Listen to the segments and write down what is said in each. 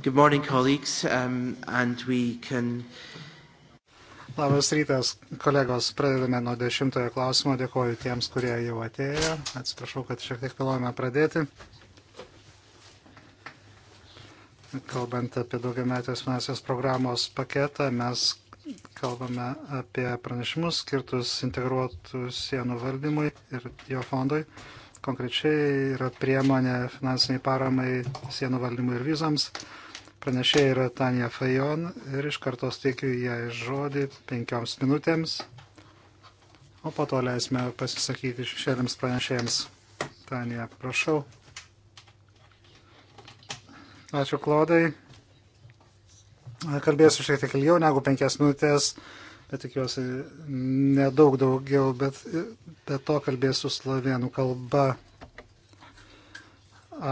Good morning, colleagues, um, and we can... Labas rytas, kolegos, pradedame nuo dešimtojo klausimo. Dėkoju tiems, kurie jau atėjo. Atsiprašau, kad šiek tiek vėluojame pradėti. Kalbant apie daugiametės finansės programos paketą, mes kalbame apie pranešimus skirtus integruotų sienų valdymui ir jo fondui. Konkrečiai yra priemonė finansiniai paramai sienų valdymui ir vizams. Pranešė yra Tanja Fajon ir iš karto steikiu ją žodį penkioms minutėms, o po to leisime pasisakyti šešėliams pranešėjams. Tanja, prašau. Ačiū, Klodai. Kalbėsiu šiek tiek ilgiau negu penkias minutės, bet tikiuosi nedaug daugiau, bet be to kalbėsiu slovėnų kalba.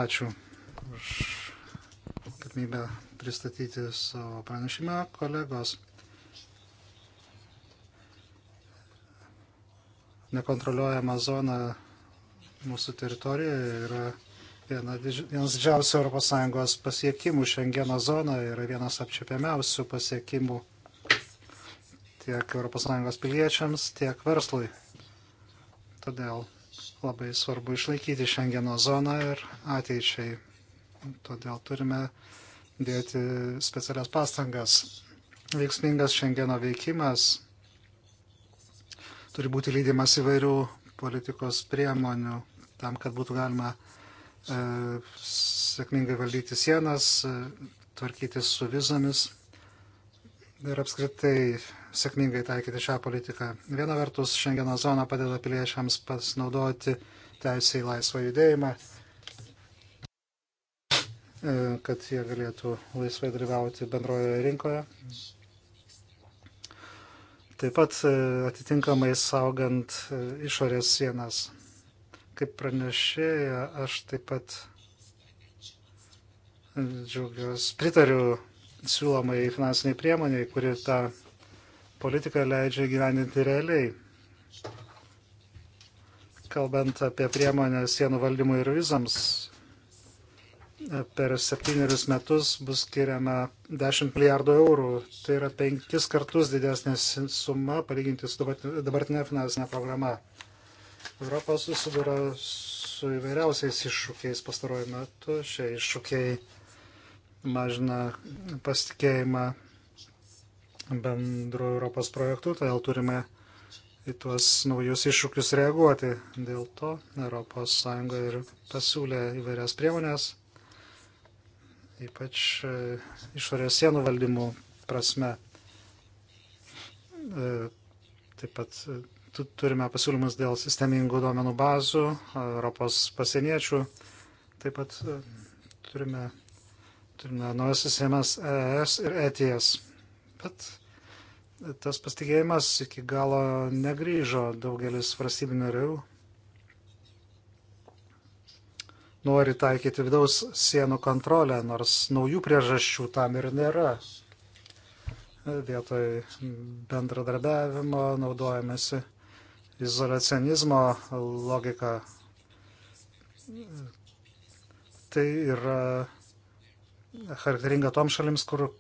Ačiū už galimybę pristatyti savo pranešimą kolegos. Nekontroliuojama zona mūsų teritorijoje yra viena, vienas didžiausių ES pasiekimų. Šengeno zona yra vienas apčiopiamiausių pasiekimų tiek ES piliečiams, tiek verslui. Todėl labai svarbu išlaikyti Šengeno zoną ir ateičiai. Todėl turime dėti specialias pastangas. Veiksmingas šengeno veikimas turi būti lydimas įvairių politikos priemonių tam, kad būtų galima e, sėkmingai valdyti sienas, e, tvarkytis su vizomis ir apskritai sėkmingai taikyti šią politiką. Viena vertus, Šengeno zona padeda piliečiams pasinaudoti teisę į laisvą judėjimą E, kad jie galėtų laisvai dalyvauti bendrojoje rinkoje. Taip pat e, atitinkamai saugant e, išorės sienas. Kaip pranešėja, aš taip pat džiaugiuosi, pritariu siūlomai finansiniai priemoniai, kuri tą politiką leidžia gyveninti realiai. Kalbant apie priemonę sienų valdymui ir vizams, per septynerius metus bus skiriama 10 milijardų eurų. Tai yra penkis kartus didesnė suma palyginti su dabartinė finansinė programa. Europa susiduria su įvairiausiais iššūkiais pastaruoju metu. Šie iššūkiai mažina pasitikėjimą bendro Europos projektu, todėl turime į tuos naujus iššūkius reaguoti. Dėl to ES ir pasiūlė įvairias priemonės ypač e, išorės sienų valdymų prasme. E, taip pat e, turime pasiūlymus dėl sistemingų duomenų bazų, Europos pasieniečių. Taip pat turime, turime naujas sistemas ES ir ETS. Bet tas pasitikėjimas iki galo negryžo daugelis valstybinių narių nori taikyti vidaus sienų kontrolę, nors naujų priežasčių tam ir nėra. Vietoj bendradarbiavimo naudojamasi izolacionizmo logika. Tai yra charakteringa tom šalims, kur e,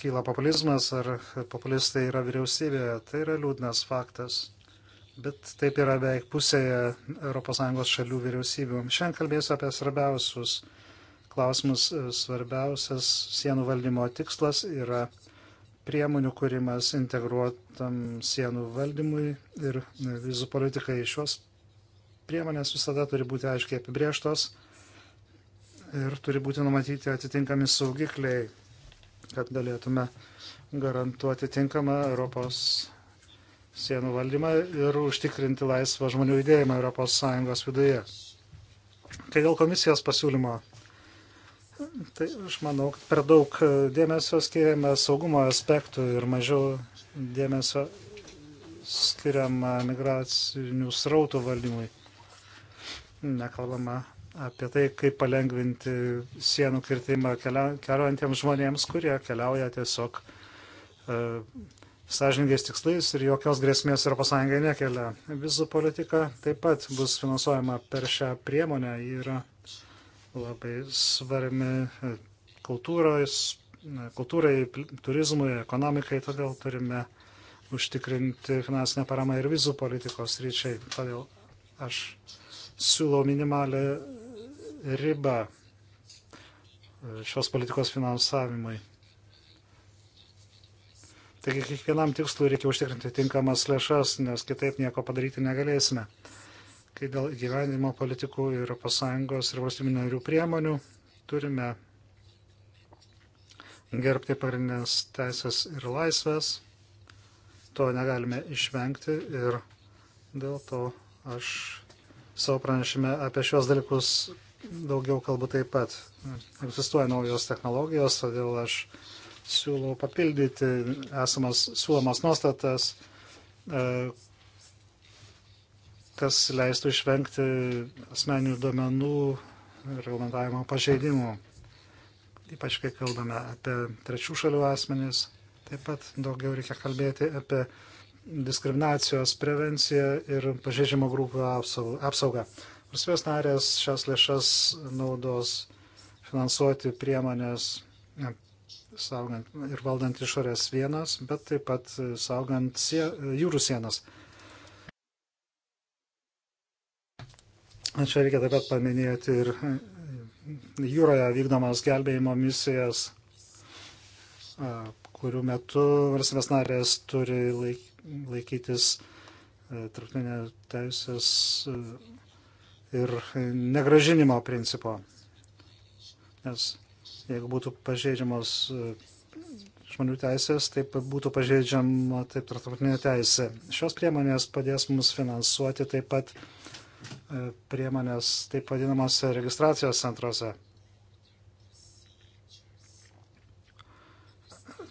kyla populizmas ar populistai yra vyriausybėje. Tai yra liūdnas faktas bet taip yra beveik pusėje ES šalių vyriausybių. Šiandien kalbėsiu apie svarbiausius klausimus. Svarbiausias sienų valdymo tikslas yra priemonių kūrimas integruotam sienų valdymui ir vizų politikai. Šios priemonės visada turi būti aiškiai apibrieštos ir turi būti numatyti atitinkami saugikliai, kad galėtume garantuoti tinkamą Europos sienų valdymą ir užtikrinti laisvą žmonių judėjimą ES viduje. Kai dėl komisijos pasiūlymo, tai aš manau, kad per daug dėmesio skiriame saugumo aspektų ir mažiau dėmesio skiriama migracinių srautų valdymui. Nekalbama apie tai, kaip palengvinti sienų kirtimą keliaujantiems žmonėms, kurie keliauja tiesiog uh, sąžiningais tikslais ir jokios grėsmės ES nekelia. Vizų politika taip pat bus finansuojama per šią priemonę. Ji yra labai svarbi kultūrai, turizmui, ekonomikai, todėl turime užtikrinti finansinę paramą ir vizų politikos ryčiai. Todėl aš siūlau minimalę ribą šios politikos finansavimui. Taigi kiekvienam tikslui reikia užtikrinti tinkamas lėšas, nes kitaip nieko padaryti negalėsime. Kai dėl gyvenimo politikų ir pasąjungos ir valstybinio narių priemonių turime gerbti pagrindinės teisės ir laisvės, to negalime išvengti ir dėl to aš savo pranešime apie šios dalykus daugiau kalbu taip pat. Egzistuoja naujos technologijos, todėl aš siūlau papildyti esamas siūlomas nuostatas, e, kas leistų išvengti asmeninių duomenų reglamentavimo pažeidimų, ypač kai kalbame apie trečių šalių asmenys. Taip pat daugiau reikia kalbėti apie diskriminacijos prevenciją ir pažeidžiamo grupių apsaugą. Valstybės narės šias lėšas naudos finansuoti priemonės saugant ir valdant išorės sienas, bet taip pat e, saugant sie, e, jūrų sienas. Čia reikia taip pat paminėti ir e, jūroje vykdomas gelbėjimo misijas, kurių metu valstybės narės turi laik, laikytis tarptautinė teisės ir negražinimo principo. Nes jeigu būtų pažeidžiamos e, žmonių teisės, taip būtų pažeidžiama taip tarptautinė teisė. Šios priemonės padės mums finansuoti taip pat e, priemonės taip vadinamose registracijos centruose.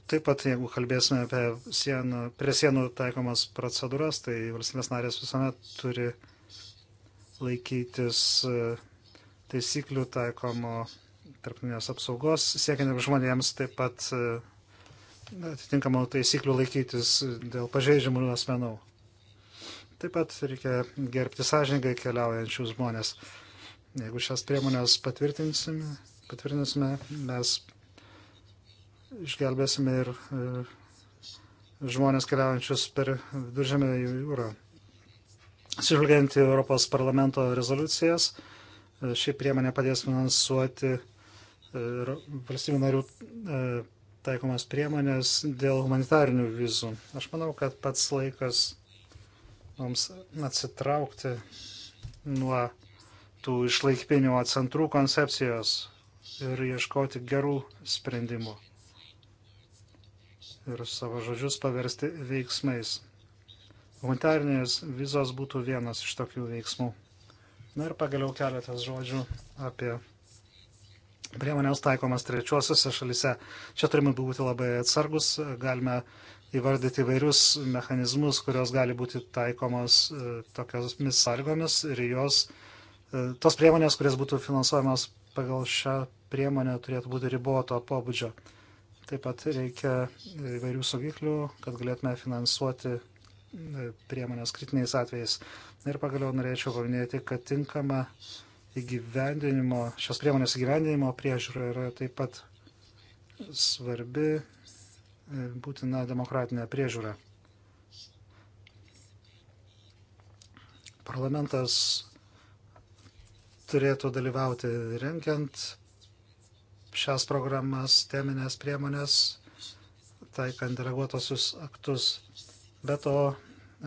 Taip pat, jeigu kalbėsime apie sienų, prie sienų taikomas procedūras, tai valstybės narės visuomet turi laikytis e, taisyklių taikomo tarptautinės apsaugos, siekiant žmonėms taip pat e, atitinkamų taisyklių laikytis dėl pažeidžiamų asmenų. Taip pat reikia gerbti sąžininkai keliaujančių žmonės. Jeigu šias priemonės patvirtinsime, patvirtinsime mes išgelbėsime ir e, žmonės keliaujančius per viduržėmę jūrą. Sižvelgiant į Europos parlamento rezoliucijas, e, ši priemonė padės finansuoti E, valstybių narių e, taikomas priemonės dėl humanitarinių vizų. Aš manau, kad pats laikas mums atsitraukti nuo tų išlaikpinio centrų koncepcijos ir ieškoti gerų sprendimų ir savo žodžius paversti veiksmais. Humanitarnės vizos būtų vienas iš tokių veiksmų. Na ir pagaliau keletas žodžių apie priemonėms taikomas trečiuosiuose šalise. Čia turime būti labai atsargus, galime įvardyti įvairius mechanizmus, kurios gali būti taikomos e, tokiosmis sąlygomis ir jos, e, tos priemonės, kurias būtų finansuojamos pagal šią priemonę, turėtų būti riboto pobūdžio. Taip pat reikia įvairių saugiklių, kad galėtume finansuoti e, priemonės kritiniais atvejais. Ir pagaliau norėčiau paminėti, kad tinkama uh, įgyvendinimo, šios priemonės įgyvendinimo priežiūra yra taip pat svarbi e, būtina demokratinė priežiūra. Parlamentas turėtų dalyvauti renkiant šias programas, teminės priemonės, taikant deleguotosius aktus. Be to,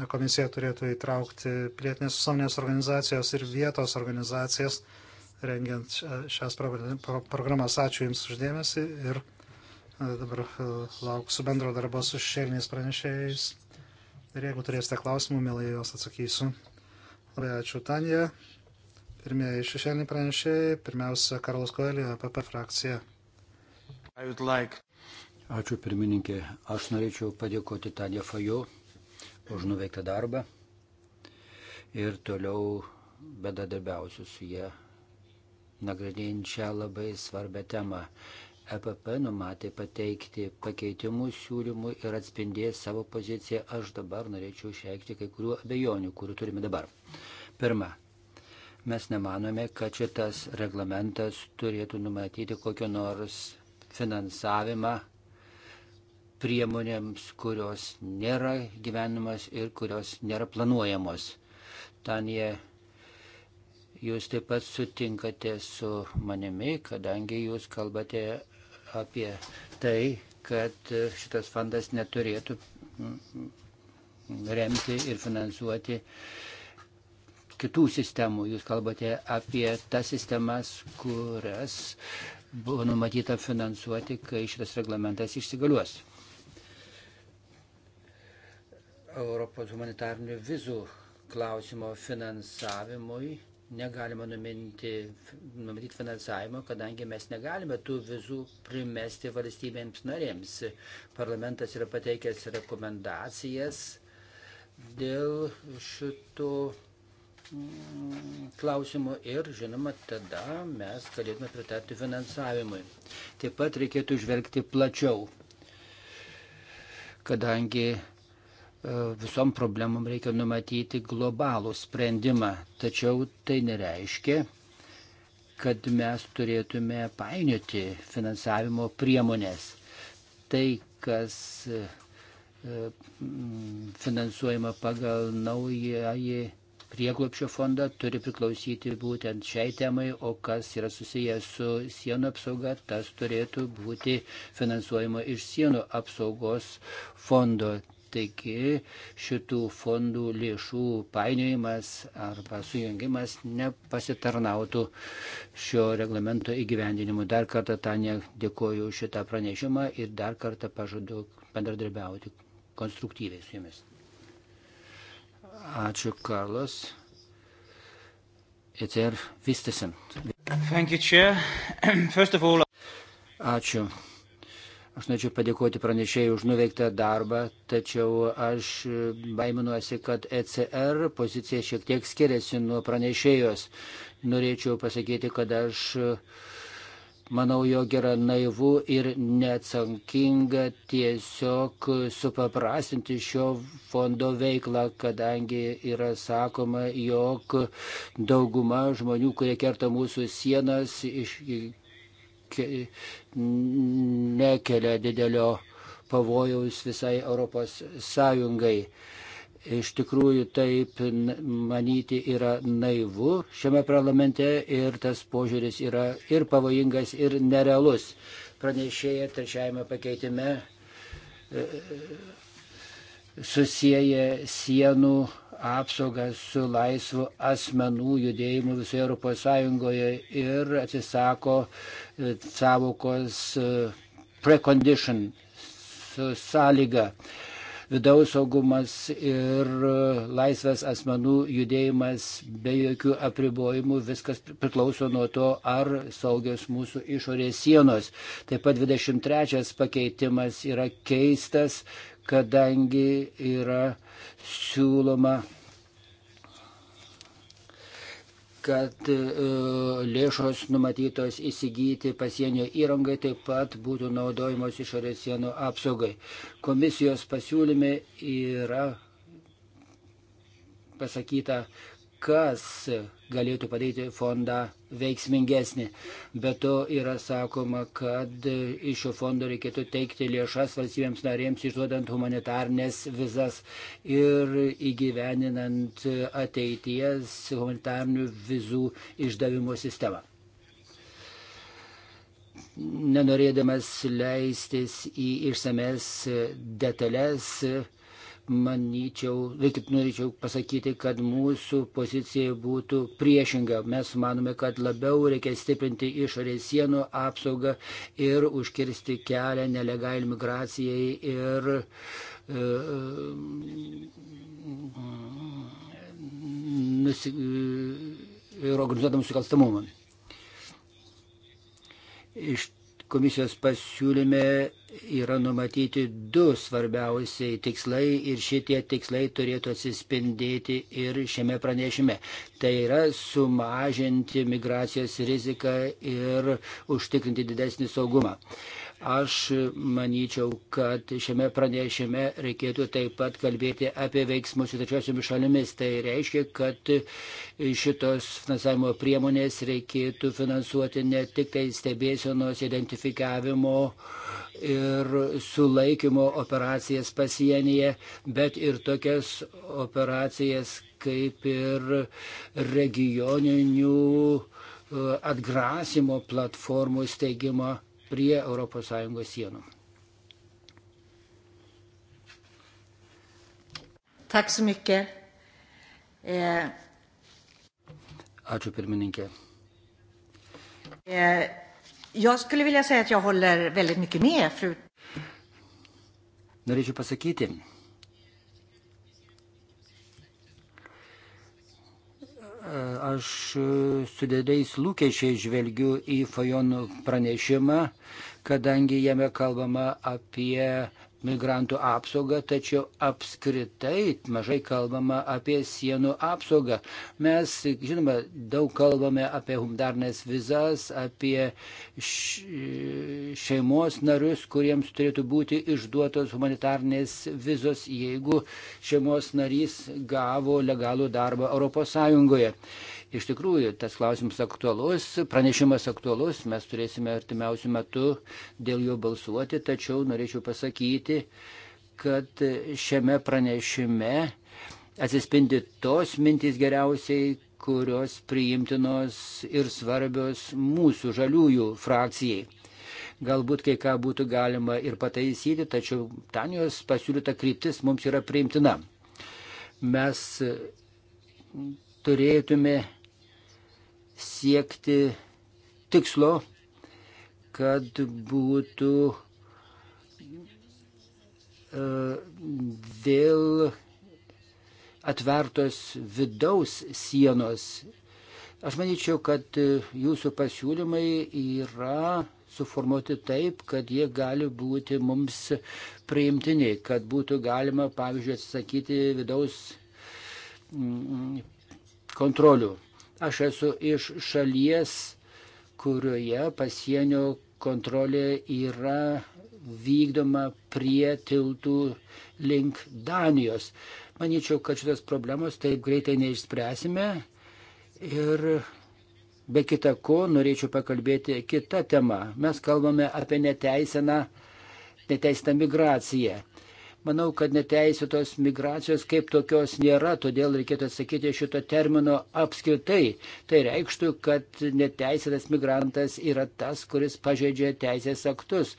komisija turėtų įtraukti pilietinės visuomenės organizacijos ir vietos organizacijas, rengiant šias programas. Ačiū Jums uždėmesi ir e, dabar e, lauksiu bendro darbo su šešėliniais pranešėjais. Ir jeigu turėsite klausimų, mielai juos atsakysiu. Labai ačiū Tanja. Pirmieji šešėliniai pranešėjai, pirmiausia Karlos Koelė, e PP frakcija. Like... Ačiū pirmininkė. Aš norėčiau padėkoti Tanja Fajo už nuveiktą darbą ir toliau bedadarbiausiu su jie, nagrinėjant šią labai svarbę temą. EPP numatė pateikti pakeitimų siūlymų ir atspindės savo poziciją. Aš dabar norėčiau išreikšti kai kurių abejonių, kurių turime dabar. Pirma, mes nemanome, kad šitas reglamentas turėtų numatyti kokio nors finansavimą priemonėms, kurios nėra gyvenimas ir kurios nėra planuojamos. Tanje, jūs taip pat sutinkate su manimi, kadangi jūs kalbate apie tai, kad šitas fondas neturėtų mm, remti ir finansuoti kitų sistemų. Jūs kalbate apie tas sistemas, kurias buvo numatyta finansuoti, kai šitas reglamentas įsigaliuos. Europos humanitarnių vizų klausimo finansavimui negalima numinti, numatyti finansavimo, kadangi mes negalime tų vizų primesti valstybėms narėms. Parlamentas yra pateikęs rekomendacijas dėl šito mm, klausimų ir, žinoma, tada mes galėtume pritarti finansavimui. Taip pat reikėtų žvelgti plačiau, kadangi E, visom problemom reikia numatyti globalų sprendimą. Tačiau tai nereiškia, kad mes turėtume painioti finansavimo priemonės. Tai, kas e, e, finansuojama pagal naująjį prieglopšio fondą turi priklausyti būtent šiai temai, o kas yra susijęs su sienų apsauga, tas turėtų būti finansuojama iš sienų apsaugos fondo. Taigi šitų fondų lėšų painiojimas arba sujungimas nepasitarnautų šio reglamento įgyvendinimu. Dar kartą Tanja dėkoju šitą pranešimą ir dar kartą pažadu bendradarbiauti konstruktyviai su jumis. Ačiū, Karlos. Eter Vistesen. Thank you, Chair. First of all... Ačiū. Aš norėčiau padėkoti pranešėjai už nuveiktą darbą, tačiau aš baiminuosi, kad ECR pozicija šiek tiek skiriasi nuo pranešėjos. Norėčiau pasakyti, kad aš manau, jog yra naivu ir neatsankinga tiesiog supaprastinti šio fondo veiklą, kadangi yra sakoma, jog dauguma žmonių, kurie kerta mūsų sienas, iš, nekelia didelio pavojaus visai Europos Sąjungai. Iš tikrųjų taip manyti yra naivu šiame parlamente ir tas požiūris yra ir pavojingas, ir nerealus. Pranešėja trečiajame pakeitime e, e, susiję sienų apsaugą su laisvu asmenų judėjimu visoje ES ir atsisako e, savokos e, precondition su sąlyga. Vidaus saugumas ir e, laisvas asmenų judėjimas be jokių apribojimų, viskas priklauso nuo to, ar saugios mūsų išorės sienos. Taip pat 23 pakeitimas yra keistas, kadangi yra siūloma kad e, lėšos numatytos įsigyti pasienio įrangai taip pat būtų naudojamos išorės sienų apsaugai. Komisijos pasiūlyme yra pasakyta, kas galėtų padaryti fondą veiksmingesnį. Bet to yra sakoma, kad iš šio fondo reikėtų teikti lėšas valstybėms narėms, išduodant humanitarnės vizas ir įgyveninant ateities humanitarnių vizų išdavimo sistemą. Nenorėdamas leistis į išsames detalės, manyčiau, tik norėčiau pasakyti, kad mūsų pozicija būtų priešinga. Mes manome, kad labiau reikia stiprinti išorės sienų apsaugą ir užkirsti kelią nelegaliai migracijai ir e, nusi, ir e, organizuotam nusikalstamumą. Iš Komisijos pasiūlyme yra numatyti du svarbiausiai tikslai ir šitie tikslai turėtų atsispindėti ir šiame pranešime. Tai yra sumažinti migracijos riziką ir užtikrinti didesnį saugumą. Uh, Aš manyčiau, kad šiame pranešime reikėtų taip pat kalbėti apie veiksmus su trečiosiomis šalimis. Tai reiškia, kad šitos finansavimo priemonės reikėtų finansuoti ne tik tai stebėsienos identifikavimo ir sulaikymo operacijas pasienyje, bet ir tokias operacijas kaip ir regioninių e, atgrasimo platformų steigimą prie ES sienų. Eh, Ačiū pirmininkė. Eh, jag skulle vilja säga att jag håller väldigt mycket med, fru. Norėčiau pasakyti, Aš e, su dideliais lūkesčiais žvelgiu į Fajon pranešimą, kadangi jame kalbama apie migrantų apsaugą, tačiau apskritai mažai kalbama apie sienų apsaugą. Mes, žinoma, daug kalbame apie humdarnės vizas, apie šeimos narius, kuriems turėtų būti išduotos humanitarnės vizos, jeigu šeimos narys gavo legalų darbą ES. Iš tikrųjų, tas klausimas aktualus, pranešimas aktualus, mes turėsime artimiausių metų dėl jo balsuoti, tačiau norėčiau pasakyti, pasakyti, kad šiame pranešime atsispindi tos mintys geriausiai, kurios priimtinos ir svarbios mūsų žaliųjų frakcijai. Galbūt kai ką būtų galima ir pataisyti, tačiau Tanijos pasiūlyta kryptis mums yra priimtina. Mes turėtume siekti tikslo, kad būtų dėl atvertos vidaus sienos. Aš manyčiau, kad jūsų pasiūlymai yra suformuoti taip, kad jie gali būti mums priimtini, kad būtų galima, pavyzdžiui, atsisakyti vidaus mm, kontrolių. Aš esu iš šalies, kurioje pasienio kontrolė yra vykdoma prie tiltų link Danijos. Manyčiau, kad šitas problemos taip greitai neišspręsime ir be kita ko norėčiau pakalbėti kitą temą. Mes kalbame apie neteisiną, neteisintą migraciją. Manau, kad neteisėtos migracijos kaip tokios nėra, todėl reikėtų atsakyti šito termino apskritai. Tai reikštų, kad neteisėtas migrantas yra tas, kuris pažeidžia teisės aktus.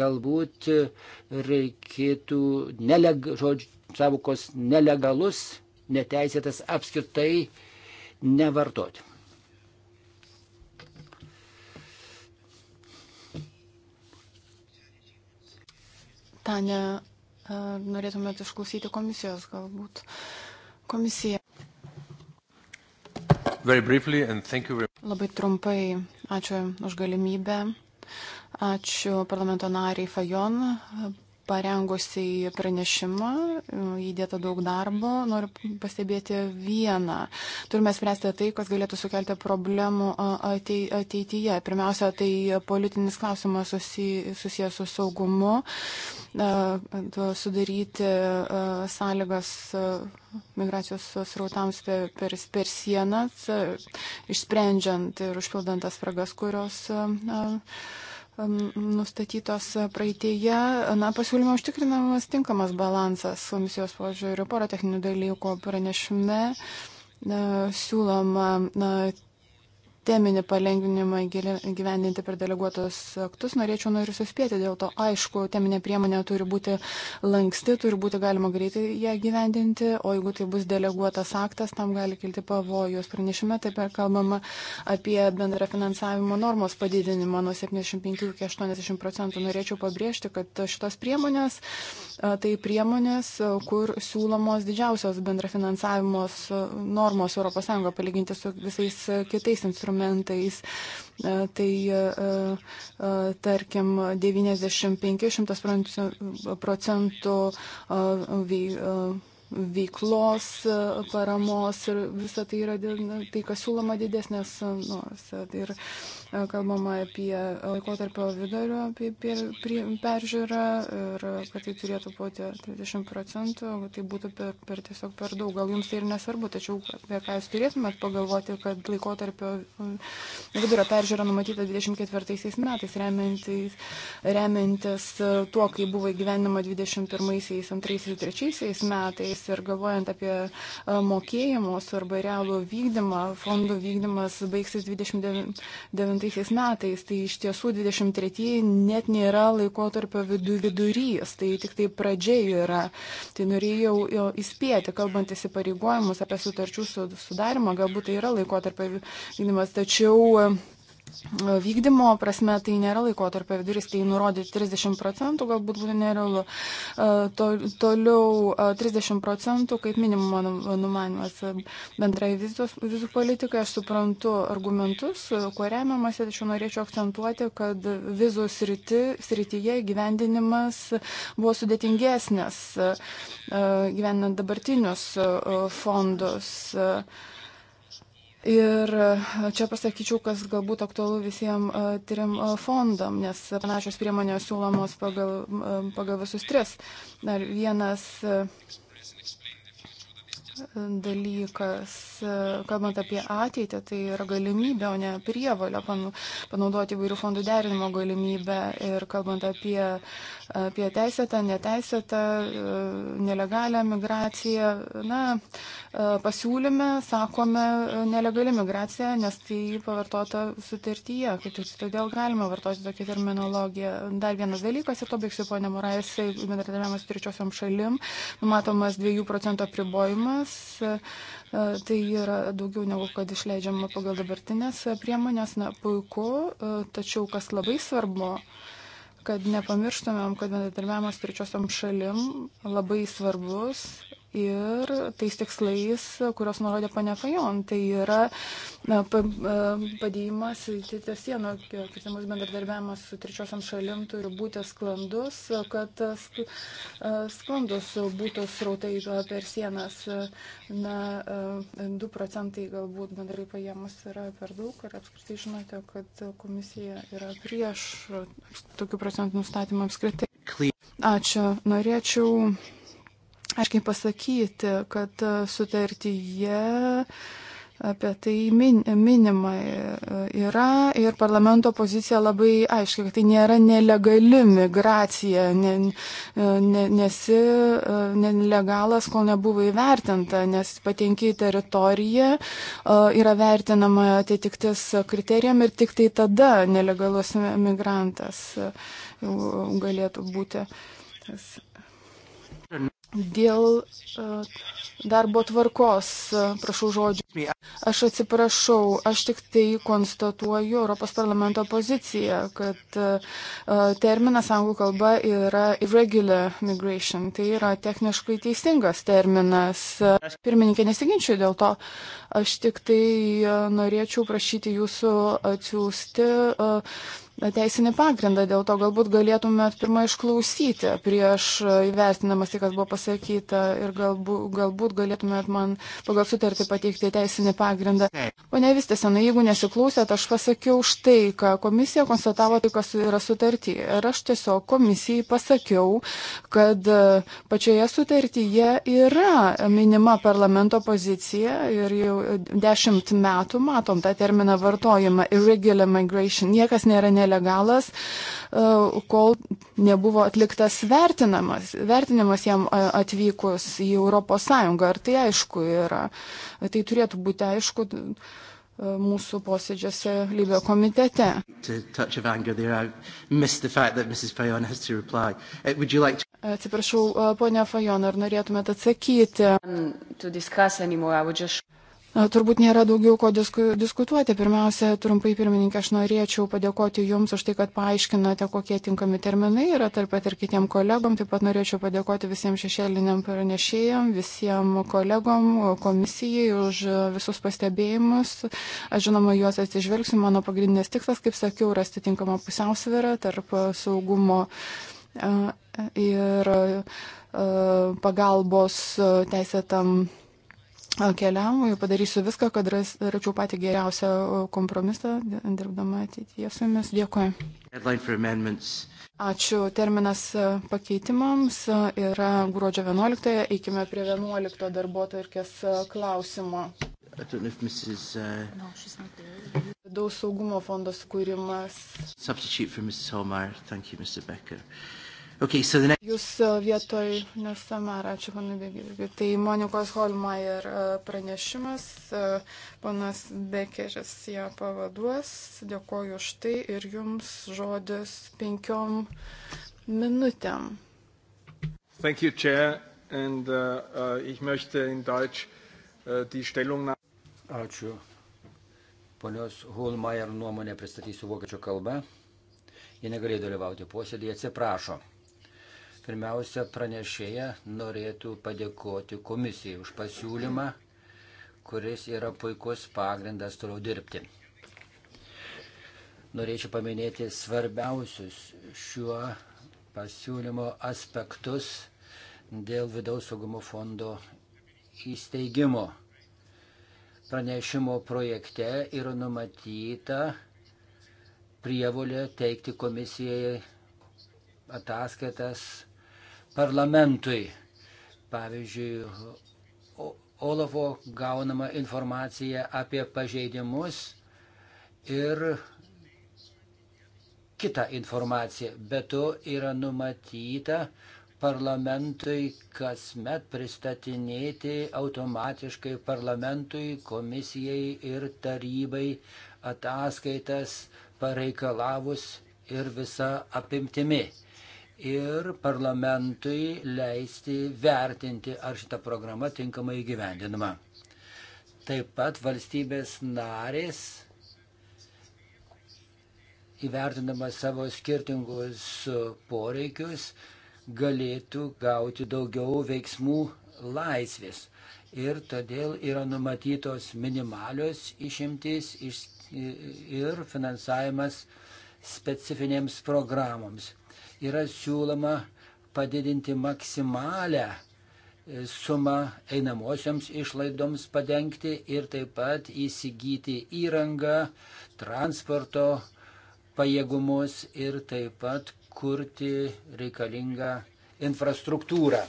Galbūt reikėtų neleg, žodžiu, savukos nelegalus, neteisėtas apskritai nevartoti. Tania norėtumėt išklausyti komisijos galbūt. Komisija. Briefly, very... Labai trumpai ačiū už galimybę. Ačiū parlamento nariai Fajon, parengusi pranešimą, įdėta daug darbo. Noriu pastebėti vieną. Turime spręsti tai, kas galėtų sukelti problemų ateityje. Pirmiausia, tai politinis klausimas susijęs su saugumu, sudaryti sąlygas migracijos srautams per, per, per sienas, išsprendžiant ir užpildant tas spragas, kurios. Uh, nustatytos praeitėje, na, pasiūlymo užtikrinamas tinkamas balansas komisijos požiūriu, pora techninių dalykų pranešime na, siūloma na, teminį palengvinimą gyvendinti per deleguotos aktus. Norėčiau noriu suspėti, dėl to aišku, teminė priemonė turi būti lanksti, turi būti galima greitai ją gyvendinti, o jeigu tai bus deleguotas aktas, tam gali kilti pavojus. Pranešime taip pat kalbama apie bendrą finansavimo normos padidinimą nuo 75 iki 80 procentų. Norėčiau pabrėžti, kad šitos priemonės tai priemonės, kur siūlomos didžiausios bendrafinansavimos normos ES palyginti su visais kitais instrumentais instrumentais. E, tai e, e, tarkim 95-100 procentų veiklos paramos ir visa tai yra tai, kas siūloma didesnės. Nu, ir, kalbama apie e, laikotarpio vidurio apie, apie, prie, peržiūrą ir kad tai turėtų būti 30 procentų, tai būtų per, per tiesiog per daug. Gal jums tai ir nesvarbu, tačiau apie ką jūs turėtumėt pagalvoti, kad laikotarpio e, vidurio peržiūra numatyta 24 metais, remiantis, remiantis e, tuo, kai buvo įgyvenama 21, 22, 23 metais ir galvojant apie mokėjimus arba realų vykdymą, fondų vykdymas baigsis 29 20 metais, tai iš tiesų 23 net nėra laikotarpio vidu, vidurys, tai tik tai pradžia yra. Tai norėjau įspėti, kalbant įsipareigojimus apie sutarčių sudarimą, galbūt tai yra laikotarpio vykdymas, tačiau vykdymo prasme tai nėra laikotarpio vidurys, tai nurodyti 30 procentų galbūt būtų nerealu. E, to, toliau 30 e, procentų kaip minimumo numanimas e, bendrai vizos, vizų politikai. Aš suprantu argumentus, kuo remiamasi, tačiau norėčiau akcentuoti, kad vizų sriti, srityje gyvendinimas buvo sudėtingesnis gyvenant dabartinius fondus. Uh, Ir e, čia pasakyčiau, kas galbūt aktualu visiems e, tyrim e, fondam, nes panašios priemonės siūlomos pagal, pagal visus tris. Dar vienas dalykas, kalbant apie ateitį, tai yra galimybė, o ne prievalio panaudoti įvairių fondų derinimo galimybę. Ir kalbant apie, apie teisėtą, neteisėtą, nelegalią migraciją, na, pasiūlyme sakome nelegali migracija, nes tai pavartota sutartyje, kaip tik todėl galima vartoti tokią terminologiją. Dar vienas dalykas, ir to baigsiu, ponė Morais, bendradarbiavimas trečiosiam šalim, numatomas 2 procentų apribojimas nes e, tai yra daugiau negu kad išleidžiama pagal dabartinės priemonės. Na, puiku, e, tačiau kas labai svarbu, kad nepamirštumėm, kad bendradarbiavimas trečiosiam šalim labai svarbus ir tais tikslais, kurios nurodė ponia Fajon. Tai yra padėjimas ties sienų, kirtimus bendradarbiavimas su trečiosiam šalim turi būti sklandus, kad sklandus būtų srautai per sienas. Na, 2 procentai galbūt bendrai paėmus yra per daug ir apskritai žinote, kad komisija yra prieš tokių procentų nustatymą apskritai. Ačiū. Norėčiau aiškiai pasakyti, kad e, sutartyje apie tai min, minima e, yra ir parlamento pozicija labai aiškiai, kad tai nėra nelegali migracija, ne, e, ne, nesi nelegalas, kol nebuvo įvertinta, nes patenki į teritoriją, yra vertinama atitiktis kriterijam ir tik tai tada nelegalus migrantas galėtų būti. Tas Dėl e, darbo tvarkos, e, prašau žodžių. Aš atsiprašau, aš tik tai konstatuoju Europos parlamento poziciją, kad e, terminas anglų kalba yra irregular migration, tai yra techniškai teisingas terminas. Pirmininkė, nesiginčiu dėl to, aš tik tai norėčiau prašyti jūsų atsiųsti teisinį pagrindą, dėl to galbūt galėtumėt pirmą išklausyti prieš e, įvertinamas tai, kas buvo pasakyta ir galbūt, galbūt galėtumėt man pagal sutartį pateikti teisinį pagrindą. Pone Vistesenai, jeigu nesiklausėt, aš pasakiau štai, ką komisija konstatavo tai, kas yra sutartį. Ir aš tiesiog komisijai pasakiau, kad e, pačioje sutartyje yra minima parlamento pozicija ir jau dešimt metų matom tą terminą vartojimą irregular migration. Niekas nėra nelegalus nelegalas, e, kol nebuvo atliktas vertinamas, vertinimas jam e, atvykus į ES. Ar tai aišku yra? Tai turėtų būti aišku e, mūsų posėdžiuose lygio komitete. Uh, Atsiprašau, ponia Fajon, ar norėtumėt atsakyti? Um, Turbūt nėra daugiau ko disku, diskutuoti. Pirmiausia, trumpai pirmininkė, aš norėčiau padėkoti Jums už tai, kad paaiškinote, kokie tinkami terminai yra, taip pat ir kitiem kolegom. Taip pat norėčiau padėkoti visiems šešėliniam pranešėjam, visiems kolegom, komisijai už visus pastebėjimus. Aš žinoma, juos atsižvelgsiu. Mano pagrindinės tikslas, kaip sakiau, rasti tinkamą pusiausvyrą tarp saugumo ir pagalbos teisėtam keliam, padarysiu viską, kad račiau patį geriausią kompromisą, dirbdama ateityje su jumis. Dėkuoju. Ačiū. Terminas pakeitimams yra gruodžio 11. Eikime prie 11 darbo tarkės klausimo. Uh, Vidaus saugumo fondos kūrimas. Substitute for Mrs. Holmeyer. Thank you, Mr. Becker. Okay, so the... Jūs e, vietoj nesamara, ačiū panai Begirgi. Tai Monikos Holmaier e, pranešimas, e, panas Bekeris ją pavaduos. Dėkoju už tai ir jums žodis penkiom minutėm. Thank you, Chair. And uh, ich möchte in Deutsch uh, die Stellungnahme. Ačiū. Ponios Holmaier nuomonę pristatysiu vokiečių kalba. Ji negalėjo dalyvauti posėdėje, atsiprašo. Pirmiausia, pranešėja norėtų padėkoti komisijai už pasiūlymą, kuris yra puikus pagrindas toliau dirbti. Norėčiau paminėti svarbiausius šiuo pasiūlymo aspektus dėl vidaus saugumo fondo įsteigimo. Pranešimo projekte yra numatyta prievolė teikti komisijai ataskaitas parlamentui. Pavyzdžiui, Olafo gaunama informacija apie pažeidimus ir kitą informaciją. Be to yra numatyta parlamentui kasmet pristatinėti automatiškai parlamentui, komisijai ir tarybai ataskaitas pareikalavus ir visa apimtimi ir parlamentui leisti vertinti, ar šita programa tinkamai įgyvendinama. Taip pat valstybės narės įvertindama savo skirtingus poreikius galėtų gauti daugiau veiksmų laisvės. Ir todėl yra numatytos minimalios išimtys ir finansavimas specifinėms programoms yra siūloma padidinti maksimalę e, sumą einamosioms išlaidoms padengti ir taip pat įsigyti įrangą, transporto pajėgumus ir taip pat kurti reikalingą infrastruktūrą.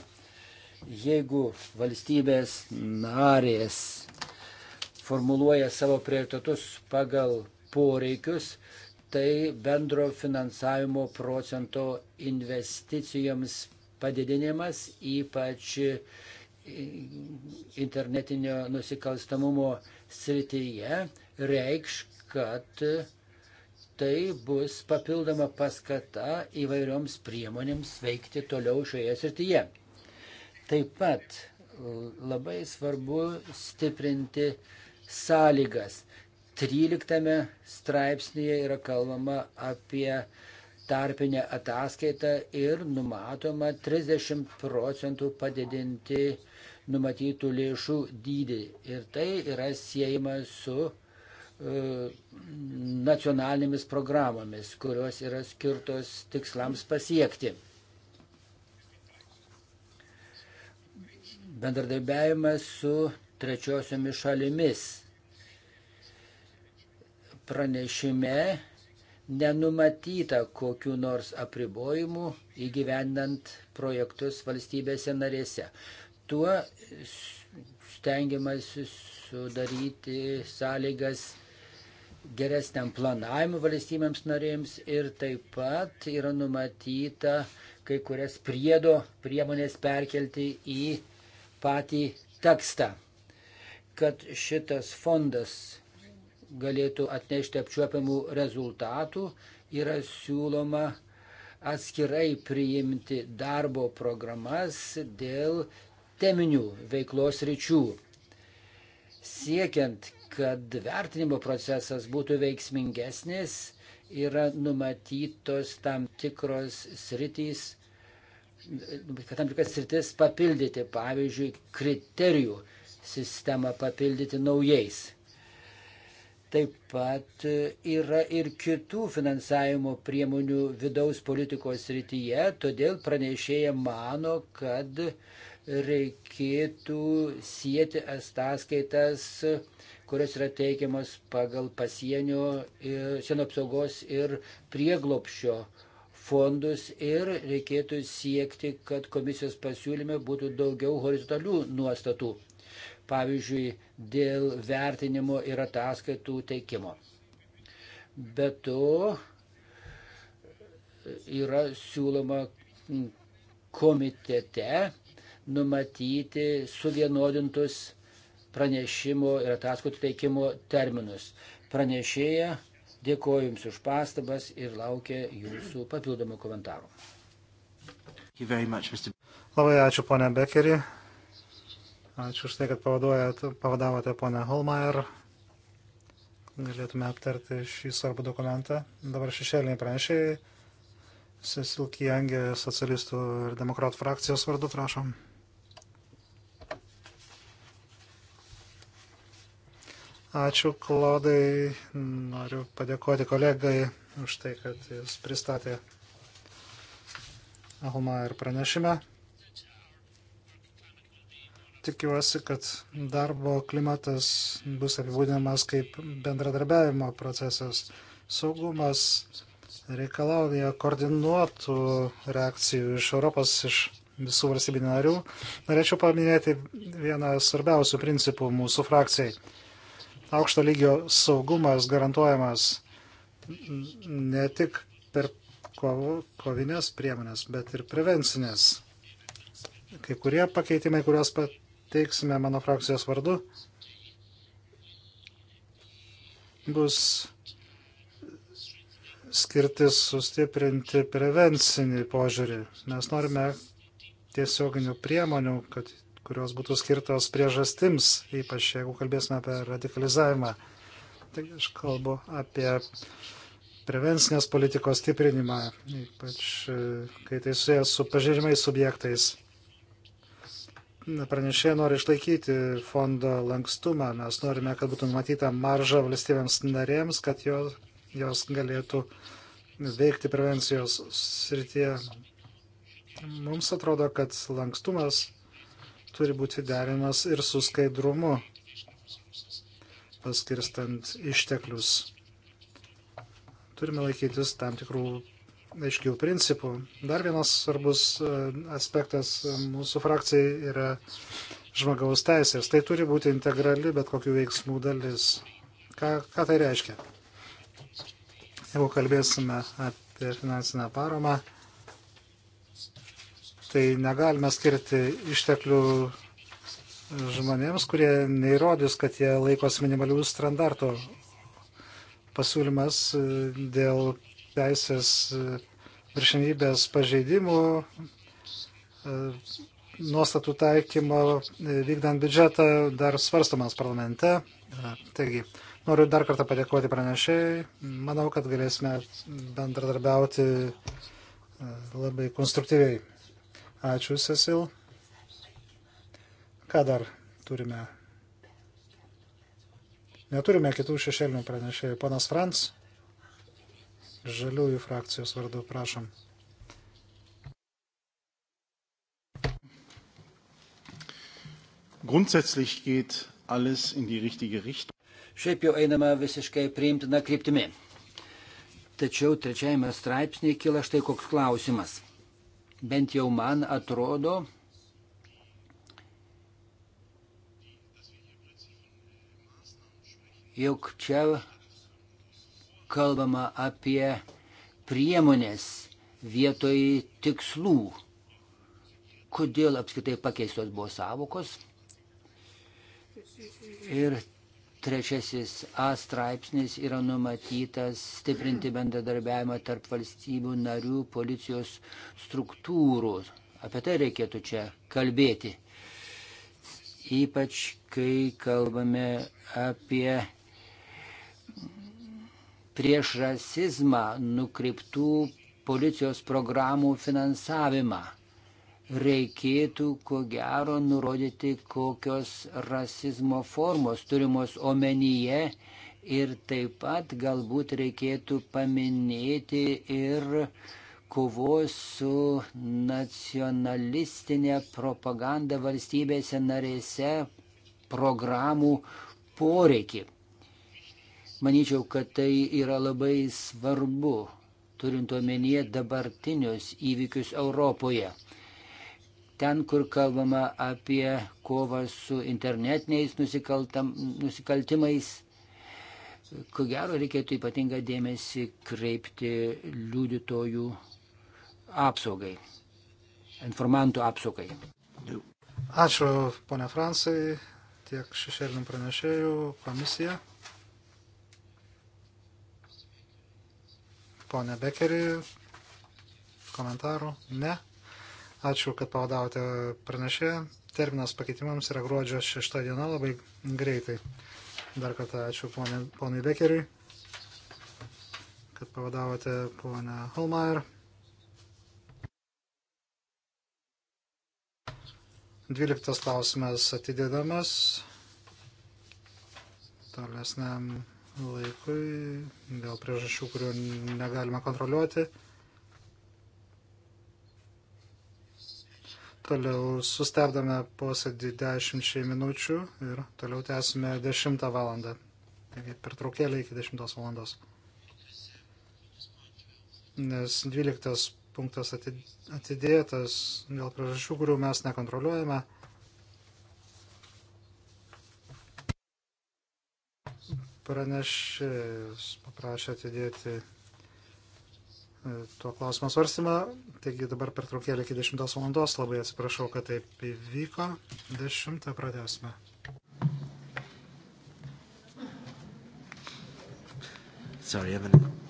Jeigu valstybės narės formuluoja savo prioritetus pagal poreikius, tai bendro finansavimo procento investicijoms padidinimas, ypač internetinio nusikalstamumo srityje, reikš, kad tai bus papildoma paskata įvairioms priemonėms veikti toliau šioje srityje. Taip pat labai svarbu stiprinti sąlygas 13 straipsnėje yra kalbama apie tarpinę ataskaitą ir numatoma 30 procentų padidinti numatytų lėšų dydį. Ir tai yra siejama su uh, nacionalinėmis programomis, kurios yra skirtos tikslams pasiekti. Bendradarbiavimas su trečiosiomis šalimis pranešime nenumatyta kokiu nors apribojimu įgyvendant projektus valstybėse narėse. Tuo stengiamasi sudaryti sąlygas geresniam planavimui valstybėms narėms ir taip pat yra numatyta kai kurias priedo priemonės perkelti į patį tekstą, kad šitas fondas galėtų atnešti apčiuopiamų rezultatų, yra siūloma atskirai priimti darbo programas dėl teminių veiklos ryčių. Siekiant, kad vertinimo procesas būtų veiksmingesnis, yra numatytos tam tikros sritys, kad tam tikras sritis papildyti, pavyzdžiui, kriterijų sistemą papildyti naujais. Taip pat e, yra ir kitų finansavimo priemonių vidaus politikos rytyje, todėl pranešėja mano, kad reikėtų sieti ataskaitas, kurios yra teikiamos pagal pasienio e, sienų apsaugos ir prieglopšio fondus ir reikėtų siekti, kad komisijos pasiūlyme būtų daugiau horizontalių nuostatų pavyzdžiui, dėl vertinimo ir ataskaitų teikimo. Be to yra siūloma komitete numatyti suvienodintus pranešimo ir ataskaitų teikimo terminus. Pranešėja, dėkoju Jums už pastabas ir laukia Jūsų papildomų komentarų. Much, Labai ačiū, ponia Bekeri. Ačiū už tai, kad pavadavote ponę Holmeier. Galėtume aptarti šį svarbų dokumentą. Dabar šešėliniai pranešėjai. Cecil Kijangė, socialistų ir demokratų frakcijos vardu, prašom. Ačiū, Klodai. Noriu padėkoti kolegai už tai, kad jis pristatė Alma ir pranešime tikiuosi, kad darbo klimatas bus apibūdinamas kaip bendradarbiavimo procesas. Saugumas reikalauja koordinuotų reakcijų iš Europos, iš visų valstybių narių. Norėčiau paminėti vieną svarbiausių principų mūsų frakcijai. Aukšto lygio saugumas garantuojamas ne tik per kovinės priemonės, bet ir prevencinės. Kai kurie pakeitimai, kuriuos teiksime mano frakcijos vardu, bus skirtis sustiprinti prevencinį požiūrį. Mes norime tiesioginių priemonių, kad, kurios būtų skirtos priežastims, ypač jeigu kalbėsime apie radikalizavimą. Tai aš kalbu apie prevencinės politikos stiprinimą, ypač e, kai tai susijęs su pažiūrimais subjektais pranešėjai nori išlaikyti fondo lankstumą. Mes norime, kad būtų numatyta marža valstybėms narėms, kad jos, jos galėtų veikti prevencijos srityje. Mums atrodo, kad lankstumas turi būti derinamas ir su skaidrumu, paskirstant išteklius. Turime laikytis tam tikrų aiškių principų. Dar vienas svarbus e, aspektas mūsų frakcijai yra žmogaus teisės. Tai turi būti integrali bet kokių veiksmų dalis. Ką, ką tai reiškia? Jeigu kalbėsime apie finansinę paramą, tai negalime skirti išteklių žmonėms, kurie neįrodys, kad jie laikos minimalių standartų. Pasiūlymas e, dėl teisės e, viršinybės pažeidimų, e, nuostatų taikymo e, vykdant biudžetą dar svarstomas parlamente. Taigi, noriu dar kartą padėkoti pranešėjai. Manau, kad galėsime bendradarbiauti labai konstruktyviai. Ačiū, Cecil. Ką dar turime? Neturime kitų šešėlinių pranešėjų. Ponas Frans žaliųjų frakcijos vardu. Prašom. Grundsätzlich geht alles in die richtige Richtung. Šiaip jau einama visiškai priimtina kryptimi. Tačiau trečiajame straipsnėje kila štai koks klausimas. Bent jau man atrodo, jog čia kalbama apie priemonės vietoj tikslų. Kodėl apskritai pakeistos buvo savokos? Ir trečiasis A straipsnis yra numatytas stiprinti bendradarbiavimą tarp valstybių narių policijos struktūrų. Apie tai reikėtų čia kalbėti. Ypač, kai kalbame apie prieš rasizmą nukreiptų policijos programų finansavimą. Reikėtų, ko gero, nurodyti, kokios rasizmo formos turimos omenyje ir taip pat galbūt reikėtų paminėti ir kovos su nacionalistinė propaganda valstybėse narėse programų poreikį. Manyčiau, kad tai yra labai svarbu, turint omenyje dabartinius įvykius Europoje. Ten, kur kalbama apie kovą su internetiniais nusikaltimais, ko gero reikėtų ypatingą dėmesį kreipti liudytojų apsaugai, informantų apsaugai. Ačiū, ponia Fransai, tiek šešėlinim pranešėjų komisija. Pone Bekeri, komentarų? Ne. Ačiū, kad pavadavote pranešė. Terminas pakeitimams yra gruodžio 6 diena, labai greitai. Dar kartą ačiū ponė, ponui Bekeriui, kad pavadavote ponę Holmeier. 12 klausimas atidėdamas tolesniam laikui, dėl priežasčių, kurių negalime kontroliuoti. Toliau sustabdome posėdį 10 minučių ir toliau tęsime 10 valandą. Taigi per traukėlį iki 10 valandos. Nes 12 punktas atidėtas dėl priežasčių, kurių mes nekontroliuojame. pranešėjas paprašė atidėti e, tuo klausimo svarstymą. Taigi dabar per traukėlį iki 10 valandos. Labai atsiprašau, kad taip įvyko. 10 pradėsime. Sorry, Evelyn.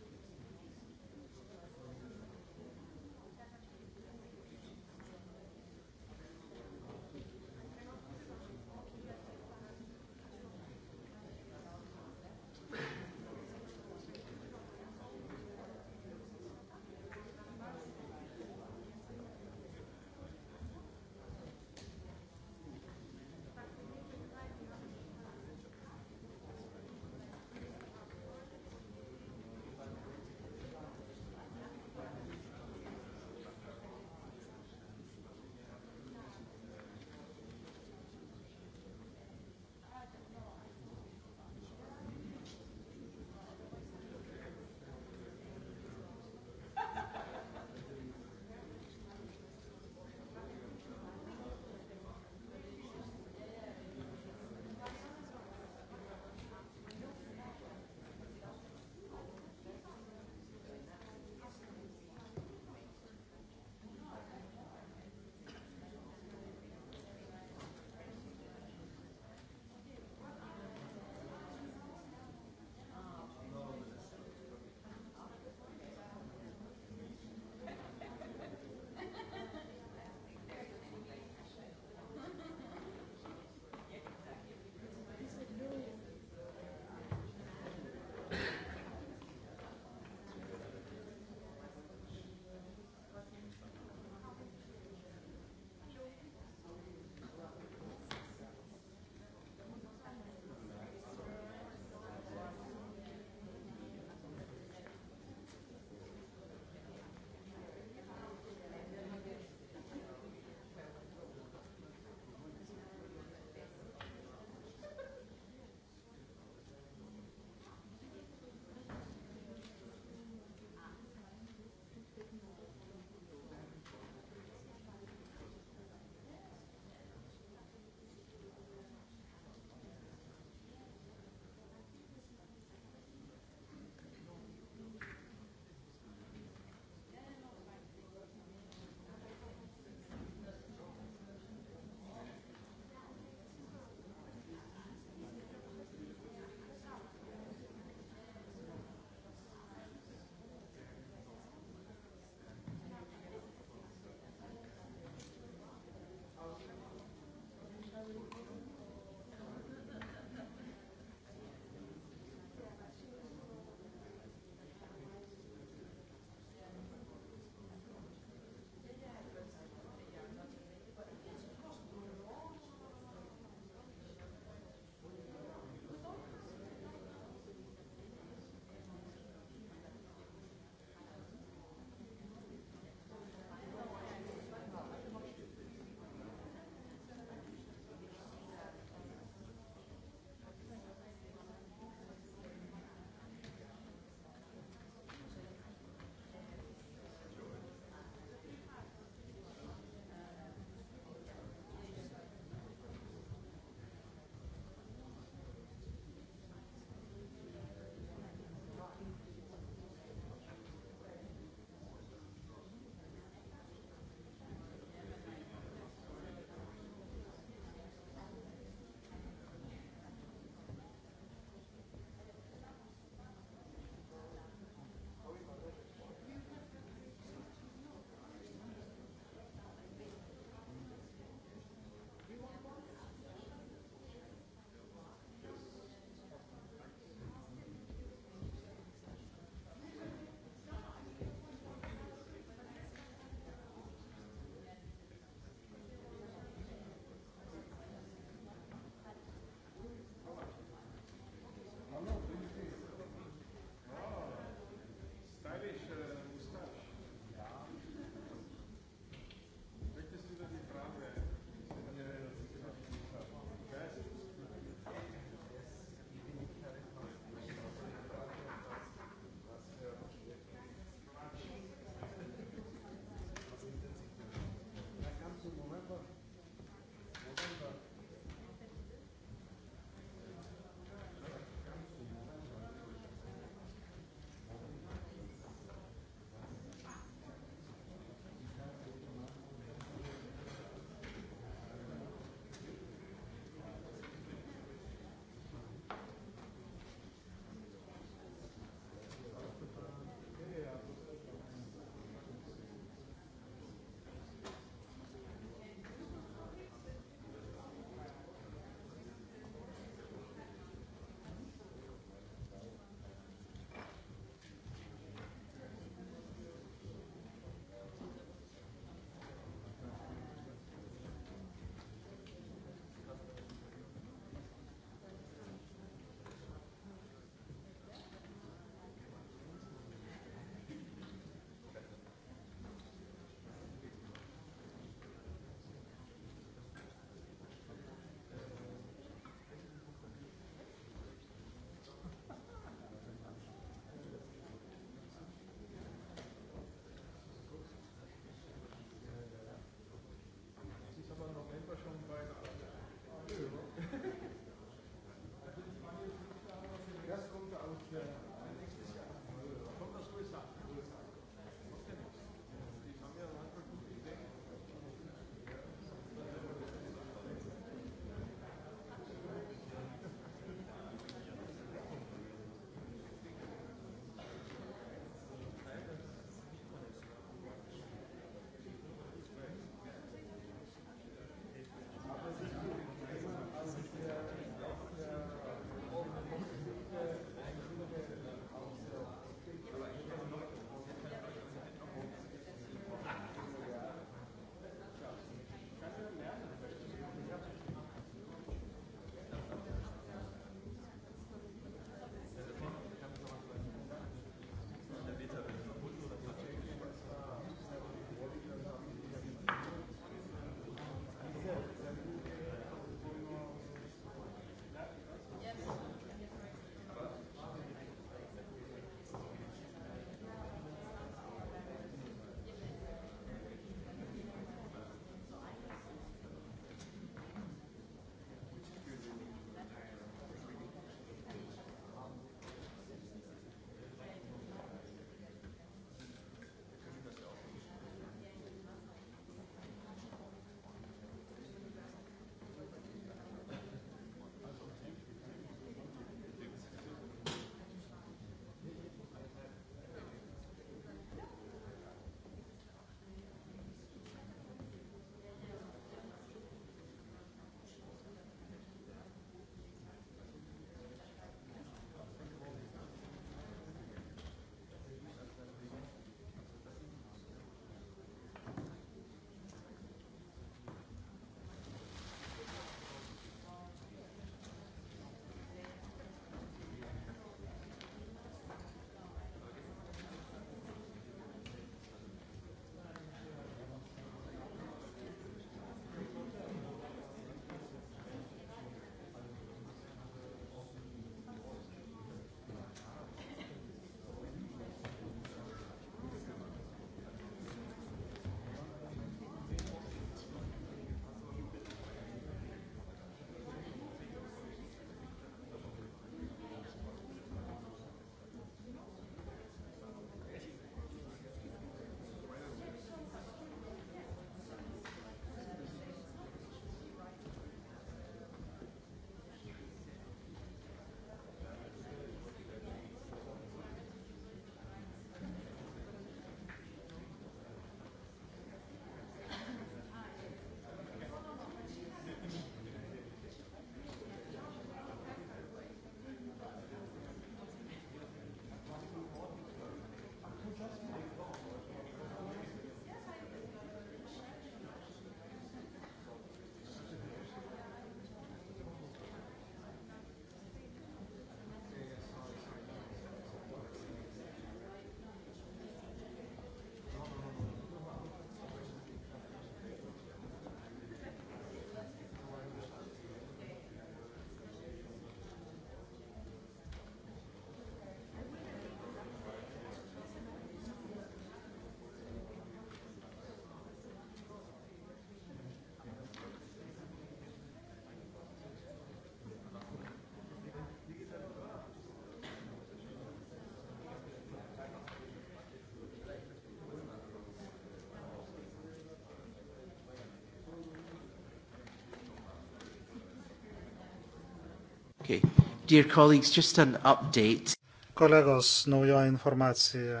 Okay. Dear colleagues, just an update. Kolegos, naujoji informacija.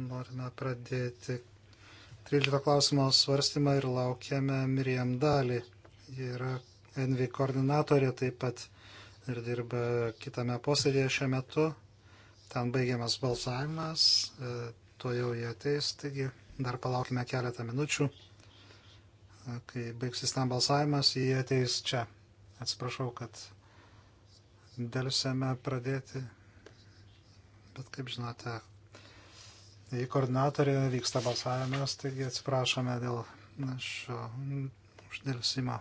Norime pradėti 13 klausimo svarstymą ir laukiame Miriam Dali. Ji yra NV koordinatorė taip pat ir dirba kitame posėdėje šiuo metu. Ten baigiamas balsavimas, e, to jau jie ateis, taigi dar palaukime keletą minučių. E, kai baigsis ten balsavimas, jie ateis čia. Atsiprašau, kad dėlisėme pradėti, bet kaip žinote, į koordinatorį vyksta balsavimas, taigi atsiprašome dėl šio uždėlisimo.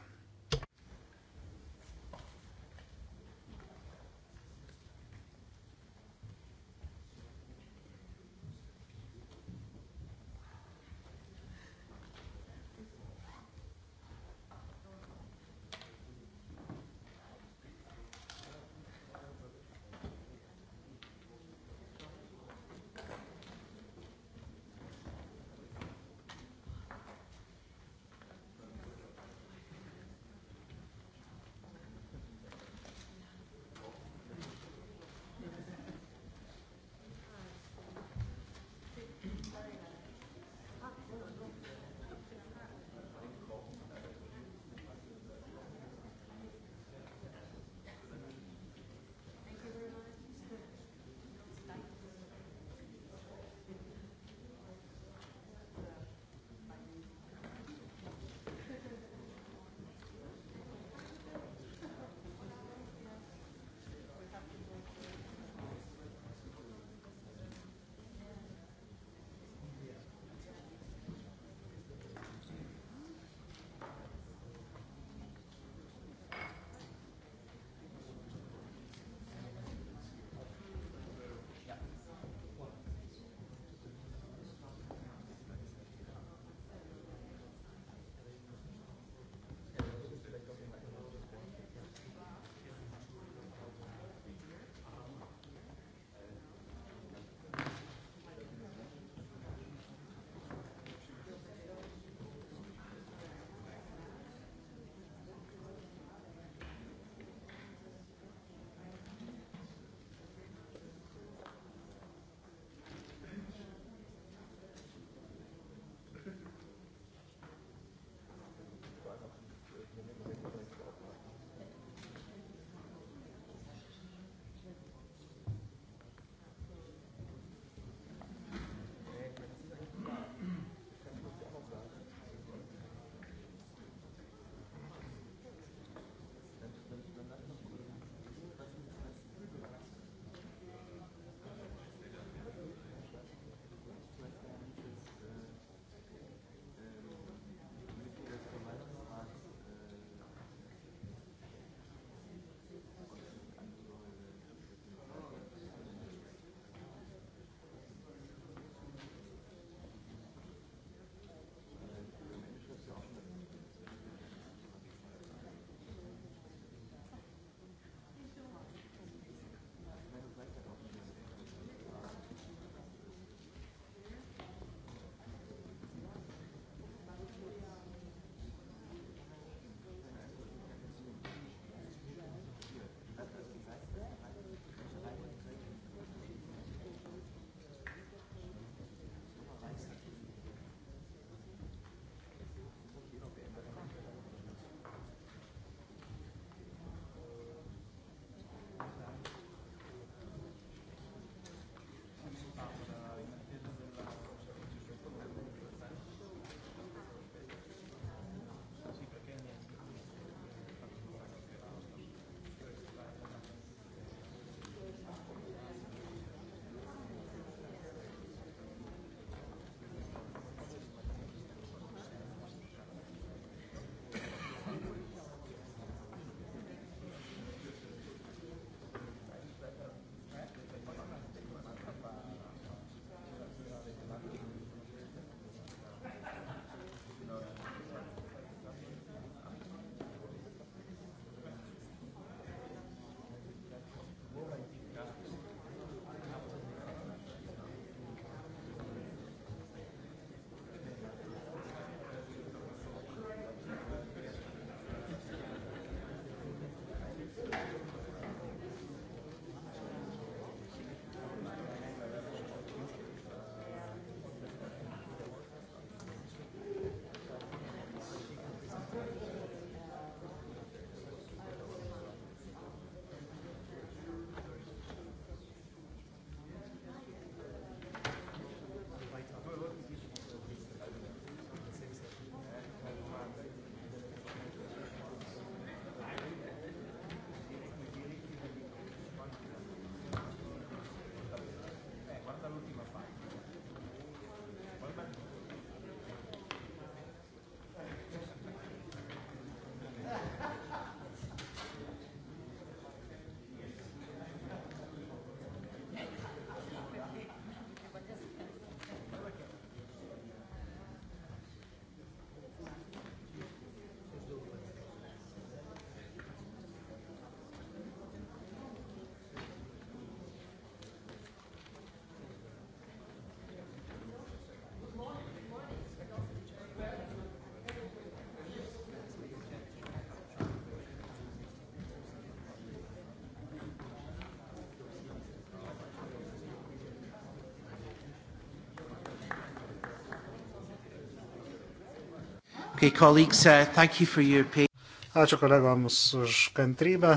Okay, colleagues, uh, thank you for your pay. Ačiū kolegoms už kantrybę.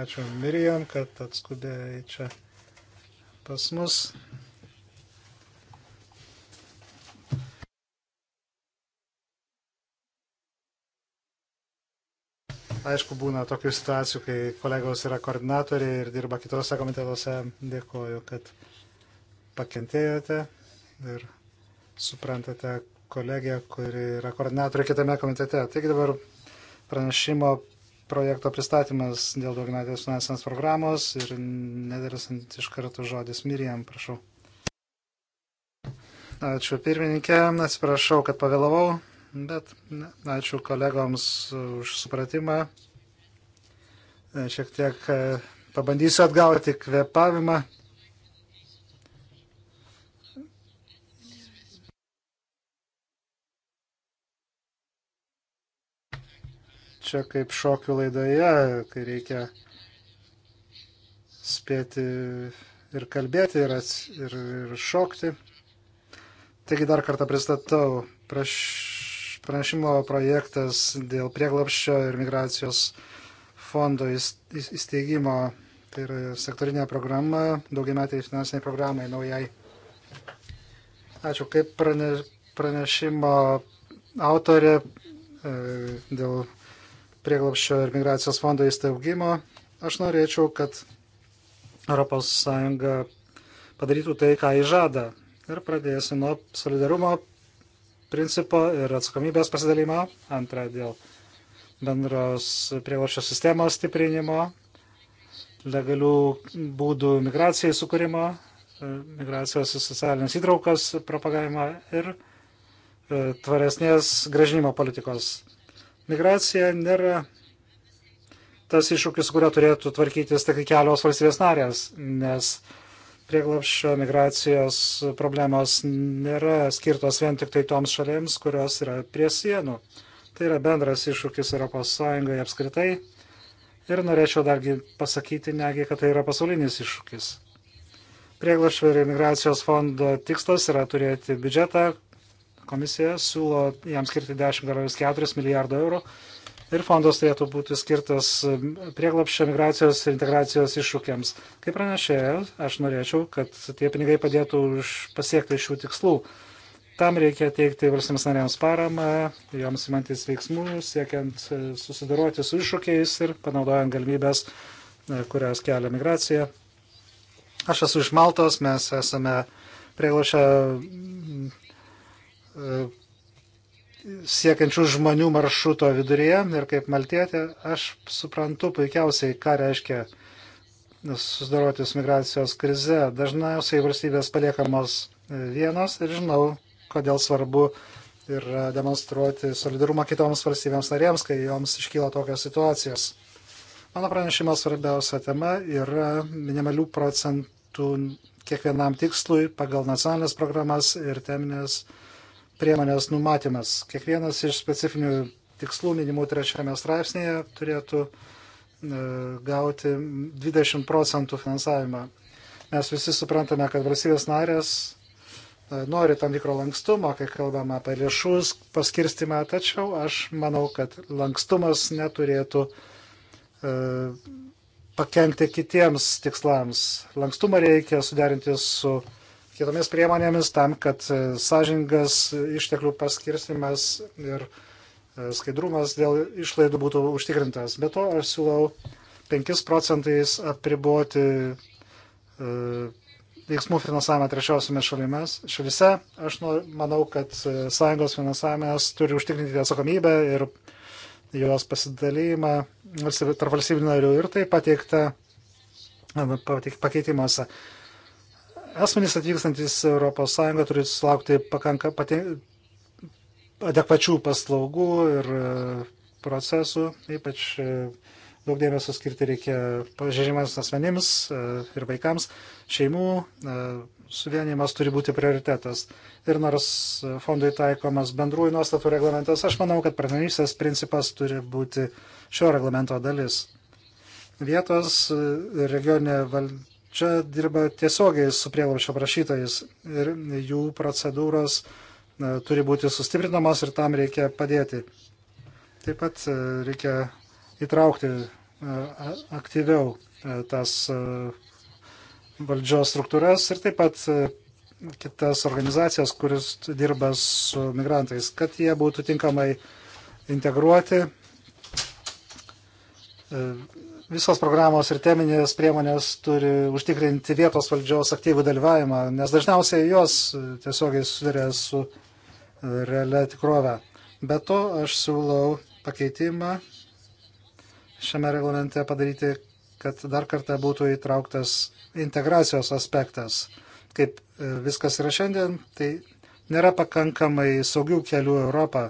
Ačiū Mirijam, kad atskubėjai čia pas mus. Aišku, būna tokių situacijų, kai kolegos yra koordinatoriai ir dirba kitose komitetuose. Dėkoju, kad pakentėjote ir suprantate, kolegė, kuri yra koordinatorė kitame komitete. Taigi dabar pranešimo projekto pristatymas dėl daugiametės finansinės programos ir nedarysant iš karto žodis Mirijam, prašau. Ačiū pirmininkė, atsiprašau, kad pavėlavau, bet ne, ačiū kolegoms už supratimą. Šiek tiek e, pabandysiu atgauti kvepavimą. čia kaip šokių laidoje, kai reikia spėti ir kalbėti, ir, ats, ir, ir šokti. Taigi dar kartą pristatau praš, pranešimo projektas dėl prieglapščio ir migracijos fondo įsteigimo. Tai yra sektorinė programa, daugiametiai finansiniai programai naujai. Ačiū. Kaip prane, pranešimo autorė e, dėl prieglapščio ir migracijos fondo įsteigimo, aš norėčiau, kad ES padarytų tai, ką įžada. Ir pradėsiu nuo solidarumo principo ir atsakomybės pasidalimo, antra dėl bendros prieglapščio sistemos stiprinimo, legalių būdų migracijai sukūrimo, migracijos ir socialinės įtraukos propagavimą ir e, tvaresnės gražinimo politikos Migracija nėra tas iššūkis, kurio turėtų tvarkytis tik kelios valstybės narės, nes prieglapščio migracijos problemos nėra skirtos vien tik tai toms šalėms, kurios yra prie sienų. Tai yra bendras iššūkis ES apskritai. Ir norėčiau dargi pasakyti negi, kad tai yra pasaulinis iššūkis. Prieglašvė ir imigracijos fondo tikslas yra turėti biudžetą, Komisija siūlo jam skirti 10,4 milijardo eurų ir fondas turėtų būti skirtas prieglapščio migracijos ir integracijos iššūkiams. Kaip pranešėjau, aš norėčiau, kad tie pinigai padėtų pasiekti šių tikslų. Tam reikia teikti valstybės narėms paramą, joms imantis veiksmų, siekiant e, susidoroti su iššūkiais ir panaudojant galimybės, e, kurias kelia migracija. Aš esu iš Maltos, mes esame prieglošę siekiančių žmonių maršruto viduryje ir kaip maltietė, aš suprantu puikiausiai, ką reiškia susidaroti su migracijos krize. Dažniausiai valstybės paliekamos vienos ir žinau, kodėl svarbu ir demonstruoti solidarumą kitoms valstybėms narėms, kai joms iškyla tokios situacijos. Mano pranešimo svarbiausia tema yra minimalių procentų kiekvienam tikslui pagal nacionalinės programas ir teminės programas priemonės numatymas. Kiekvienas iš specifinių tikslų minimų trečiame straipsnėje turėtų e, gauti 20 procentų finansavimą. Mes visi suprantame, kad valstybės narės e, nori tam tikro lankstumo, kai kalbame apie lėšų paskirstimą, tačiau aš manau, kad lankstumas neturėtų e, pakengti kitiems tikslams. Lankstumą reikia suderinti su kitomis priemonėmis tam, kad e, sąžingas išteklių paskirstimas ir e, skaidrumas dėl išlaidų būtų užtikrintas. Be to, aš siūlau 5 procentais apriboti e, veiksmų finansavimą trečiosiomis šalise. Aš nu, manau, kad sąjungos finansavimas turi užtikrinti atsakomybę ir jos pasidalymą tarp valstybių narių ir tai pateikta pakeitimuose. Asmenys atvykstantis Europos Sąjungą turi sulaukti pakanka pati, adekvačių paslaugų ir e, procesų, ypač e, daug dėmesio skirti reikia pažeidžiamams asmenims e, ir vaikams, šeimų suvienimas turi būti prioritetas. Ir nors fondui taikomas bendrųjų nuostatų reglamentas, aš manau, kad partnerystės principas turi būti šio reglamento dalis. Vietos regioninė valdžia Čia dirba tiesiogiai su prieglobščio prašytojais ir jų procedūros e, turi būti sustiprinamos ir tam reikia padėti. Taip pat e, reikia įtraukti e, aktyviau tas valdžios struktūras ir taip pat kitas organizacijas, kuris dirba su migrantais, kad jie būtų tinkamai integruoti Visos programos ir teminės priemonės turi užtikrinti vietos valdžios aktyvų dalyvavimą, nes dažniausiai jos tiesiogiai susiduria su realia tikrove. Be to, aš siūlau pakeitimą šiame reglamente padaryti, kad dar kartą būtų įtrauktas integracijos aspektas. Kaip viskas yra šiandien, tai nėra pakankamai saugių kelių Europą,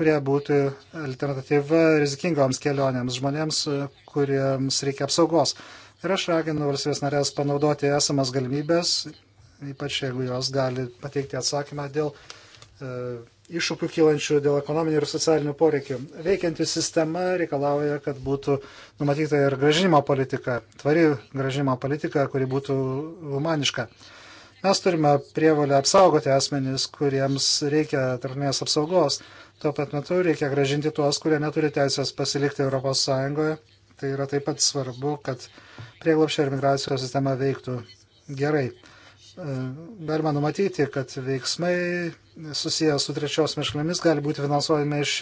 kurie būtų alternatyva rizikingoms kelionėms žmonėms, kuriems reikia apsaugos. Ir aš raginu valstybės narės panaudoti esamas galimybės, ypač jeigu jos gali pateikti atsakymą dėl e, iššūkių kylančių dėl ekonominių ir socialinių poreikių. Veikianti sistema reikalauja, kad būtų numatyta ir gražinimo politika, tvari gražinimo politika, kuri būtų humaniška. Mes turime prievalę apsaugoti asmenys, kuriems reikia tarpinės apsaugos, Tuo pat metu reikia gražinti tuos, kurie neturi teisės pasilikti ES. Tai yra taip pat svarbu, kad prieglopščio ir migracijos sistema veiktų gerai. E, Galima numatyti, kad veiksmai susiję su trečios mišlėmis gali būti finansuojami iš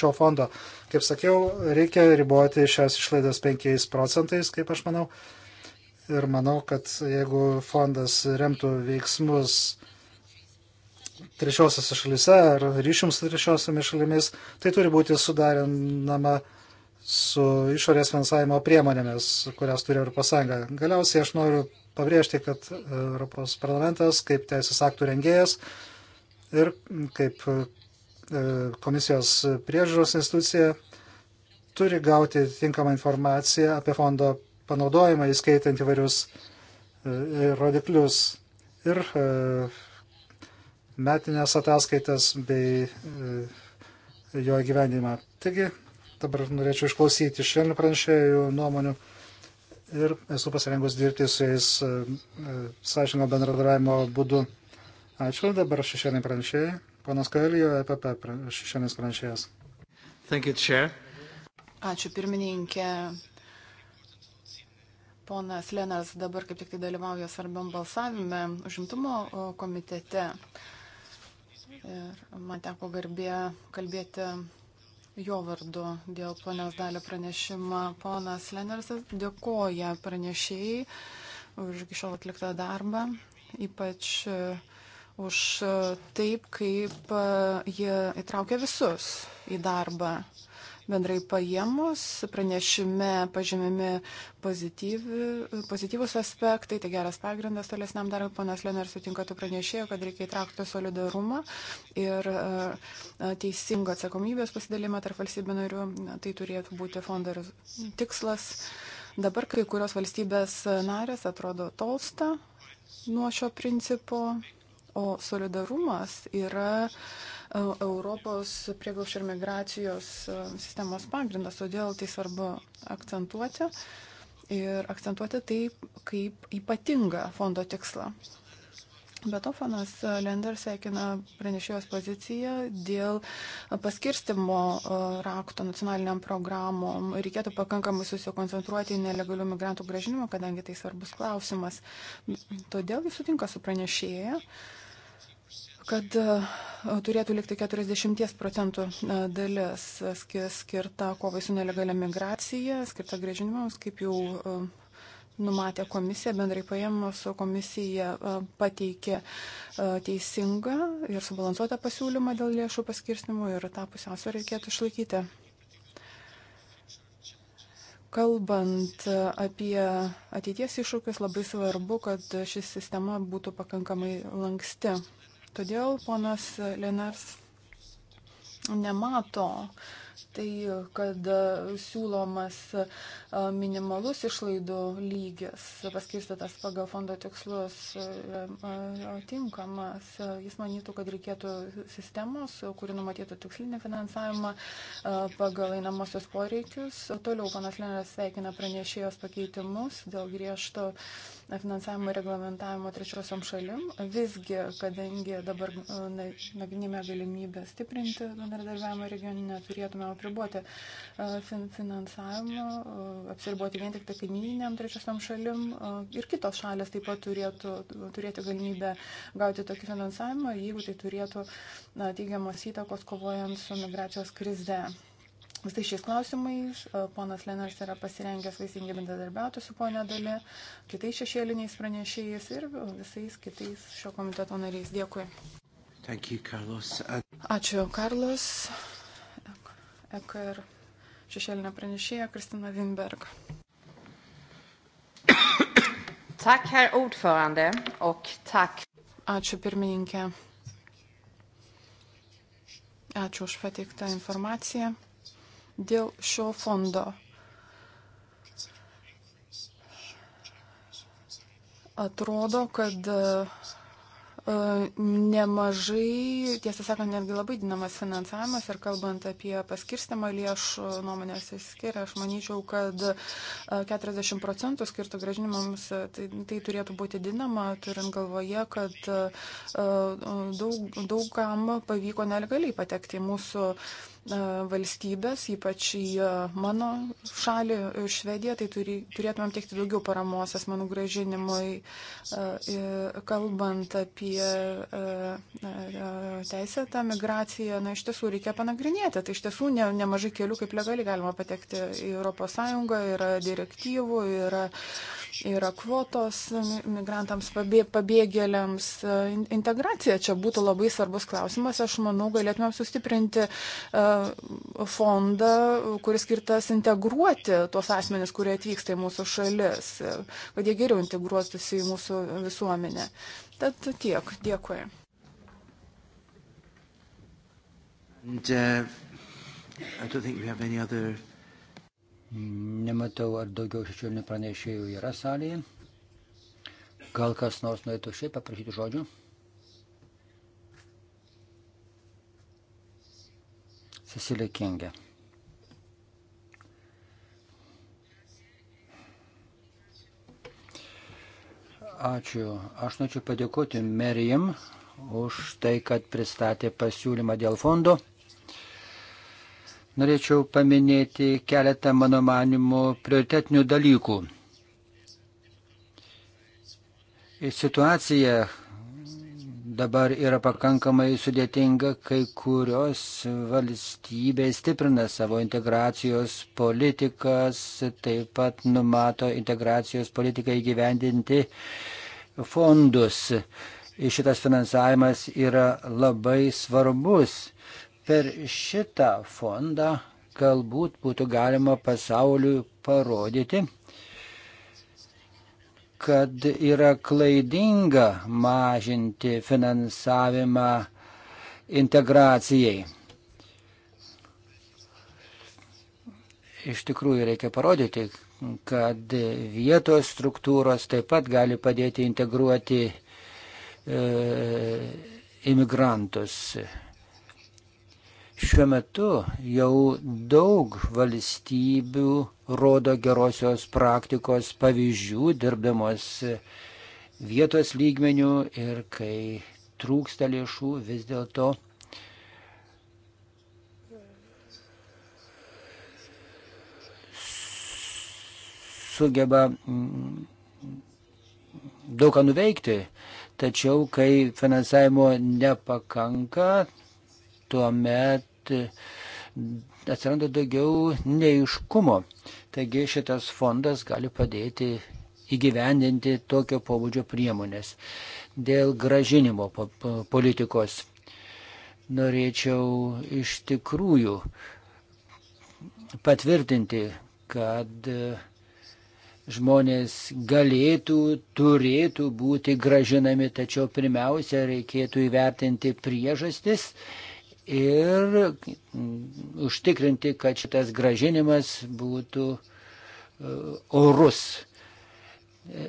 šio fondo. Kaip sakiau, reikia riboti šias išlaidas 5 procentais, kaip aš manau. Ir manau, kad jeigu fondas remtų veiksmus trečiosiose šalise ar ryšiums su trečiosiomis šalimis, tai turi būti sudarinama su išorės finansavimo priemonėmis, kurias turi Europos Sąjunga. Galiausiai aš noriu pabrėžti, kad Europos parlamentas kaip teisės aktų rengėjas ir kaip e, komisijos priežiūros institucija turi gauti tinkamą informaciją apie fondo panaudojimą, įskaitant įvairius e, rodiklius ir e, metinės ataskaitas bei e, jo gyvenimą. Taigi, dabar norėčiau išklausyti šiandien pranešėjų nuomonių ir esu pasirengus dirbti su jais e, e, sąžininko bendradarbiavimo būdu. Ačiū, dabar šešienai pranešėjai. Ponas Kailijo, EPP šešienais pranešėjas. Thank you, Chair. Ačiū, pirmininkė. Ponas Lenas dabar kaip tik tai dalyvauja svarbiam balsavime užimtumo komitete. Uh, Ir man teko garbė kalbėti jo vardu dėl ponios dalio pranešimą. Ponas Lenersas dėkoja pranešėjai už iki šiol atliktą darbą, ypač e, už e, taip, kaip e, jie įtraukia visus į darbą. Bendrai paėmus, pranešime pažymimi pozityvus aspektai, tai geras pagrindas tolesniam darbui. Panas Lenar sutinka, tu pranešėjo, kad reikia įtraukti solidarumą ir e, teisingo atsakomybės pasidalimą tarp valstybių narių. Tai turėtų būti fondo tikslas. Dabar kai kurios valstybės narės atrodo tolsta nuo šio principo O solidarumas yra e, Europos prieglaušio ir migracijos e, sistemos pagrindas, todėl tai svarbu akcentuoti ir akcentuoti tai kaip ypatingą fondo tikslą. Be to, fanas Lender sveikina pranešėjos poziciją dėl paskirstimo e, rakto nacionaliniam programom. Reikėtų pakankamai susikoncentruoti į nelegalių migrantų gražinimą, kadangi tai svarbus klausimas. Todėl jis sutinka su pranešėja kad e, turėtų likti 40 procentų e, dalis skirta kovai su nelegalia migracija, skirta grėžinimams, kaip jau e, numatė komisija, bendrai paėmus komisija pateikė teisingą ir subalansuotą pasiūlymą dėl lėšų paskirstimo ir tą pusiausvę reikėtų išlaikyti. Kalbant apie ateities iššūkius, labai svarbu, kad ši sistema būtų pakankamai lanksti. Todėl ponas Lenars nemato tai, kad siūlomas minimalus išlaidų lygis, paskirstytas pagal fondo tikslus, tinkamas. Jis manytų, kad reikėtų sistemos, kuri numatytų tikslinį finansavimą pagal einamosios poreikius. Toliau panas Lenas sveikina pranešėjos pakeitimus dėl griežto uh, finansavimo reglamentavimo trečiosiom šalim. Visgi, kadangi dabar e, nagrinime galimybę stiprinti bendradarbiavimo regioninę, turėtume apriboti e, finansavimą, e, apsiriboti vien tik tai kaimyniniam trečiosiom šalim. Ir kitos šalės taip pat turėtų turėti galimybę gauti tokį finansavimą, jeigu tai turėtų na, teigiamos įtakos kovojant su migracijos krize. Visai šiais klausimais e, ponas Lenars yra pasirengęs vaisingai bendradarbiauti su ponia Dali, kitais šešėliniais pranešėjais ir visais kitais šio komiteto nariais. Dėkui. You, Carlos. Ačiū, Karlos. EKR šešėlinė pranešėja Kristina Winberg. Tak, herr ordförande, och tak. Ačiū pirmininkė. Ačiū už pateiktą informaciją dėl šio fondo. Atrodo, kad e, e, nemažai, tiesą sakant, netgi labai dinamas finansavimas ir kalbant apie paskirstimą lėšų nuomonės išskiria, aš manyčiau, kad 40 e, procentų skirtų gražinimams tai, tai turėtų būti dinama, turint galvoje, kad daug, daugam pavyko nelegaliai patekti į mūsų E, valstybės, ypač į e, mano šalį, e, Švediją, tai turi, turėtumėm teikti daugiau paramos asmenų gražinimui, kalbant apie teisę tą migraciją, na iš tiesų reikia panagrinėti, tai iš tiesų ne, nemažai kelių, kaip legaliai galima patekti į ES, yra direktyvų, yra Yra kvotos migrantams, pabėgėliams. E, integracija čia būtų labai svarbus klausimas. Aš manau, galėtumėm sustiprinti e, fondą, kuris skirtas integruoti tuos asmenis, kurie atvyksta į mūsų šalis, e, kad jie geriau integruotųsi į mūsų visuomenę. Tad tiek. Dėkui. And, uh, I don't think we have any other Nematau, ar daugiau šešionių pranešėjų yra salėje. Gal kas nors norėtų šiaip paprašyti žodžių? Cecilija Kingė. Ačiū. Aš norėčiau padėkoti Merijam už tai, kad pristatė pasiūlymą dėl fondo norėčiau paminėti keletą mano manimų prioritetinių dalykų. Situacija dabar yra pakankamai sudėtinga, kai kurios valstybės stiprina savo integracijos politikas, taip pat numato integracijos politiką įgyvendinti fondus. Šitas finansavimas yra labai svarbus Per šitą fondą galbūt būtų galima pasauliui parodyti, kad yra klaidinga mažinti finansavimą integracijai. Iš tikrųjų reikia parodyti, kad vietos struktūros taip pat gali padėti integruoti e, imigrantus. Šiuo metu jau daug valstybių rodo gerosios praktikos pavyzdžių dirbdamos vietos lygmenių ir kai trūksta lėšų vis dėlto sugeba mm, daug ką nuveikti. Tačiau, kai finansavimo nepakanka, tuomet atsiranda daugiau neiškumo. Taigi šitas fondas gali padėti įgyvendinti tokio pobūdžio priemonės. Dėl gražinimo politikos norėčiau iš tikrųjų patvirtinti, kad žmonės galėtų, turėtų būti gražinami, tačiau pirmiausia reikėtų įvertinti priežastis ir užtikrinti, kad šitas gražinimas būtų e, orus. E,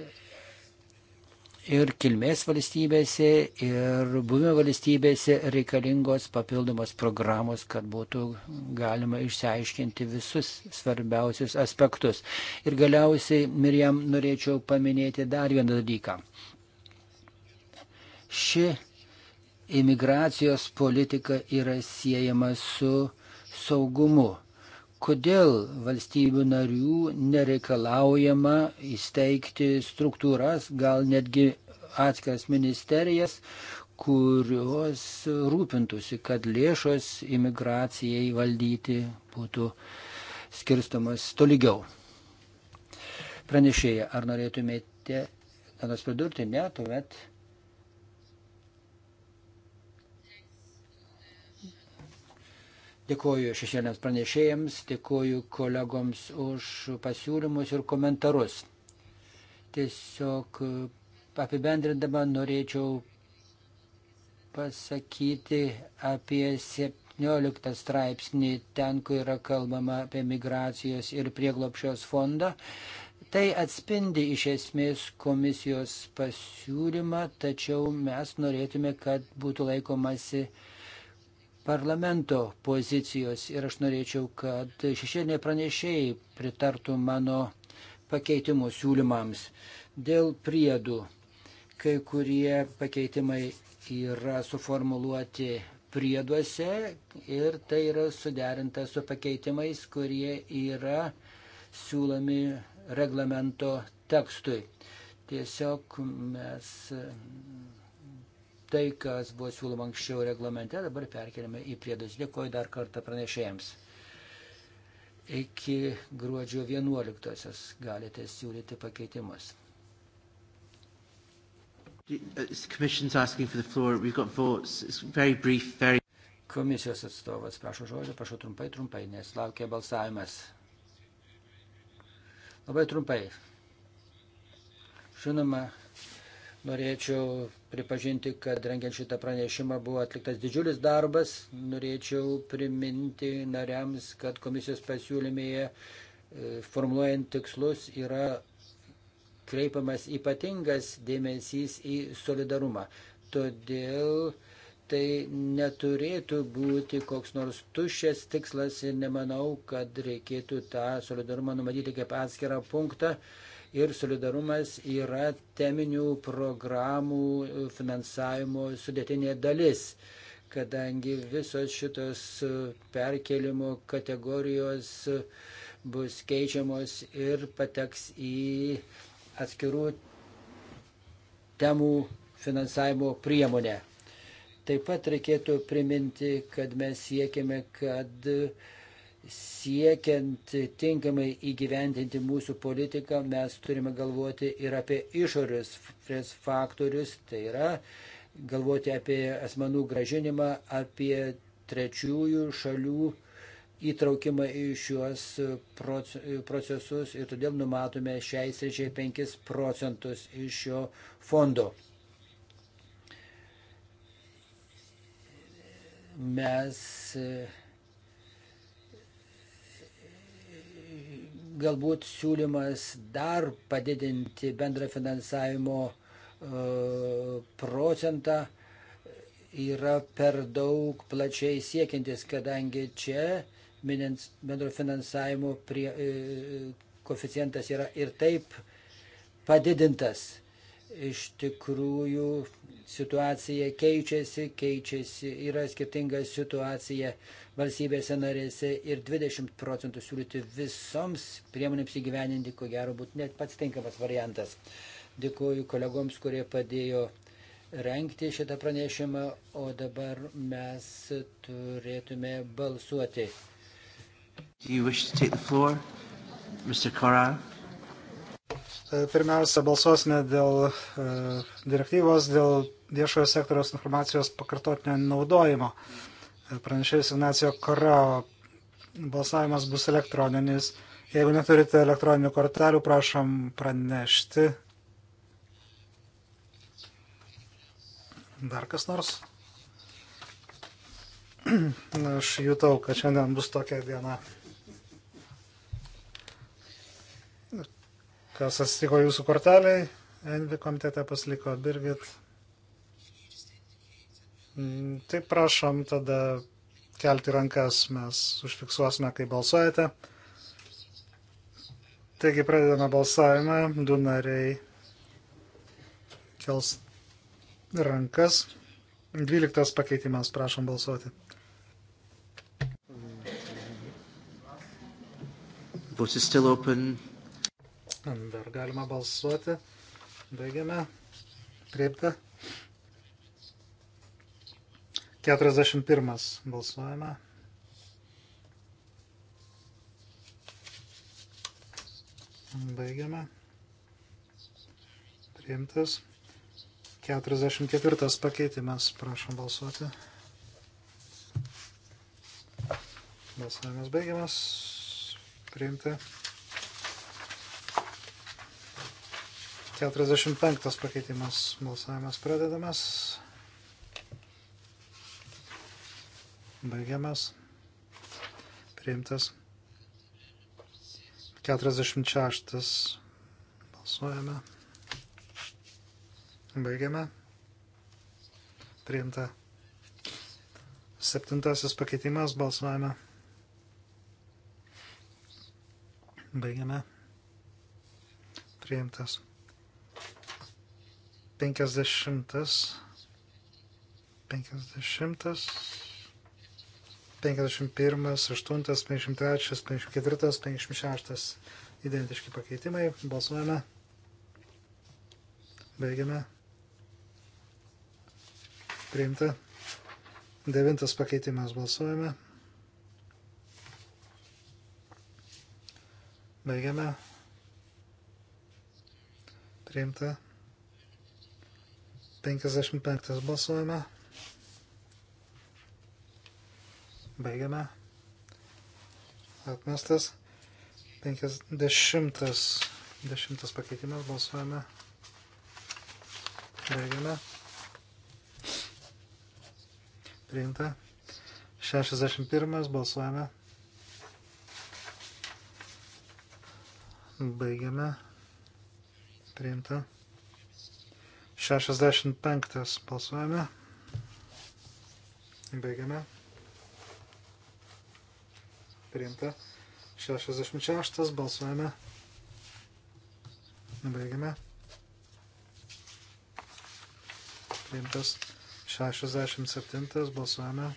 ir kilmės valstybėse, ir buvimo valstybėse reikalingos papildomos programos, kad būtų galima išsiaiškinti visus svarbiausius aspektus. Ir galiausiai, Mirjam, norėčiau paminėti dar vieną dalyką. Ši imigracijos politika yra siejama su saugumu. Kodėl valstybių narių nereikalaujama įsteigti struktūras, gal netgi atskiras ministerijas, kurios rūpintųsi, kad lėšos imigracijai valdyti būtų skirstamas tolygiau. Pranešėja, ar norėtumėte ką nors pridurti? Ne, tuomet. Dėkuoju šešėliams pranešėjams, dėkuoju kolegoms už pasiūlymus ir komentarus. Tiesiog e, apibendrindama norėčiau pasakyti apie 17 straipsnį, ten, kur yra kalbama apie migracijos ir prieglopšios fondą. Tai atspindi iš esmės komisijos pasiūlymą, tačiau mes norėtume, kad būtų laikomasi uh, parlamento pozicijos ir aš norėčiau, kad šešėlė pranešėjai pritartų mano pakeitimų siūlymams. Dėl priedų kai kurie pakeitimai yra suformuluoti prieduose ir tai yra suderinta su pakeitimais, kurie yra siūlomi reglamento tekstui. Tiesiog mes tai, kas buvo siūloma anksčiau reglamente, dabar perkeliame į priedus. Dėkuoju dar kartą pranešėjams. Iki gruodžio 11 galite siūlyti pakeitimus. Uh, Komisijos atstovas prašo žodžio, prašau trumpai, trumpai, nes laukia balsavimas. Labai trumpai. Žinoma, norėčiau pripažinti, kad rengiant šitą pranešimą buvo atliktas didžiulis darbas. Norėčiau priminti nariams, kad komisijos pasiūlymėje e, formuluojant tikslus yra kreipiamas ypatingas dėmesys į solidarumą. Todėl tai neturėtų būti koks nors tuščias tikslas ir nemanau, kad reikėtų tą solidarumą numatyti kaip atskirą punktą. Uh, ir solidarumas yra teminių programų finansavimo sudėtinė dalis, kadangi visos šitos perkelimo kategorijos bus keičiamos ir pateks į atskirų temų finansavimo priemonę. Taip pat reikėtų priminti, kad mes siekime, kad uh, siekiant tinkamai įgyvendinti mūsų politiką, mes turime galvoti ir apie išorės faktorius, tai yra galvoti apie asmenų gražinimą, apie trečiųjų šalių įtraukimą į šiuos procesus ir todėl numatome šiai sričiai 5 procentus iš šio fondo. Mes galbūt siūlymas dar padidinti bendrą finansavimo e, procentą yra per daug plačiai siekiantis, kadangi čia minint bendro finansavimo prie, e, e, koficijantas yra ir taip padidintas iš tikrųjų situacija keičiasi, keičiasi, yra skirtinga situacija valstybėse narėse ir 20 procentų siūlyti visoms priemonėms įgyveninti, ko gero, būtų net pats tinkamas variantas. Dėkuoju kolegoms, kurie padėjo renkti šitą pranešimą, o dabar mes turėtume balsuoti. Do you wish to take the floor, Mr. Corral? E, pirmiausia, balsuosime dėl e, direktyvos, dėl viešojo sektoriaus informacijos pakartotinio naudojimo. E, pranešėjas Ignacio Korao balsavimas bus elektroninis. Jeigu neturite elektroninių kortelių, prašom pranešti. Dar kas nors? Aš jutau, kad šiandien bus tokia diena. Kas atsitiko jūsų korteliai? Envi komitete pasiliko Birgit. Mm, tai prašom tada kelti rankas, mes užfiksuosime, kai balsuojate. Taigi pradedame balsavimą, du nariai kels rankas. Dvyliktas pakeitimas, prašom balsuoti. Vote is still open. Dar galima balsuoti. Baigiame. Kreipta. 41 balsuojame. Baigiame. Priimtas. 44 pakeitimas. Prašom balsuoti. Balsavimas baigiamas. Priimta. 45 pakeitimas balsavimas pradedamas. Baigiamas. Priimtas. 46 balsuojame. Baigiame. Priimta. Septintasis pakeitimas balsuojame. Baigiame. Priimtas. 50, 50, 51, 8, 53, 54, 56 identiški pakeitimai. Balsuojame. Baigiame. Priimta. Devintas pakeitimas balsuojame. Baigiame. Priimta. 55 balsuojame. Baigiame. Atmestas. 50 10 pakeitimas balsuojame. Baigiame. Priimta. 61 balsuojame. Baigiame. Priimta. 65 balsuojame. Baigiame. Priimta. 66 balsuojame. Baigiame. Priimtas. 67 balsuojame.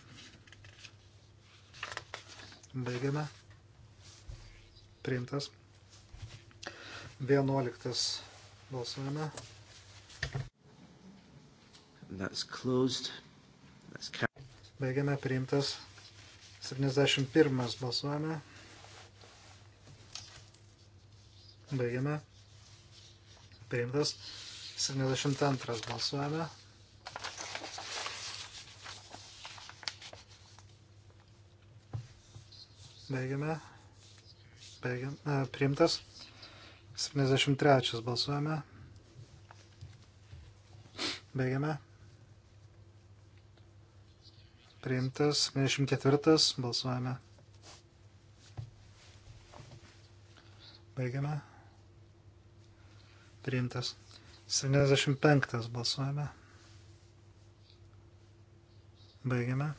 Baigiame. Priimtas. 11 balsuojame. That's closed. That's Baigiame priimtas 71 balsuojame. Baigiame. Priimtas 72 balsuojame. Baigiame. Baigiam, e, priimtas 73 balsuojame. Baigiame priimtas. 24 balsuojame. Baigiame. Priimtas. 75 balsuojame. Baigiame.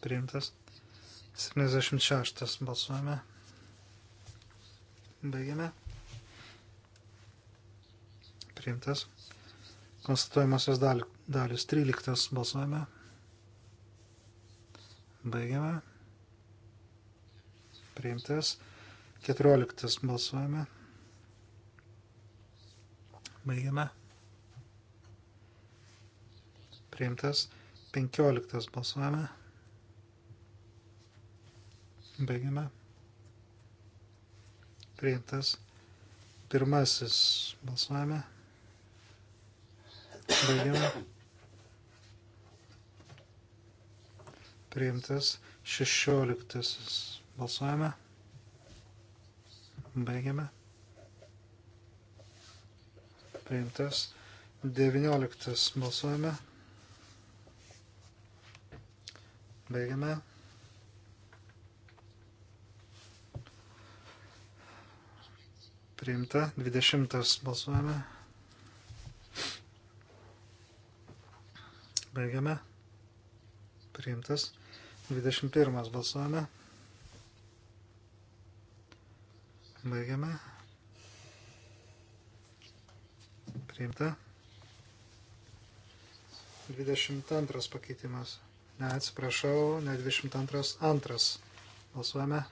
Priimtas. 76 balsuojame. Baigiame. Priimtas. Konstatuojamosios dalis 13 balsuojame. Baigiame. Priimtas. 14 balsuojame. Baigiame. Priimtas. 15 balsuojame. Baigiame. Priimtas. Pirmasis balsuojame. Baigiame. priimtas 16. Balsuojame. Baigiame. Priimtas 19. Balsuojame. Baigiame. Priimta 20. Balsuojame. Baigiame. Priimtas 21 balsuojame. Baigiame. Priimta. 22 pakeitimas. Ne, atsiprašau, ne 22, antras. Balsuojame.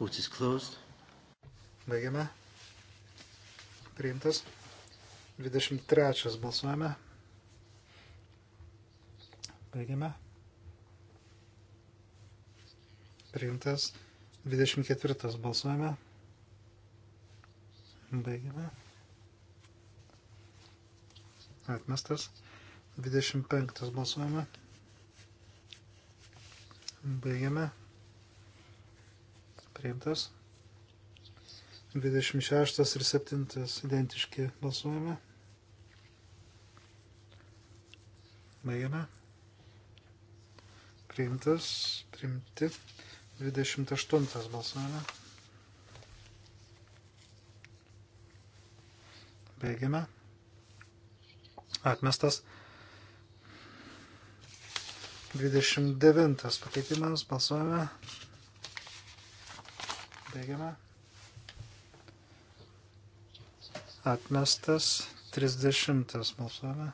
Vote is closed. Baigiame. Priimtas. 23 balsuojame. Baigiame. Priimtas. 24 balsuojame. Baigiame. Atmestas. 25 balsuojame. Baigiame. Priimtas. 26 ir 7 identiški balsuojame. Baigiame priimtas, priimti. 28 balsuojame. Baigiame. Atmestas. 29 pakeitimas balsuojame. Baigiame. Atmestas. 30 balsuojame.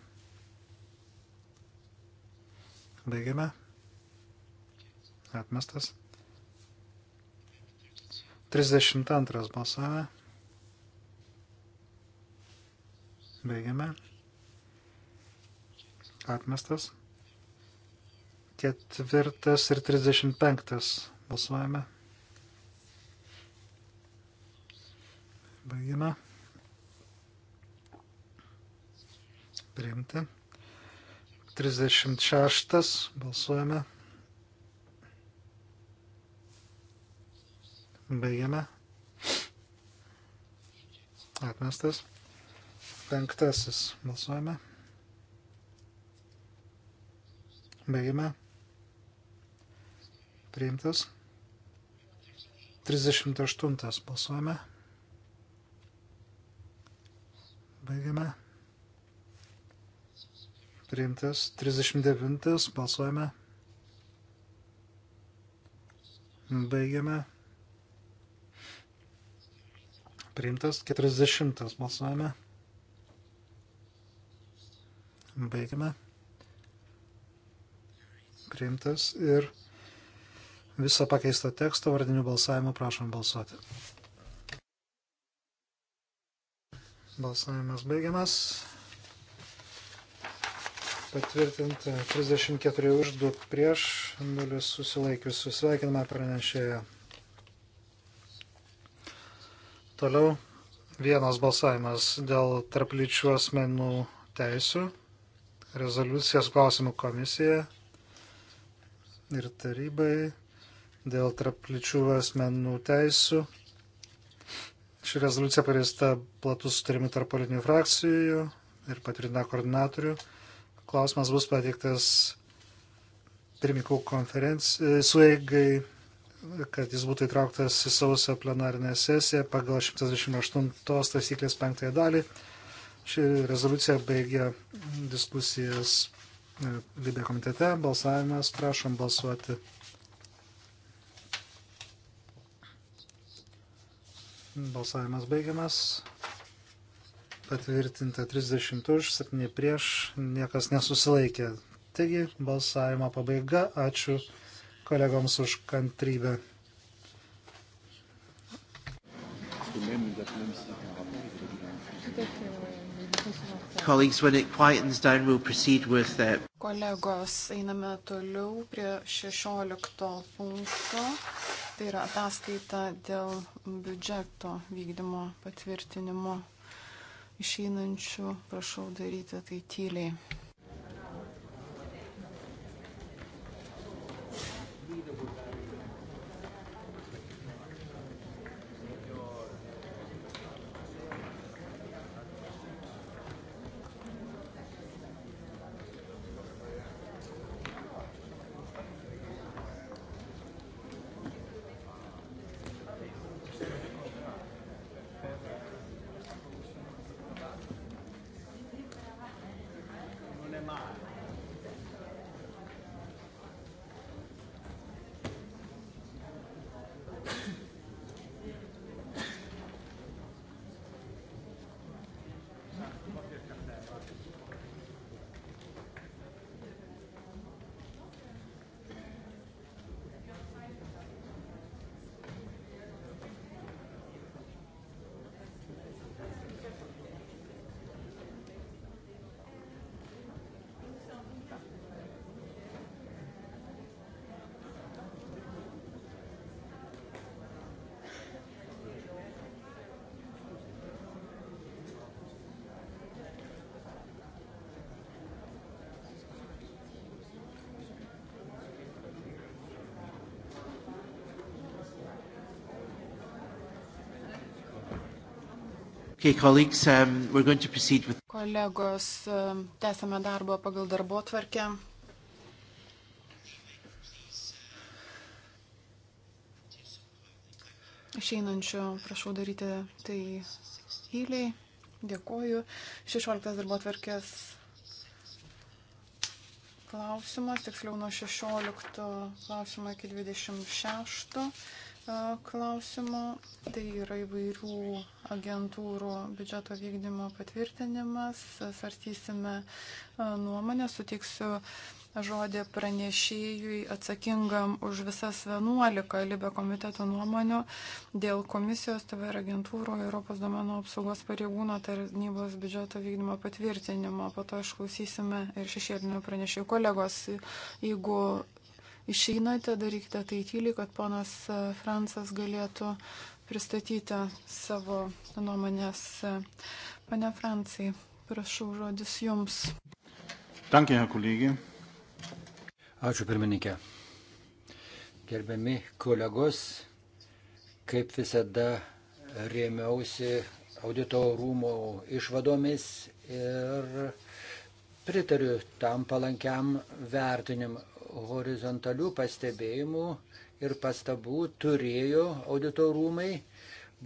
Baigiame atmestas. 32 balsavę. Baigiame. Atmestas. Ketvirtas ir 35 balsuojame. Baigiame. Priimti. 36 balsuojame. Baigiame. Atmestas. Penktasis. Balsuojame. Baigiame. Priimtas. 38. Balsuojame. Baigiame. Priimtas. 39. Balsuojame. Baigiame. Priimtas 40 balsuojame. Baigiame. Priimtas ir visą pakeistą tekstą vardinių balsavimų prašom balsuoti. Balsavimas baigiamas. Patvirtinta 34 už 2 prieš 0 susilaikiusių. Sveikiname pranešėją. Toliau vienas balsavimas dėl tarplyčių asmenų teisų, rezoliucijos klausimų komisija ir tarybai dėl tarplyčių asmenų teisų. Ši rezoliucija parėsta platus sutarimų tarp politinių frakcijų ir patvirtina koordinatorių. Klausimas bus pateiktas pirmininkų konferencijai sueigai kad jis būtų įtrauktas į sausio plenarinę sesiją pagal 128 taisyklės penktąją dalį. Ši rezoliucija baigė diskusijas e, Libė komitete. Balsavimas, prašom balsuoti. Balsavimas baigiamas. Patvirtinta 30 už, 7 prieš, niekas nesusilaikė. Taigi, balsavimo pabaiga. Ačiū kolegoms už kantrybę. Kolegos, einame toliau prie 16 punkto. Tai yra ataskaita dėl biudžeto vykdymo patvirtinimo išeinančių. Prašau daryti tai tyliai. Okay, colleagues, um, we're going to proceed with... Kolegos, um, tęsame darbą pagal darbo tvarkę. Išeinančio prašau daryti tai tyliai. Dėkuoju. 16 darbo tvarkės klausimas, tiksliau nuo 16 klausimo iki 26 klausimų. Tai yra įvairių agentūrų biudžeto vykdymo patvirtinimas. Svarstysime nuomonę, suteiksiu žodį pranešėjui atsakingam už visas 11 Libe komiteto nuomonių dėl komisijos TVR agentūro Europos domenų apsaugos pareigūno tarnybos biudžeto vykdymo patvirtinimo. Po to išklausysime ir šešėlinio pranešėjų kolegos. Jeigu išeinate, darykite tai tyliai, kad ponas e, Francas galėtų pristatyti savo nuomonės. E, Pane Francai, prašau, žodis jums. Tankė, kolegė. Ačiū, pirmininkė. Gerbiami kolegos, kaip visada rėmiausi audito rūmų išvadomis ir pritariu tam palankiam vertinimui horizontalių pastebėjimų ir pastabų turėjo audito rūmai,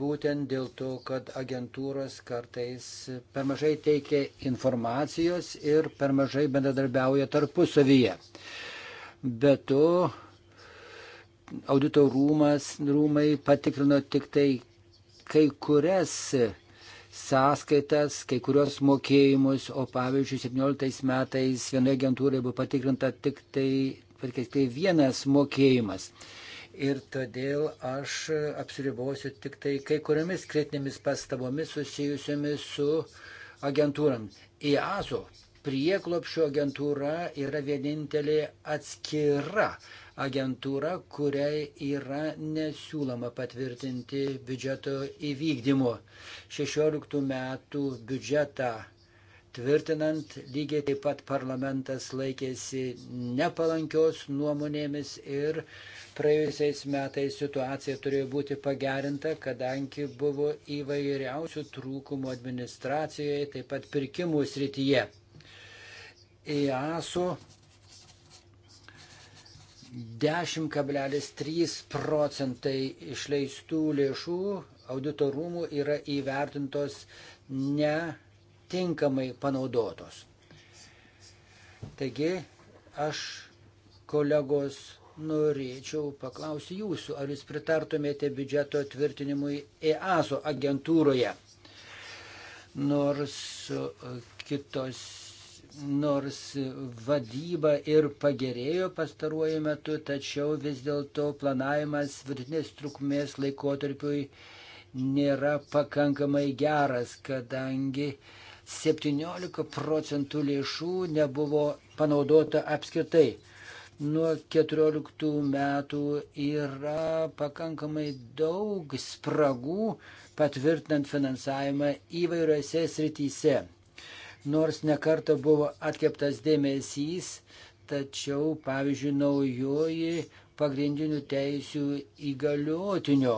būtent dėl to, kad agentūros kartais per mažai teikia informacijos ir per mažai bendradarbiauja tarpusavyje. Be to, audito rūmas, rūmai patikrino tik tai kai kurias sąskaitas, kai kurios mokėjimus, o pavyzdžiui, 17 metais vienoje agentūroje buvo patikrinta tik tai, tik tai vienas mokėjimas. Ir todėl aš apsiribosiu tik tai kai kuriomis kritinėmis pastabomis susijusiomis su agentūram. EASO prieklopšio agentūra yra vienintelė atskira agentūra, kuriai yra nesiūloma patvirtinti biudžeto įvykdymo. 16 metų biudžetą tvirtinant lygiai taip pat parlamentas laikėsi nepalankios nuomonėmis ir praėjusiais metais situacija turėjo būti pagerinta, kadangi buvo įvairiausių trūkumų administracijoje, taip pat pirkimų srityje. EASO 10,3 procentai išleistų lėšų audito rūmų yra įvertintos netinkamai panaudotos. Taigi, aš kolegos norėčiau paklausti jūsų, ar jūs pritartumėte biudžeto tvirtinimui EASO agentūroje? Nors e, kitos nors vadyba ir pagerėjo pastaruoju metu, tačiau vis dėlto planavimas vidutinės trukmės laikotarpiui nėra pakankamai geras, kadangi 17 procentų lėšų nebuvo panaudota apskritai. Nuo 14 metų yra pakankamai daug spragų patvirtinant finansavimą įvairiose srityse nors nekarta buvo atkeptas dėmesys, tačiau, pavyzdžiui, naujoji pagrindinių teisių įgaliotinio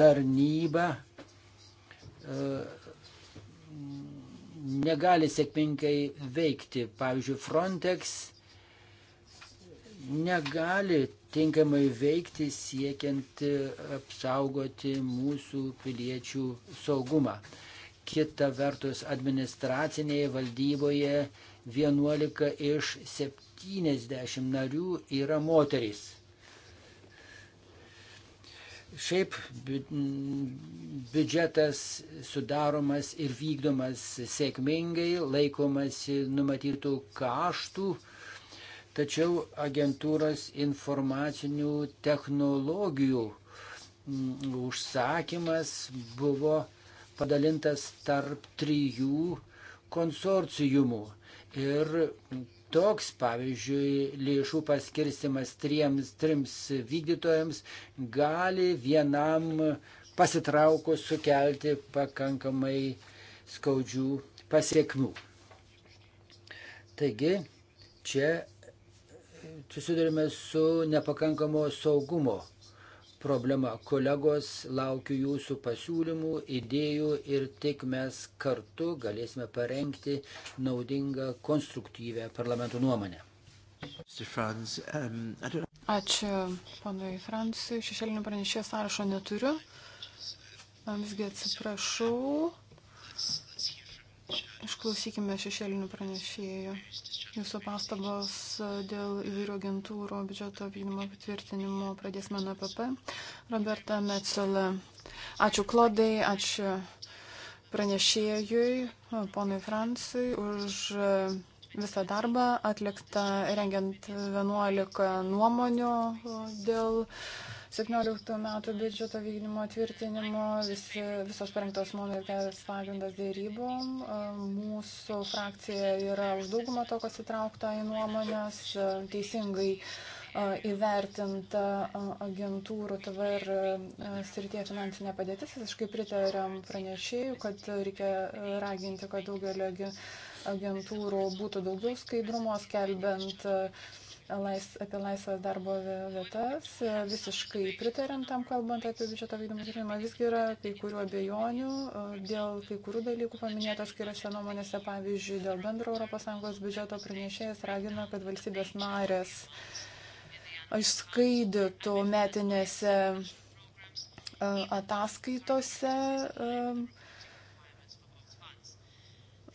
tarnyba e, negali sėkmingai veikti. Pavyzdžiui, Frontex negali tinkamai veikti siekiant apsaugoti mūsų piliečių saugumą. Kita vertus, administracinėje valdyboje 11 iš 70 narių yra moterys. Šiaip biudžetas sudaromas ir vykdomas sėkmingai, laikomasi numatytų kaštų, tačiau agentūros informacinių technologijų užsakymas buvo padalintas tarp trijų konsorciumų. Ir toks, pavyzdžiui, lėšų paskirstimas triems, trims vykdytojams gali vienam pasitraukus sukelti pakankamai skaudžių pasiekmių. Taigi, čia susidurime su nepakankamo saugumo problema. Kolegos, laukiu jūsų pasiūlymų, idėjų ir tik mes kartu galėsime parengti naudingą, konstruktyvę parlamentų nuomonę. Um, Ačiū panui Fransui. Šešėlinių pranešėjų sąrašo neturiu. Visgi atsiprašau. Išklausykime šešėlinių pranešėjų. Jūsų pastabos e, dėl įvairių agentūrų biudžeto vykdymo patvirtinimo pradėsime nuo PP. Roberta Metzola. Ačiū Klodai, ačiū pranešėjui, e, ponui Fransui, už e, visą darbą atliktą rengiant 11 nuomonių dėl uh, 17 metų biudžeto vykdymo tvirtinimo, vis, visos parengtos monetės pagrindas dėrybom. E, mūsų frakcija yra už daugumą to, kas įtraukta į nuomonės, e, teisingai e, įvertinta agentūrų TVR srityje finansinė padėtis. Visiškai pritariam pranešėjų, kad reikia raginti, kad daugelio agentūrų būtų daugiau skaidrumo, skelbiant uh, lais, apie laisvą darbo vietas. Visiškai pritarėm tam, kalbant apie biudžeto vykdomą tikrinimą. Visgi yra kai kurių abejonių uh, dėl kai kurių dalykų paminėta skiriasi nuomonėse. Pavyzdžiui, dėl bendro ES biudžeto pranešėjas ragina, kad valstybės narės išskaidytų metinėse uh, ataskaitose. Um,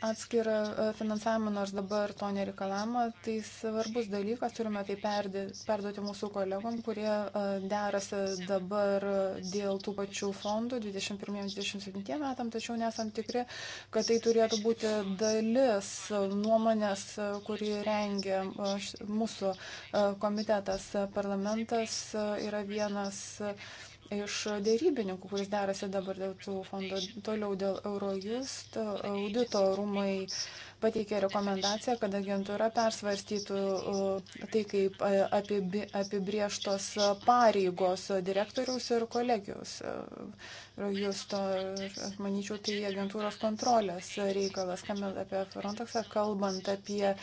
atskirą e, finansavimą, nors dabar to nereikalavimo, tai svarbus dalykas, turime tai perduoti mūsų kolegom, kurie e, derasi dabar dėl tų pačių fondų 21-27 metam, tačiau nesam tikri, kad tai turėtų būti dalis nuomonės, kurį rengia e, mūsų komitetas. Parlamentas yra vienas iš dėrybininkų, kuris derasi dabar dėl tų fondų, toliau dėl Eurojust, audito rūmai pateikė rekomendaciją, kad agentūra persvarstytų uh, tai, kaip uh, apibrieštos uh, pareigos direktoriaus ir kolegijos. Jūs to, manyčiau, tai agentūros kontrolės reikalas, kalbant apie Frontexą, kalbant apie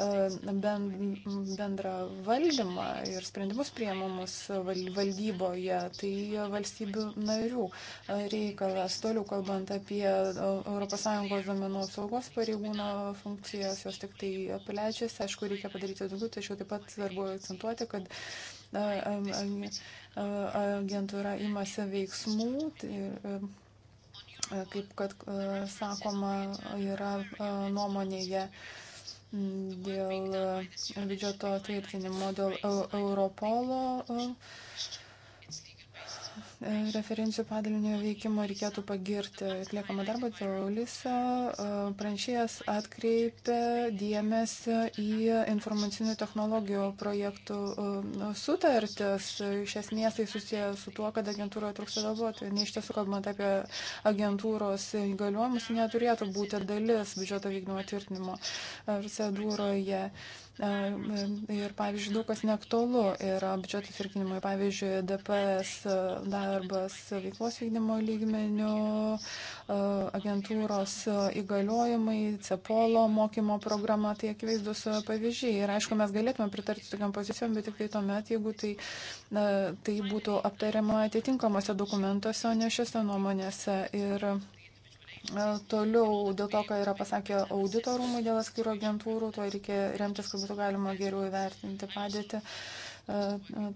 bendrą valdymą ir sprendimus priemumus valdyboje, tai valstybių narių reikalas. Toliau kalbant apie ES duomenų apsaugos pareigūną, funkcijos, jos tik tai plečiasi, aišku, reikia padaryti daugiau, tačiau taip pat svarbu akcentuoti, kad agentūra imasi veiksmų. Tai, kaip kad sakoma, yra nuomonėje dėl biudžeto tvirtinimo, dėl Europolo E, referencijų padalinio veikimo reikėtų pagirti atliekamą darbą. Teolisa e, pranešėjas atkreipė dėmesį į informacinių technologijų projektų e, sutartis. Iš esmės tai susijęs su tuo, kad agentūroje trūksta darbuotojų. Ne iš tiesų, kalbant apie agentūros įgaliojimus, neturėtų būti dalis biudžeto vykdymo tvirtinimo procedūroje. Uh, E, e, ir, pavyzdžiui, daug kas neaktualu. Ir biudžeto tvirtinimui, pavyzdžiui, DPS darbas veiklos vykdymo lygmenių, e, agentūros įgaliojimai, CEPOLO mokymo programa, tai akivaizdus pavyzdžiai. Ir aišku, mes galėtume pritarti tokiam pozicijom, bet tik tai tuomet, jeigu tai, tai būtų aptariama atitinkamuose dokumentuose, o ne šiuose nuomonėse. Ir E, toliau, dėl to, ką yra pasakę auditorumai dėl atskirų agentūrų, to reikia remtis, kad būtų galima geriau įvertinti padėtį. E,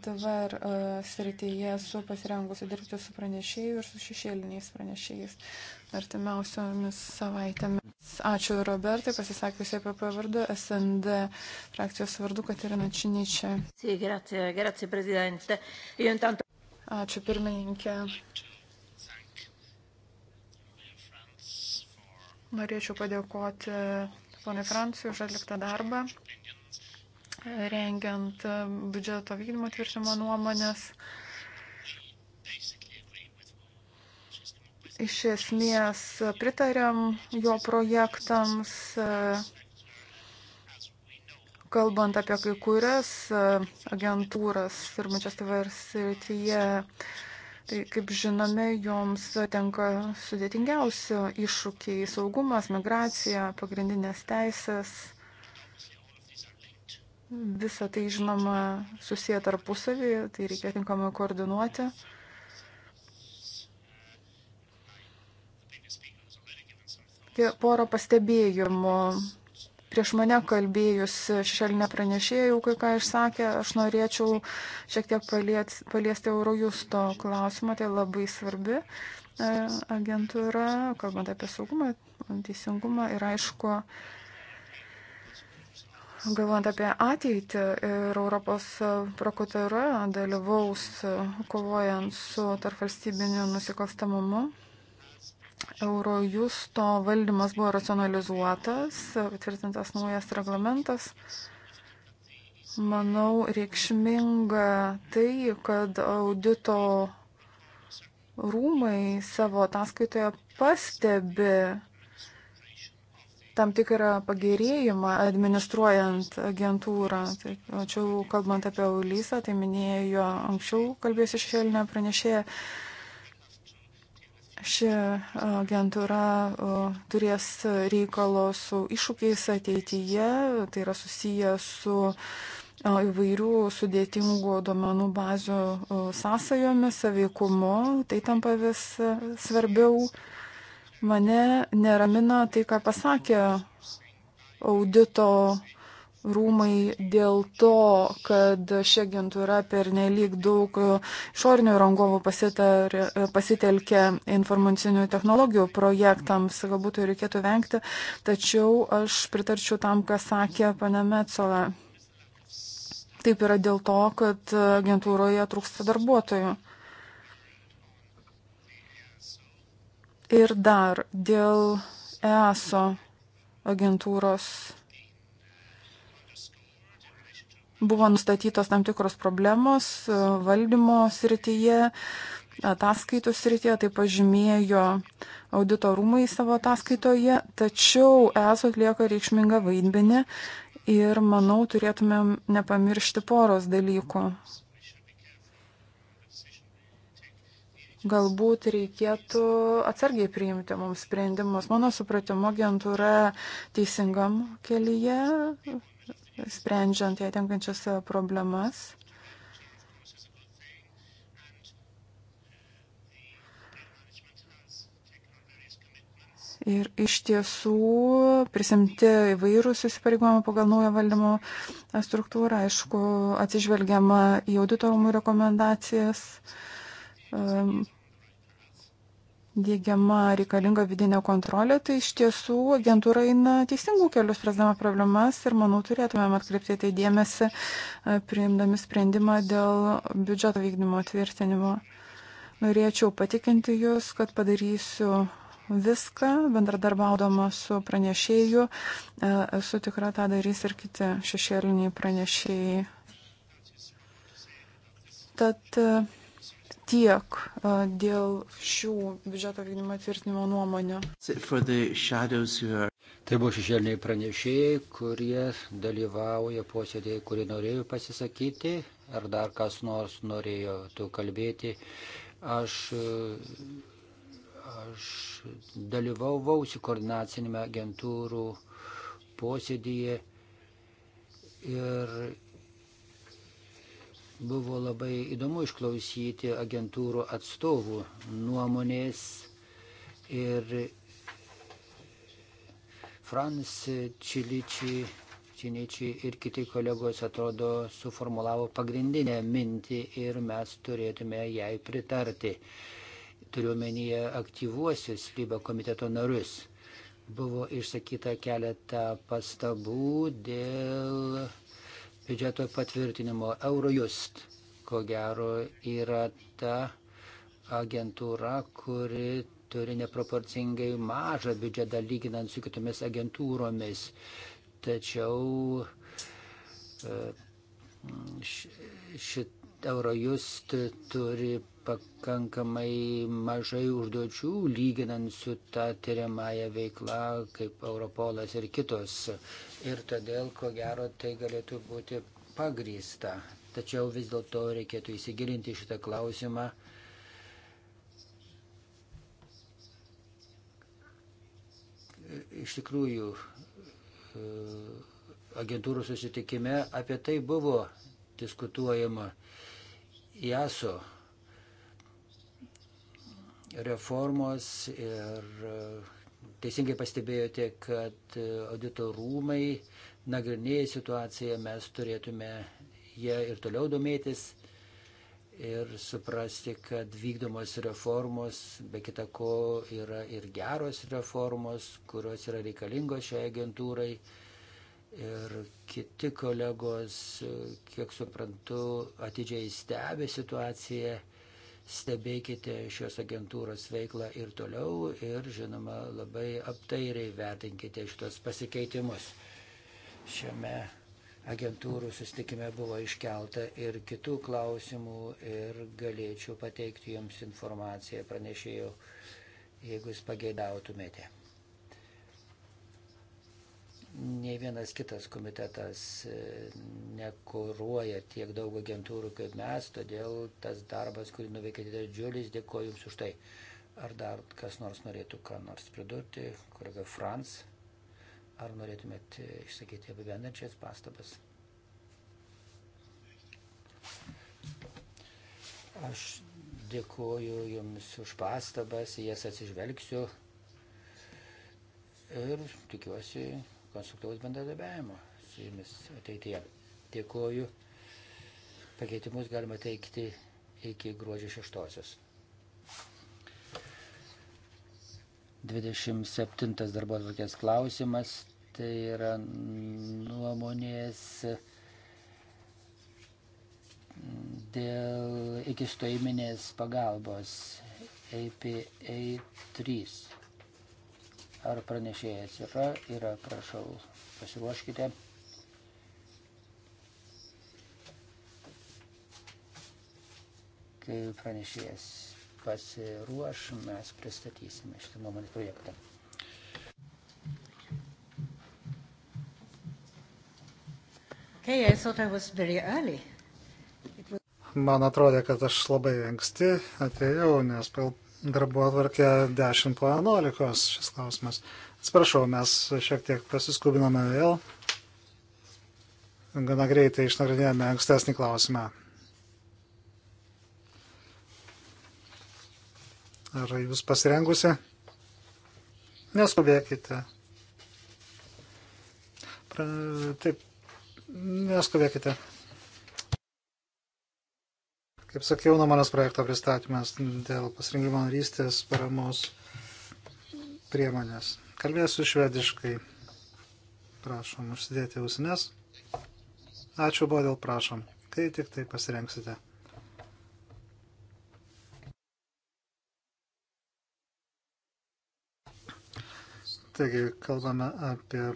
TVR e, srityje esu pasirengusi dirbti su pranešėjų ir su šešėliniais pranešėjais artimiausiomis savaitėmis. Ačiū Robertai, pasisakiusi apie pavardą SND frakcijos vardu Katerina Činičia. Ačiū pirmininkė. Norėčiau padėkoti e, ponai Francijui už atliktą darbą, rengiant e, biudžeto vykdymo tvirtinimo nuomonės. Iš esmės pritarėm jo projektams, e, kalbant apie kai kurias agentūras, pirmačias TV ir srityje. Tai Tai, kaip žinome, joms tenka sudėtingiausio iššūkiai - saugumas, migracija, pagrindinės teisės. Visą tai, žinoma, susiję tarpusavį, tai reikia tinkamai koordinuoti. Porą pastebėjimų prieš mane kalbėjus šešėlinė pranešėja jau kai ką išsakė, aš norėčiau šiek tiek palies, paliesti Eurojusto klausimą, tai labai svarbi e, agentūra, kalbant apie saugumą, teisingumą ir aišku, galvojant apie ateitį ir Europos prokuratura dalyvaus kovojant su tarpvalstybiniu nusikalstamumu, Eurojusto valdymas buvo racionalizuotas, patvirtintas naujas reglamentas. Manau, reikšminga tai, kad audito rūmai savo ataskaitoje pastebi tam tikrą pagerėjimą administruojant agentūrą. Tačiau, kalbant apie Ulysą, tai minėjo anksčiau kalbėjusi šešėlinė pranešėja, Ši agentūra turės reikalo su iššūkiais ateityje, tai yra susiję su įvairių sudėtingų duomenų bazių sąsajomis, saveikumu, tai tampa vis svarbiau. Mane neramina tai, ką pasakė audito rūmai dėl to, kad ši agentūra per nelik daug šorinių rangovų pasitelkė informacinių technologijų projektams, galbūt tai reikėtų vengti, tačiau aš pritarčiau tam, ką sakė pane Metsola. Taip yra dėl to, kad agentūroje trūksta darbuotojų. Ir dar dėl EASO agentūros buvo nustatytos tam tikros problemos e, valdymo srityje, ataskaitų srityje, tai pažymėjo audito rūmai savo ataskaitoje, tačiau ESO atlieka reikšmingą vaidmenį ir manau turėtumėm nepamiršti poros dalykų. galbūt reikėtų atsargiai priimti mums sprendimus. Mano supratimo agentūra teisingam kelyje, sprendžiant jai tenkančias e, problemas. Ir iš tiesų prisimti įvairūs įsipareigojimai pagal naują valdymo e, struktūrą, aišku, atsižvelgiama į auditorumų rekomendacijas, e, dėgiama reikalinga vidinė kontrolė, tai iš tiesų agentūra eina teisingų kelių spręsdama problemas ir manau turėtumėm atkreipti tai dėmesį, e, priimdami sprendimą dėl biudžeto vykdymo tvirtinimo. Norėčiau patikinti Jūs, kad padarysiu viską, bendradarbiaudama su pranešėju. E, esu tikra, tą darys ir kiti šešėliniai pranešėjai. Tad uh, tiek dėl šių biudžeto vykdymo tvirtinimo nuomonių. Tai buvo šešėliniai pranešėjai, kurie dalyvauja posėdėje, kurie norėjo pasisakyti, ar dar kas nors norėjo tu kalbėti. Aš, aš dalyvavausi koordinacinėme agentūrų posėdėje ir Buvo labai įdomu išklausyti agentūrų atstovų nuomonės ir Frans Čiličiai, Činičiai ir kiti kolegos atrodo suformulavo pagrindinę mintį ir mes turėtume jai pritarti. Turiuomenyje aktyvuosius lyba komiteto narius. Buvo išsakyta keletą pastabų dėl biudžeto patvirtinimo. Eurojust, ko gero, yra ta agentūra, kuri turi neproporcingai mažą biudžetą lyginant su kitomis agentūromis. Tačiau e, šit Eurojust turi pakankamai mažai užduočių, lyginant su ta tyriamąją veiklą kaip Europolas ir kitos. Ir todėl, ko gero, tai galėtų būti pagrysta. Tačiau vis dėlto reikėtų įsigilinti šitą klausimą. Iš tikrųjų, agentūrų susitikime apie tai buvo diskutuojama. JASO reformos ir e, teisingai pastebėjote, kad e, audito rūmai nagrinėja situaciją, mes turėtume jie ir toliau domėtis ir suprasti, kad vykdomos reformos, be kita ko, yra ir geros reformos, kurios yra reikalingos šiai agentūrai. Ir kiti kolegos, e, kiek suprantu, atidžiai stebi situaciją Stebėkite šios agentūros veiklą ir toliau ir, žinoma, labai aptairiai vertinkite šitos pasikeitimus. Šiame agentūrų sustikime buvo iškelta ir kitų klausimų ir galėčiau pateikti jums informaciją pranešėjau, jeigu jūs pageidautumėte nei vienas kitas komitetas e, nekuruoja tiek daug agentūrų kaip mes, todėl tas darbas, kurį nuveikėte didžiulis, dėkoju Jums už tai. Ar dar kas nors norėtų ką nors pridurti, kolega Franz, ar norėtumėt e, išsakyti apibendančias pastabas? Aš dėkoju Jums už pastabas, jas atsižvelgsiu ir tikiuosi konstruktyvaus bendradarbiavimo su jumis ateityje. Dėkuoju. Pakeitimus galima teikti iki gruodžio 6. 27 darbo atvarkės klausimas. Tai yra nuomonės dėl ikistoiminės pagalbos APA 3. Ar pranešėjas yra, yra, prašau, pasiruoškite. Kai pranešėjas pasiruoš, mes pristatysime šitą nuomonės projektą. Okay, I thought I was very early. Was... Man atrodė, kad aš labai anksti atėjau, nes darbo atvarkė 10 po 11 šis klausimas. Atsiprašau, mes šiek tiek pasiskubinome vėl. Gana greitai išnagrinėjome ankstesnį klausimą. Ar jūs pasirengusi? Neskubėkite. Pra, taip, neskubėkite. Kaip sakiau, nuomonės projekto pristatymas dėl pasirinkimo narystės paramos priemonės. Kalbėsiu švediškai. Prašom užsidėti ausines. Ačiū buvo dėl prašom, kai tik tai pasirenksite. Taigi, kalbame apie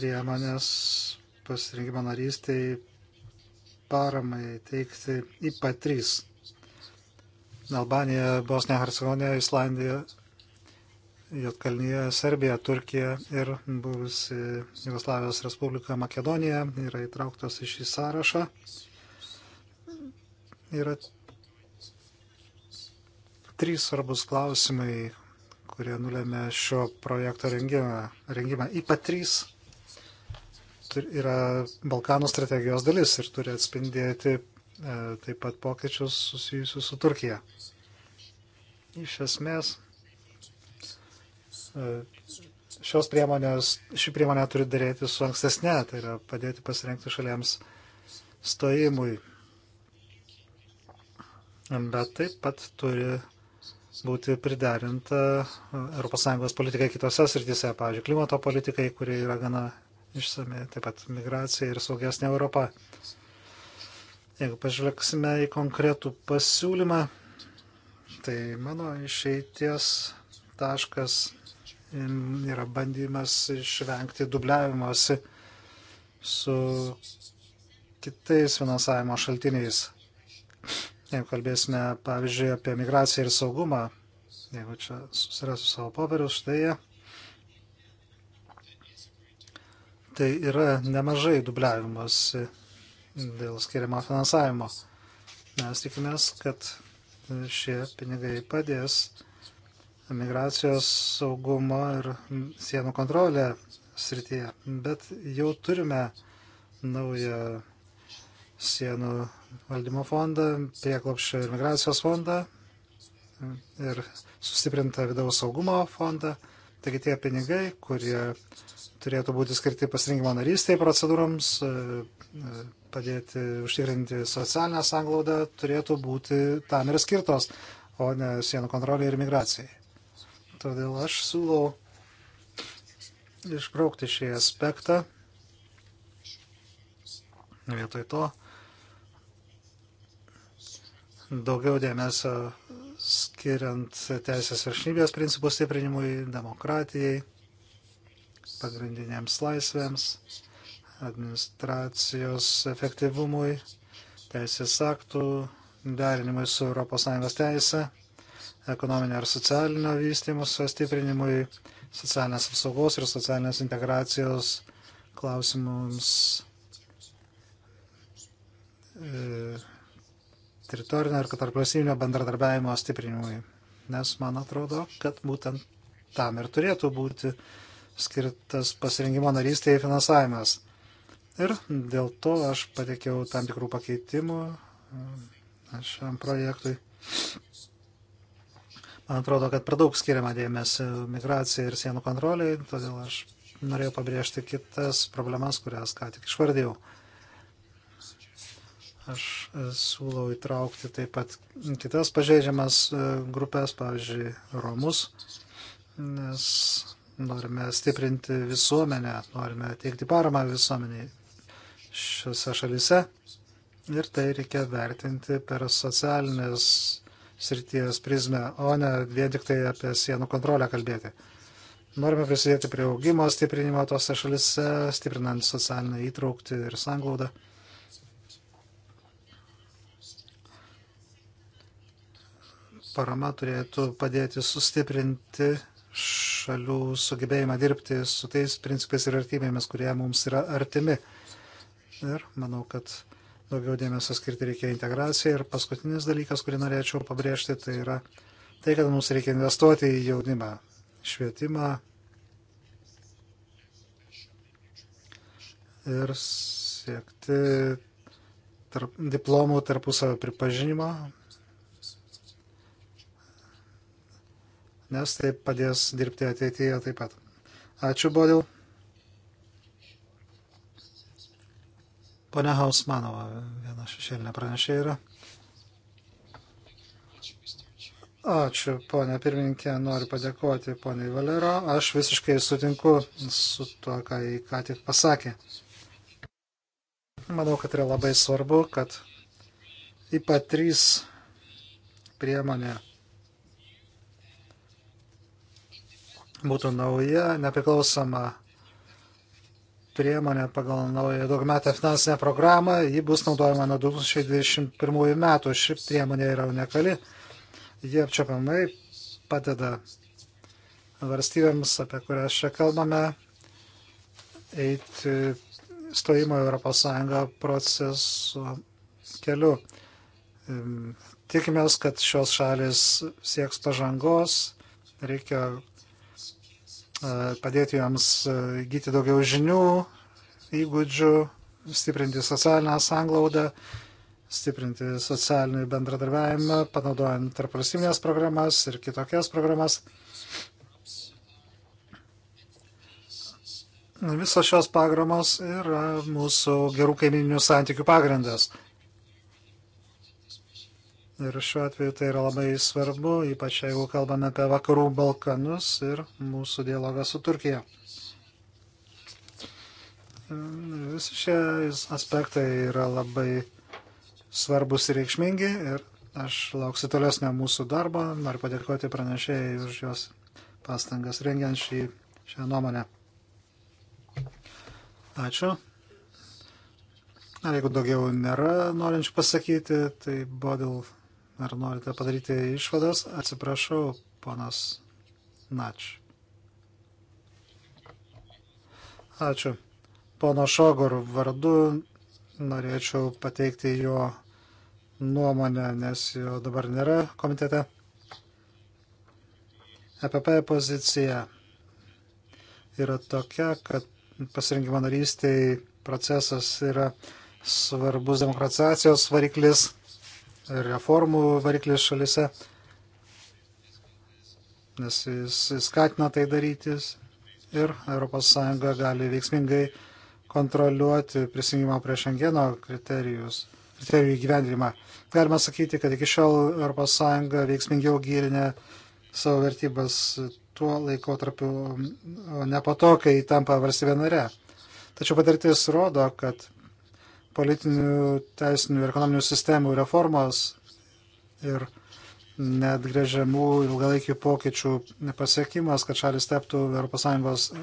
priemonės pasirinkimo narystiai paramai teikti IPA 3. Albanija, Bosnija, Hercegovina, Islandija, Jotkalnyje, Serbija, Turkija ir buvusi Jugoslavijos Respublika Makedonija yra įtrauktos į šį sąrašą. Yra trys svarbus klausimai, kurie nulėmė šio projekto rengimą. rengimą. IPA 3 yra Balkanų strategijos dalis ir turi atspindėti e, taip pat pokyčius susijusius su Turkija. Iš esmės, e, šios priemonės, ši priemonė turi darėti su ankstesne, tai yra padėti pasirengti šalėms stojimui. Bet taip pat turi būti priderinta ES politikai kitose srityse, pavyzdžiui, klimato politikai, kurie yra gana išsame, taip pat migracija ir saugesnė Europa. Jeigu pažvelgsime į konkretų pasiūlymą, tai mano išeities taškas yra bandymas išvengti dubliavimuose su kitais finansavimo šaltiniais. Jeigu kalbėsime, pavyzdžiui, apie migraciją ir saugumą, jeigu čia susirasiu savo popierius, štai jie tai yra nemažai dubliavimas dėl skiriamo finansavimo. Mes tikimės, kad šie pinigai padės migracijos saugumo ir sienų kontrolę srityje. Bet jau turime naują sienų valdymo fondą, prieklopščio ir migracijos fondą ir sustiprintą vidaus saugumo fondą. Taigi tie pinigai, kurie turėtų būti skirti pasirinkimo narystėje procedūrams, e, e, padėti užtikrinti socialinę sanglaudą, turėtų būti tam ir skirtos, o ne sienų kontrolė ir migracijai. Todėl aš siūlau išbraukti šį aspektą. Vietoj to daugiau dėmesio skiriant teisės viršnybės principų stiprinimui, demokratijai pagrindinėms laisvėms, administracijos efektyvumui, teisės aktų derinimui su ES teise, ekonominio ir socialinio vystymusio stiprinimui, socialinės apsaugos ir socialinės integracijos klausimams e, teritorinio ir tarpvalstybinio bendradarbiavimo stiprinimui. Nes man atrodo, kad būtent tam ir turėtų būti skirtas pasirinkimo narystėje finansavimas. Ir dėl to aš pateikiau tam tikrų pakeitimų mm, šiam projektui. Man atrodo, kad per daug skiriama dėmesio migracijai ir sienų kontroliai, todėl aš norėjau pabrėžti kitas problemas, kurias ką tik išvardėjau. Aš e, siūlau įtraukti taip pat kitas pažeidžiamas e, grupės, pavyzdžiui, Romus, nes Norime stiprinti visuomenę, norime teikti paramą visuomeniai šiuose šalise. Ir tai reikia vertinti per socialinės srities prizmę, o ne vien tik tai apie sienų kontrolę kalbėti. Norime prisidėti prie augimo stiprinimo tose šalise, stiprinant socialinę įtraukti ir sanglaudą. Parama turėtų padėti sustiprinti šalių sugebėjimą dirbti su tais principais ir artimėmis, kurie mums yra artimi. Ir manau, kad daugiau dėmesio skirti reikia integracijai. Ir paskutinis dalykas, kurį norėčiau pabrėžti, tai yra tai, kad mums reikia investuoti į jaunimą, švietimą ir siekti tarp, diplomų tarpusavio pripažinimo nes tai padės dirbti ateityje taip pat. Ačiū, Bodil. Pone Hausmanova, viena šešėlinė pranešė yra. Ačiū, ponė pirmininkė, noriu padėkoti poniai Valero. Aš visiškai sutinku su tuo, ką jį ką tik pasakė. Manau, kad yra labai svarbu, kad IPA 3 priemonė būtų nauja, nepriklausoma priemonė pagal naują daugiametę finansinę programą. Ji bus naudojama nuo 2021 metų. Ši priemonė yra unikali. Jie apčiopiamai padeda varstybėms, apie kurias čia kalbame, eiti stojimo į Europos Sąjungą proceso keliu. Tikimės, kad šios šalis sieks pažangos, reikia padėti joms gyti daugiau žinių, įgūdžių, stiprinti socialinę sanglaudą, stiprinti socialinį bendradarbiavimą, panaudojant tarpvalstybinės programas ir kitokias programas. Visos šios programos yra mūsų gerų kaiminių santykių pagrindas. Ir šiuo atveju tai yra labai svarbu, ypač jeigu kalbame apie vakarų Balkanus ir mūsų dialogą su Turkija. Visi šie aspektai yra labai svarbus ir reikšmingi ir aš lauksiu tolesnio mūsų darbo. Noriu padėkoti pranešėjai už jos pastangas rengiant šį, šią nuomonę. Ačiū. Na, jeigu daugiau nėra norinčių pasakyti, tai buvo dėl Ar norite padaryti išvadas? Atsiprašau, ponas Nač. Ačiū. Pono Šogor vardu norėčiau pateikti jo nuomonę, nes jo dabar nėra komitete. EPP pozicija yra tokia, kad pasirinkimo narystiai procesas yra svarbus demokratizacijos variklis reformų variklis šalise, nes jis skatina tai darytis ir ES gali veiksmingai kontroliuoti prisijungimą prie Šengeno kriterijus, kriterijų įgyvendinimą. Galima sakyti, kad iki šiol ES veiksmingiau gilinė savo vertybas tuo laikotarpiu, o ne po to, kai tampa valstybė nare. Tačiau patirtis rodo, kad politinių, teisinių ir ekonominių sistemų reformos ir net grėžiamų ilgalaikių pokyčių pasiekimas, kad šalis taptų ES e,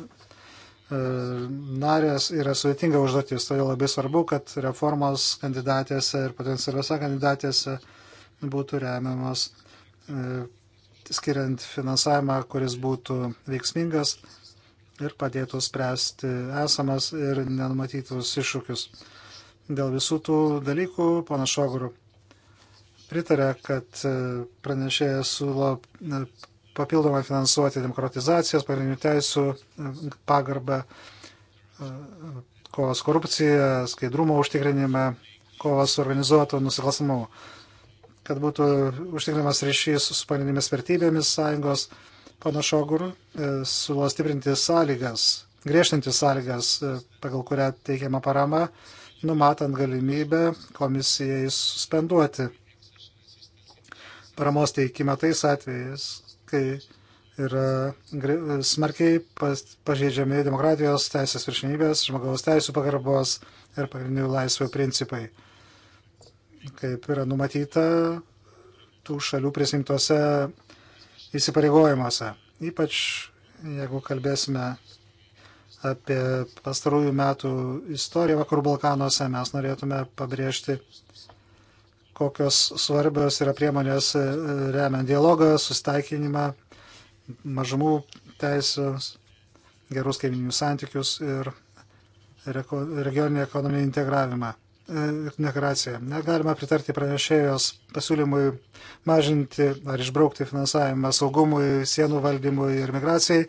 narės yra sudėtinga užduotis. Todėl labai svarbu, kad reformos kandidatėse ir potencialiuose kandidatėse būtų remiamas e, skiriant finansavimą, kuris būtų veiksmingas ir padėtų spręsti esamas ir nenumatytus iššūkius dėl visų tų dalykų pana Šogurų pritarė, kad e, pranešėjas siūlo e, papildomai finansuoti demokratizacijos, pagrindinių teisų e, pagarbą, kovas korupciją, skaidrumo užtikrinimą, kovas organizuoto nusikalstamumu, kad būtų užtikrinamas ryšys su pagrindinėmis vertybėmis sąjungos. Panašo gurų siūlo stiprinti sąlygas, griežtinti sąlygas, pagal kurią teikiama parama numatant galimybę komisijai suspenduoti paramos teikimą tais atvejais, kai yra smarkiai pažeidžiami demokratijos teisės viršinybės, žmogaus teisų pagarbos ir pagrindinių laisvių principai, kaip yra numatyta tų šalių prisimtose įsipareigojimuose. Ypač jeigu kalbėsime apie pastarųjų metų istoriją Vakarų Balkanuose, mes norėtume pabrėžti, kokios svarbios yra priemonės e, remiant dialogą, sustaikinimą, mažumų teisės, gerus kaiminių santykius ir regioninį ekonominį integravimą. E, Integracija. Negalima pritarti pranešėjos pasiūlymui mažinti ar išbraukti finansavimą saugumui, sienų valdymui ir migracijai,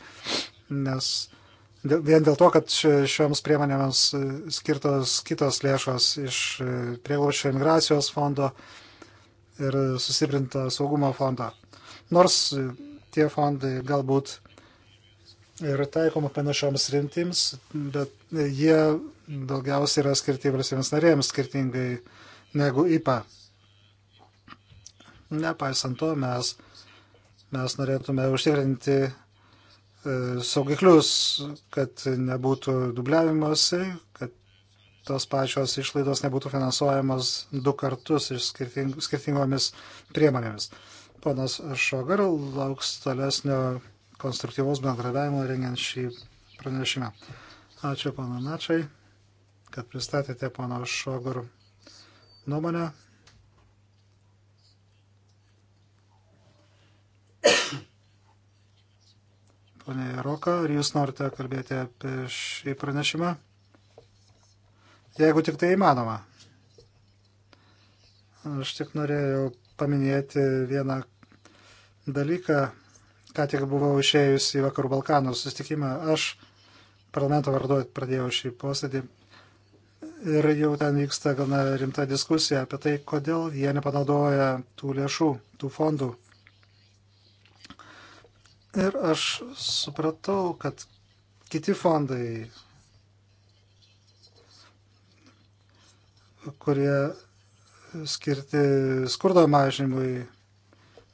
nes vien dėl to, kad šioms priemonėms e, skirtos kitos lėšos iš e, prieglaučio imigracijos fondo ir sustiprinto saugumo fondo. Nors e, tie fondai galbūt ir taikoma panašioms rimtims, bet jie daugiausiai yra skirti valstybėms narėms skirtingai negu IPA. Nepaisant to, mes, mes norėtume užtikrinti saugiklius, kad nebūtų dubliavimuose, kad tos pačios išlaidos nebūtų finansuojamos du kartus iš skirting, skirtingomis priemonėmis. Ponas Šogar lauks tolesnio konstruktyvaus bendradavimo rengiant šį pranešimą. Ačiū pono Načiai, kad pristatėte pono Šogar nuomonę. Pone Roka, ar jūs norite kalbėti apie šį pranešimą? Jeigu tik tai įmanoma. Aš tik norėjau paminėti vieną dalyką, ką tik buvau išėjus į Vakarų Balkanų susitikimą. Aš parlamento vardu pradėjau šį posėdį ir jau ten vyksta gana rimta diskusija apie tai, kodėl jie nepanaudoja tų lėšų, tų fondų. Ir aš supratau, kad kiti fondai, kurie skirti skurdo mažinimui,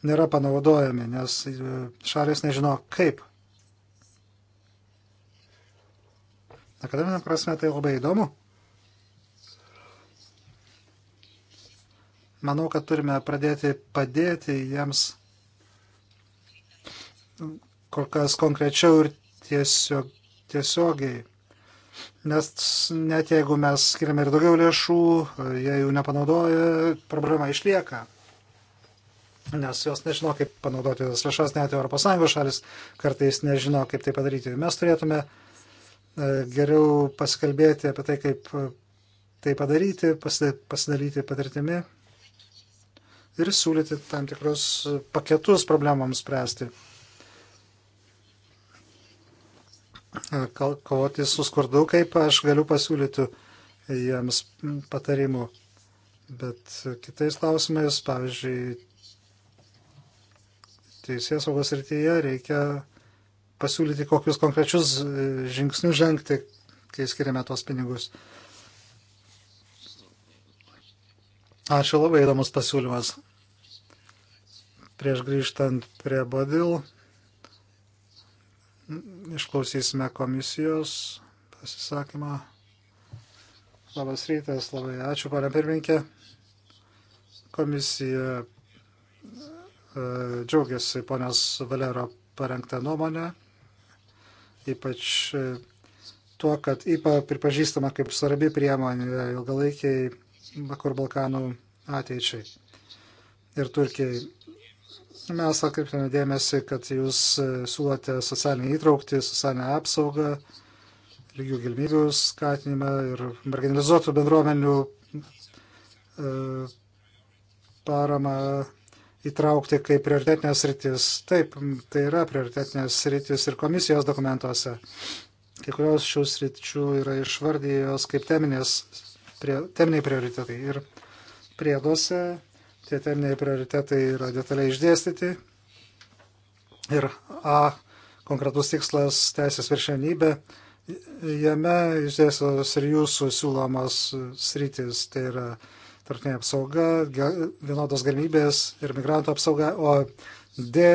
nėra panaudojami, nes šalis nežino kaip. Akademinė prasme tai labai įdomu. Manau, kad turime pradėti padėti jiems kol kas konkrečiau ir tiesiog, tiesiogiai. Nes net jeigu mes skiriame ir daugiau lėšų, jie jų nepanaudoja, problema išlieka. Nes jos nežino, kaip panaudoti tas lėšas, net ES šalis kartais nežino, kaip tai padaryti. Mes turėtume e, geriau pasikalbėti apie tai, kaip e, tai padaryti, pasidalyti patirtimi ir siūlyti tam tikrus paketus problemams spręsti. kovoti su skurdu, kaip aš galiu pasiūlyti jiems patarimų. Bet kitais klausimais, pavyzdžiui, teisės saugos rytyje reikia pasiūlyti kokius konkrečius žingsnius žengti, kai skiriame tuos pinigus. Ačiū labai įdomus pasiūlymas. Prieš grįžtant prie Bodil, išklausysime komisijos pasisakymą. Labas rytas, labai ačiū, pane pirminkė. Komisija e, džiaugiasi ponios Valero parengtą nuomonę, ypač e, tuo, kad IPA pripažįstama kaip svarbi priemonė ilgalaikiai Vakarų Balkanų ateičiai ir Turkijai. Mes atkreiptume dėmesį, kad jūs e, siūlote socialinį įtraukti, socialinę apsaugą, lygių galimybių skatinimą ir marginalizuotų bendruomenių e, paramą įtraukti kaip prioritetinės rytis. Taip, tai yra prioritetinės rytis ir komisijos dokumentuose. Kai kurios šių sričių yra išvardyjos kaip teminės, prie, teminiai prioritetai. Ir prieduose Tie teminiai prioritetai yra detaliai išdėstyti. Ir A konkretus tikslas teisės viršenybė. Jame išdėstos ir jūsų siūlomas sritis, tai yra tarptautinė apsauga, vienodos galimybės ir migrantų apsauga, o D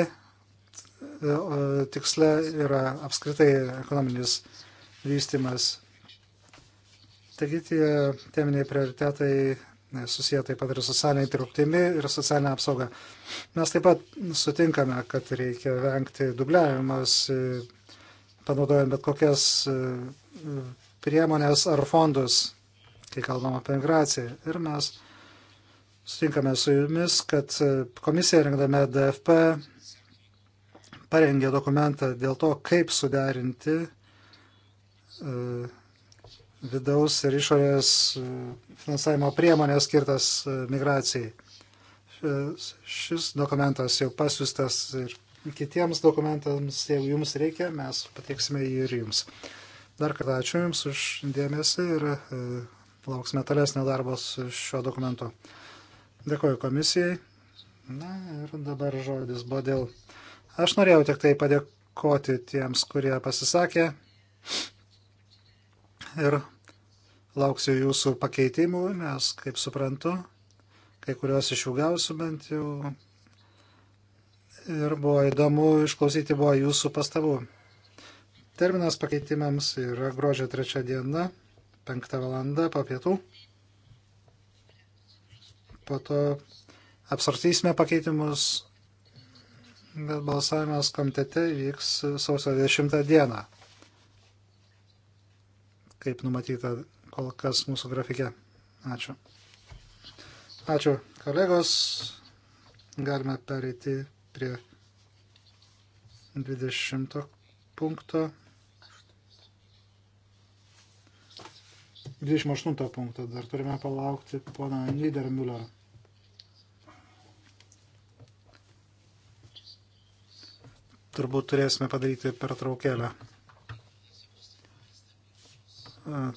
tiksle yra apskritai ekonominis vystimas. Taigi tie teminiai prioritetai susiję taip pat ir socialinė įtrauktimi ir socialinė apsauga. Mes taip pat sutinkame, kad reikia vengti dubliavimas, panaudojant bet kokias e, priemonės ar fondus, kai kalbam apie migraciją. Ir mes sutinkame su jumis, kad e, komisija rengdame DFP parengė dokumentą dėl to, kaip suderinti e, vidaus ir išorės e, finansavimo priemonės skirtas e, migracijai. E, šis dokumentas jau pasiūstas ir kitiems dokumentams, jeigu jums reikia, mes pateiksime jį ir jums. Dar kartą ačiū Jums už dėmesį ir lauksime tolesnio darbo su šiuo dokumentu. Dėkuoju komisijai. Na ir dabar žodis buvo dėl. Aš norėjau tik tai padėkoti tiems, kurie pasisakė ir Lauksiu jūsų pakeitimų, nes, kaip suprantu, kai kuriuos iš jų gausiu bent jau. Ir buvo įdomu išklausyti buvo jūsų pastabų. Terminas pakeitimams yra gruodžio 3 diena, 5 valanda po pietų. Po to apsartysime pakeitimus, bet balsavimas komitete vyks sausio 10 dieną, kaip numatyta kol kas mūsų grafike. Ačiū. Ačiū, kolegos. Galime pereiti prie 20 punkto. 28 punktą dar turime palaukti poną Niedermüllerą. Turbūt turėsime padaryti pertraukėlę.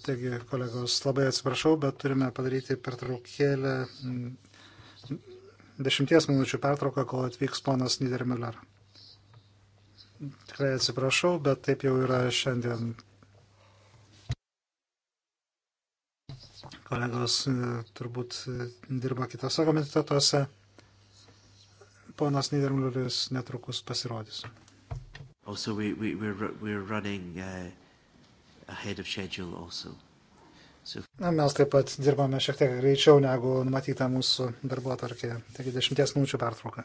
Taigi, kolegos, labai atsiprašau, bet turime padaryti pertraukėlę mm, dešimties minučių pertrauką, kol atvyks ponas Niedermüller. Tikrai atsiprašau, bet taip jau yra šiandien. Kolegos e, turbūt e, dirba kitose komitetuose. Ponas Niedermülleris netrukus pasirodys. Also, we, we, we're, we're running, uh... Na, mes taip pat dirbame šiek tiek greičiau negu numatyta mūsų darbo atvarkėje. Taigi dešimties minučių pertrauka.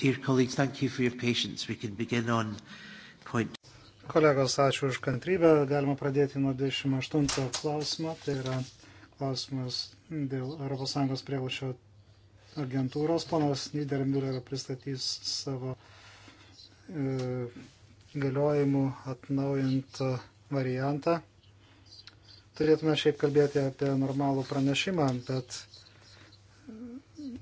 Dear colleagues, thank you for your patience. We can begin on point. Kolegos, ačiū už kantrybę. Galima pradėti nuo 28 klausimo. Tai yra klausimas dėl ES prieglaučio agentūros. Ponas Niedermüller pristatys savo e, galiojimų atnaujintą variantą. Turėtume šiaip kalbėti apie normalų pranešimą, bet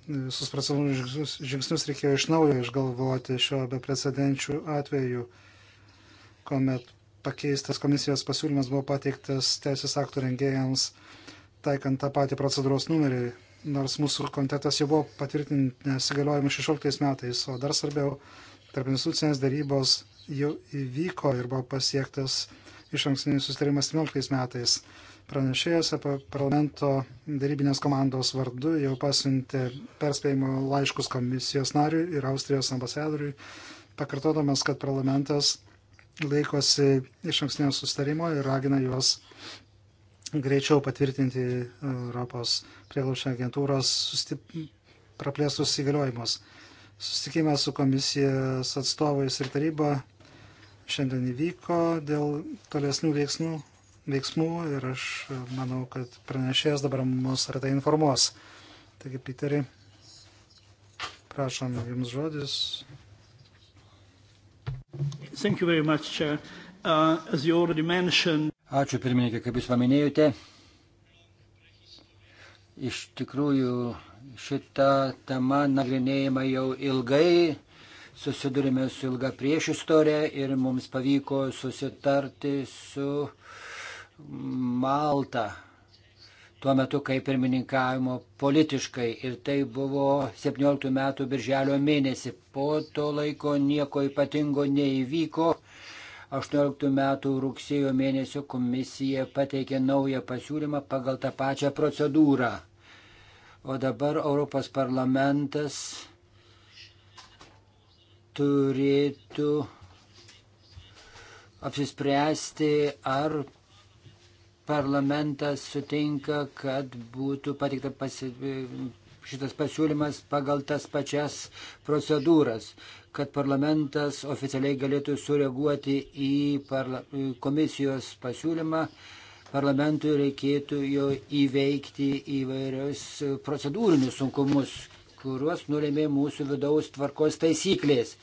visus procedūrinius žingsnius reikėjo iš naujo išgalvoti šio beprecedenčių atveju, kuomet pakeistas komisijos pasiūlymas buvo pateiktas teisės aktų rengėjams, taikant tą patį procedūros numerį, nors mūsų kontekstas jau buvo patvirtintas įgaliojimu 16 metais, o dar svarbiau, tarp institucinės darybos jau įvyko ir buvo pasiektas iš ankstinis sustarimas 17 metais. Pranešėjas apie parlamento darybinės komandos vardu jau pasiuntė perspėjimo laiškus komisijos nariui ir Austrijos ambasadoriui, pakartodamas, kad parlamentas laikosi iš ankstinio sustarimo ir ragina juos greičiau patvirtinti Europos prieglaušio agentūros sustip... praplėstus įgaliojimus. Susitikimas su komisijos atstovais ir taryba šiandien įvyko dėl tolesnių veiksmų veiksmų ir aš manau, kad pranešėjas dabar mus ar tai informuos. Taigi, Piteri, prašom Jums žodis. Much, uh, mentioned... Ačiū pirmininkė, kaip Jūs paminėjote. Iš tikrųjų, šita tema nagrinėjama jau ilgai, susidurime su ilga priešistorė ir mums pavyko susitarti su uh, Maltą tuo metu, kai pirmininkavimo politiškai. Ir tai buvo 17 metų birželio mėnesį. Po to laiko nieko ypatingo neįvyko. 18 metų rugsėjo mėnesio komisija pateikė naują pasiūlymą pagal tą pačią procedūrą. O dabar Europos parlamentas turėtų apsispręsti, ar parlamentas sutinka, kad būtų patikta pasi... šitas pasiūlymas pagal tas pačias procedūras, kad parlamentas oficialiai galėtų sureaguoti į parla... komisijos pasiūlymą. Parlamentui reikėtų jo įveikti įvairius procedūrinius sunkumus, kuriuos nulėmė mūsų vidaus tvarkos taisyklės.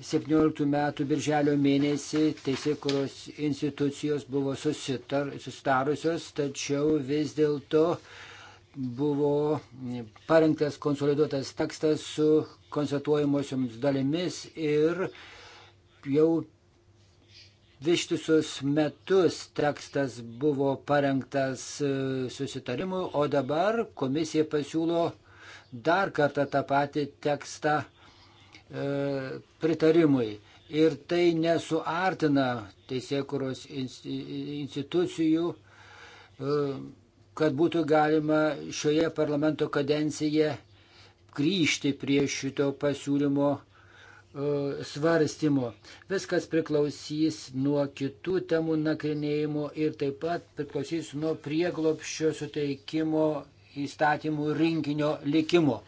17 metų birželio mėnesį teisėkuros institucijos buvo susitar, sustarusios, tačiau vis dėlto buvo parengtas konsoliduotas tekstas su konstatuojamosioms dalimis ir jau vištisus metus tekstas buvo parengtas e, susitarimu, o dabar komisija pasiūlo dar kartą tą patį tekstą E, pritarimui. Ir tai nesuartina teisėkuros institucijų, e, kad būtų galima šioje parlamento kadencijoje grįžti prie šito pasiūlymo e, svarstymo. Viskas priklausys nuo kitų temų nagrinėjimo ir taip pat priklausys nuo prieglopščio suteikimo įstatymų rinkinio likimo.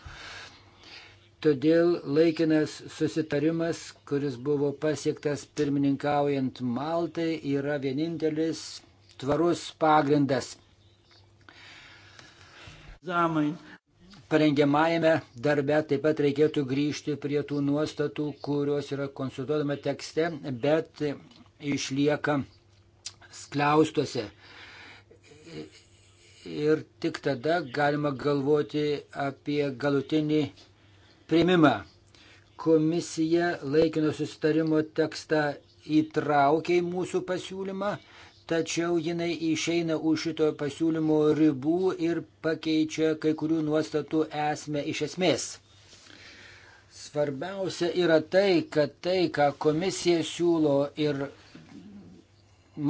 Todėl laikinas susitarimas, kuris buvo pasiektas pirmininkaujant Maltai, yra vienintelis tvarus pagrindas. Zamai. Parengiamajame darbe taip pat reikėtų grįžti prie tų nuostatų, kurios yra konsultuodama tekste, bet išlieka skliaustuose. Ir tik tada galima galvoti apie galutinį prieimimą. Komisija laikino susitarimo tekstą įtraukė į mūsų pasiūlymą, tačiau jinai išeina už šito pasiūlymo ribų ir pakeičia kai kurių nuostatų esmę iš esmės. Svarbiausia yra tai, kad tai, ką komisija siūlo ir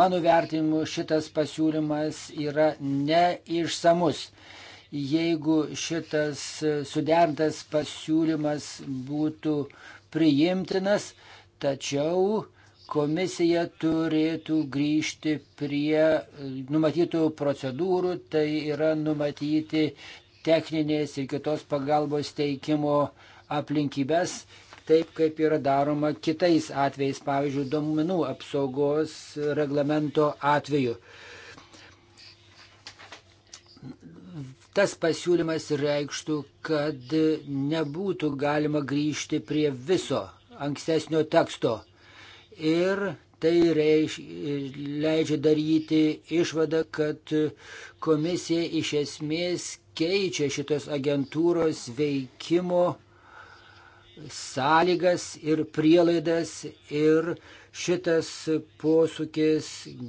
mano vertinimu šitas pasiūlymas yra neišsamus jeigu šitas suderintas pasiūlymas būtų priimtinas, tačiau komisija turėtų grįžti prie numatytų procedūrų, tai yra numatyti techninės ir kitos pagalbos teikimo aplinkybės, taip kaip yra daroma kitais atvejais, pavyzdžiui, domenų apsaugos reglamento atveju. Tas pasiūlymas reikštų, kad nebūtų galima grįžti prie viso ankstesnio teksto. Ir tai reiš, leidžia daryti išvadą, kad komisija iš esmės keičia šitos agentūros veikimo sąlygas ir prielaidas ir uh, Šitas posūkis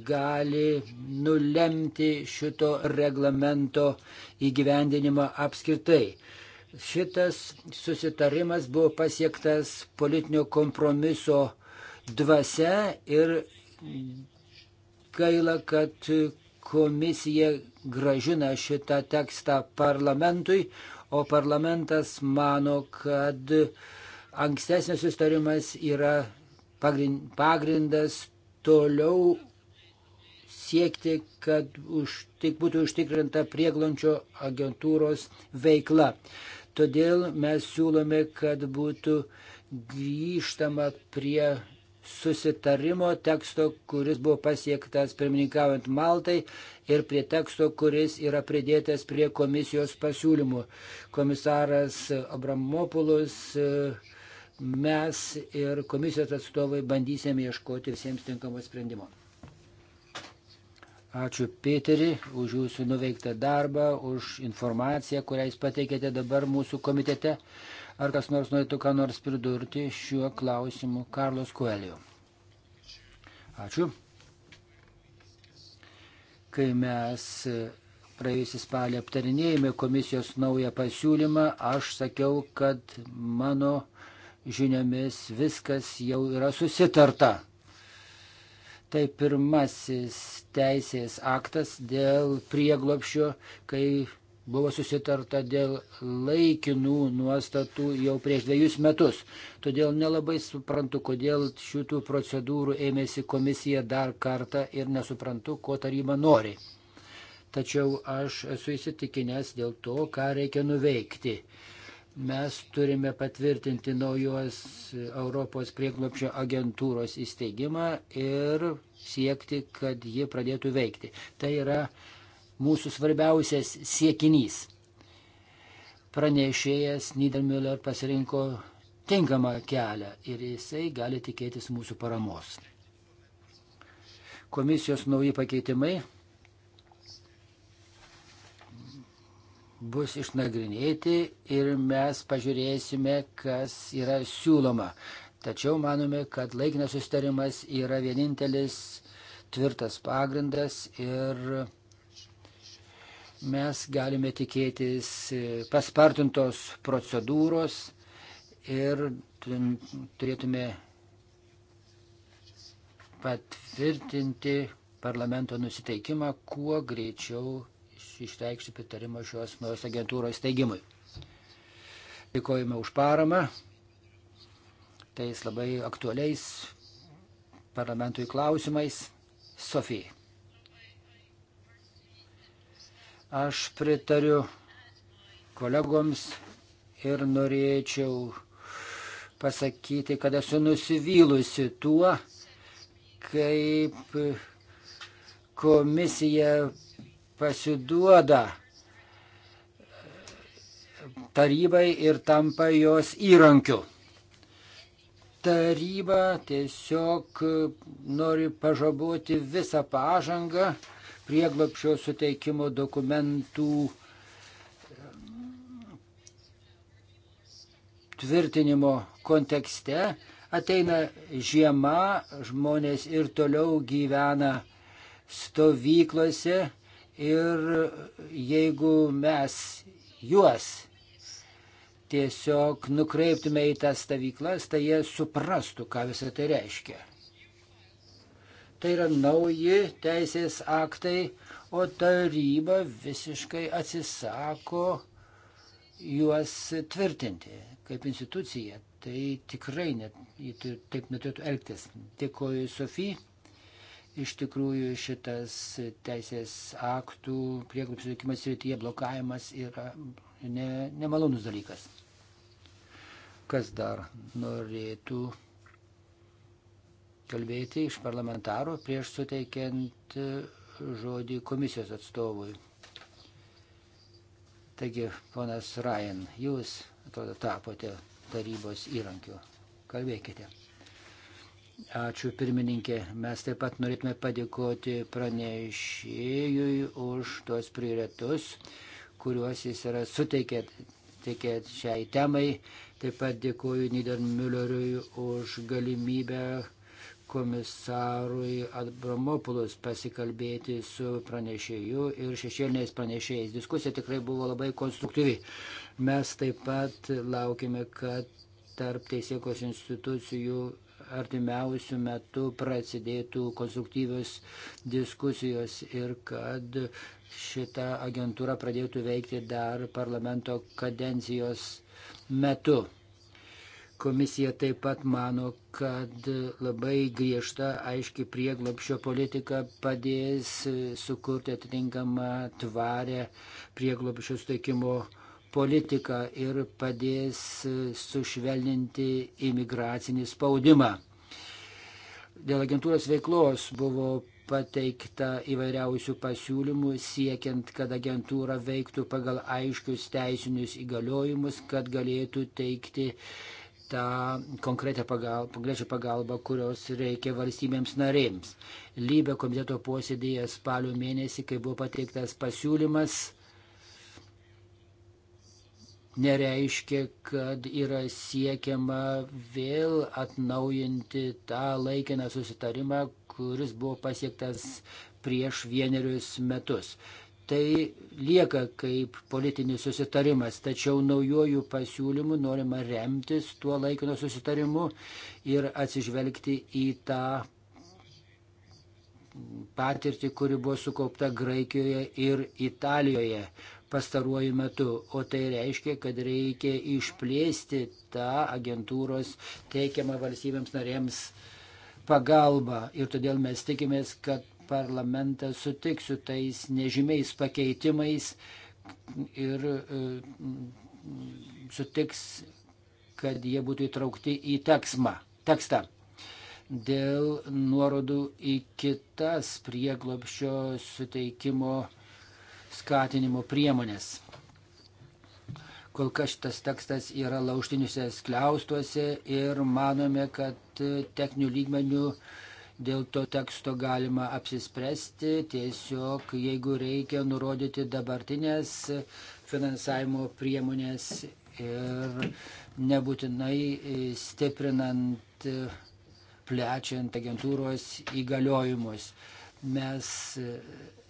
gali nulemti šito reglamento įgyvendinimą apskritai. Šitas susitarimas buvo pasiektas politinio kompromiso dvasia ir gaila, kad komisija gražina šitą tekstą parlamentui, o parlamentas mano, kad ankstesnis sustarimas yra pagrindas toliau siekti, kad už, tik būtų užtikrinta prieglončio agentūros veikla. Todėl mes siūlome, kad būtų grįžtama prie susitarimo teksto, kuris buvo pasiektas pirmininkaujant Maltai ir prie teksto, kuris yra pridėtas prie komisijos pasiūlymų. Komisaras Abramopulus uh, mes ir komisijos atstovai bandysime ieškoti visiems tinkamo sprendimo. Ačiū Pėteri už jūsų nuveiktą darbą, už informaciją, kurią jūs pateikėte dabar mūsų komitete. Ar kas nors norėtų ką nors pridurti šiuo klausimu Karlos Kuelio? Ačiū. Kai mes praėjusį spalį aptarinėjome komisijos naują pasiūlymą, aš sakiau, kad mano žiniomis viskas jau yra susitarta. Tai pirmasis teisės aktas dėl prieglopšio, kai buvo susitarta dėl laikinų nuostatų jau prieš dviejus metus. Todėl nelabai suprantu, kodėl šitų procedūrų ėmėsi komisija dar kartą ir nesuprantu, ko taryba nori. Tačiau aš esu įsitikinęs dėl to, ką reikia nuveikti. Mes turime patvirtinti naujos Europos prieglopščio agentūros įsteigimą ir siekti, kad ji pradėtų veikti. Tai yra mūsų svarbiausias siekinys. Pranešėjas Niedermüller pasirinko tinkamą kelią ir jisai gali tikėtis mūsų paramos. Komisijos nauji pakeitimai bus išnagrinėti ir mes pažiūrėsime, kas yra siūloma. Tačiau manome, kad laikinas sustarimas yra vienintelis tvirtas pagrindas ir mes galime tikėtis paspartintos procedūros ir turėtume patvirtinti parlamento nusiteikimą kuo greičiau išreikšti pritarimą šios naujos agentūros steigimui. Dėkojame už paramą tais labai aktualiais parlamentui klausimais. Sofija. Aš pritariu kolegoms ir norėčiau pasakyti, kad esu nusivylusi tuo, kaip komisija pasiduoda tarybai ir tampa jos įrankiu. Taryba tiesiog nori pažaboti visą pažangą prieglopšio suteikimo dokumentų tvirtinimo kontekste. Ateina žiema, žmonės ir toliau gyvena stovyklose, Ir jeigu mes juos tiesiog nukreiptume į tas stovyklas, tai jie suprastų, ką visą tai reiškia. Tai yra nauji teisės aktai, o taryba visiškai atsisako juos tvirtinti kaip institucija. Tai tikrai net, taip neturėtų elgtis. Dėkoju, Sofija. Iš tikrųjų šitas teisės aktų prieglupsio likimas rytyje blokavimas yra ne, nemalonus dalykas. Kas dar norėtų kalbėti iš parlamentarų prieš suteikiant žodį komisijos atstovui? Taigi, ponas Ryan, jūs, atrodo, tapote tarybos įrankiu. Kalbėkite. Ačiū pirmininkė. Mes taip pat norėtume padėkoti pranešėjui už tuos prioritetus, kuriuos jis yra suteikėt tikėt šiai temai. Taip pat dėkoju Nidermülleriui už galimybę komisarui Abramopulus pasikalbėti su pranešėju ir šešėliniais pranešėjais. Diskusija tikrai buvo labai konstruktyvi. Mes taip pat laukime, kad tarp teisėkos institucijų artimiausių metų prasidėtų konstruktyvios diskusijos ir kad šita agentūra pradėtų veikti dar parlamento kadencijos metu. Komisija taip pat mano, kad labai griežta, aiški prieglopšio politika padės sukurti atitinkamą tvarę prieglopšio steikimo politiką politiką ir padės sušvelninti imigracinį spaudimą. Dėl agentūros veiklos buvo pateikta įvairiausių pasiūlymų siekiant, kad agentūra veiktų pagal aiškius teisinius įgaliojimus, kad galėtų teikti tą konkrečią pagalbą, konkrečią pagalbą, kurios reikia valstybėms narėms. Lybė komiteto posėdėje spalio mėnesį, kai buvo pateiktas pasiūlymas, nereiškia, kad yra siekiama vėl atnaujinti tą laikiną susitarimą, kuris buvo pasiektas prieš vienerius metus. Tai lieka kaip politinis susitarimas, tačiau naujojų pasiūlymų norima remtis tuo laikino susitarimu ir atsižvelgti į tą patirtį, kuri buvo sukaupta Graikijoje ir Italijoje pastaruoju metu, o tai reiškia, kad reikia išplėsti tą agentūros teikiamą valstybėms narėms pagalbą. Ir todėl mes tikimės, kad parlamentas sutiks su tais nežymiais pakeitimais ir e, sutiks, kad jie būtų įtraukti į teksmą, tekstą dėl nuorodų į kitas prieglopščio suteikimo skatinimo priemonės. Kol kas šitas tekstas yra lauštiniuose skliaustuose ir manome, kad techninių lygmenių dėl to teksto galima apsispręsti, tiesiog jeigu reikia nurodyti dabartinės finansavimo priemonės ir nebūtinai stiprinant, plečiant agentūros įgaliojimus. Mes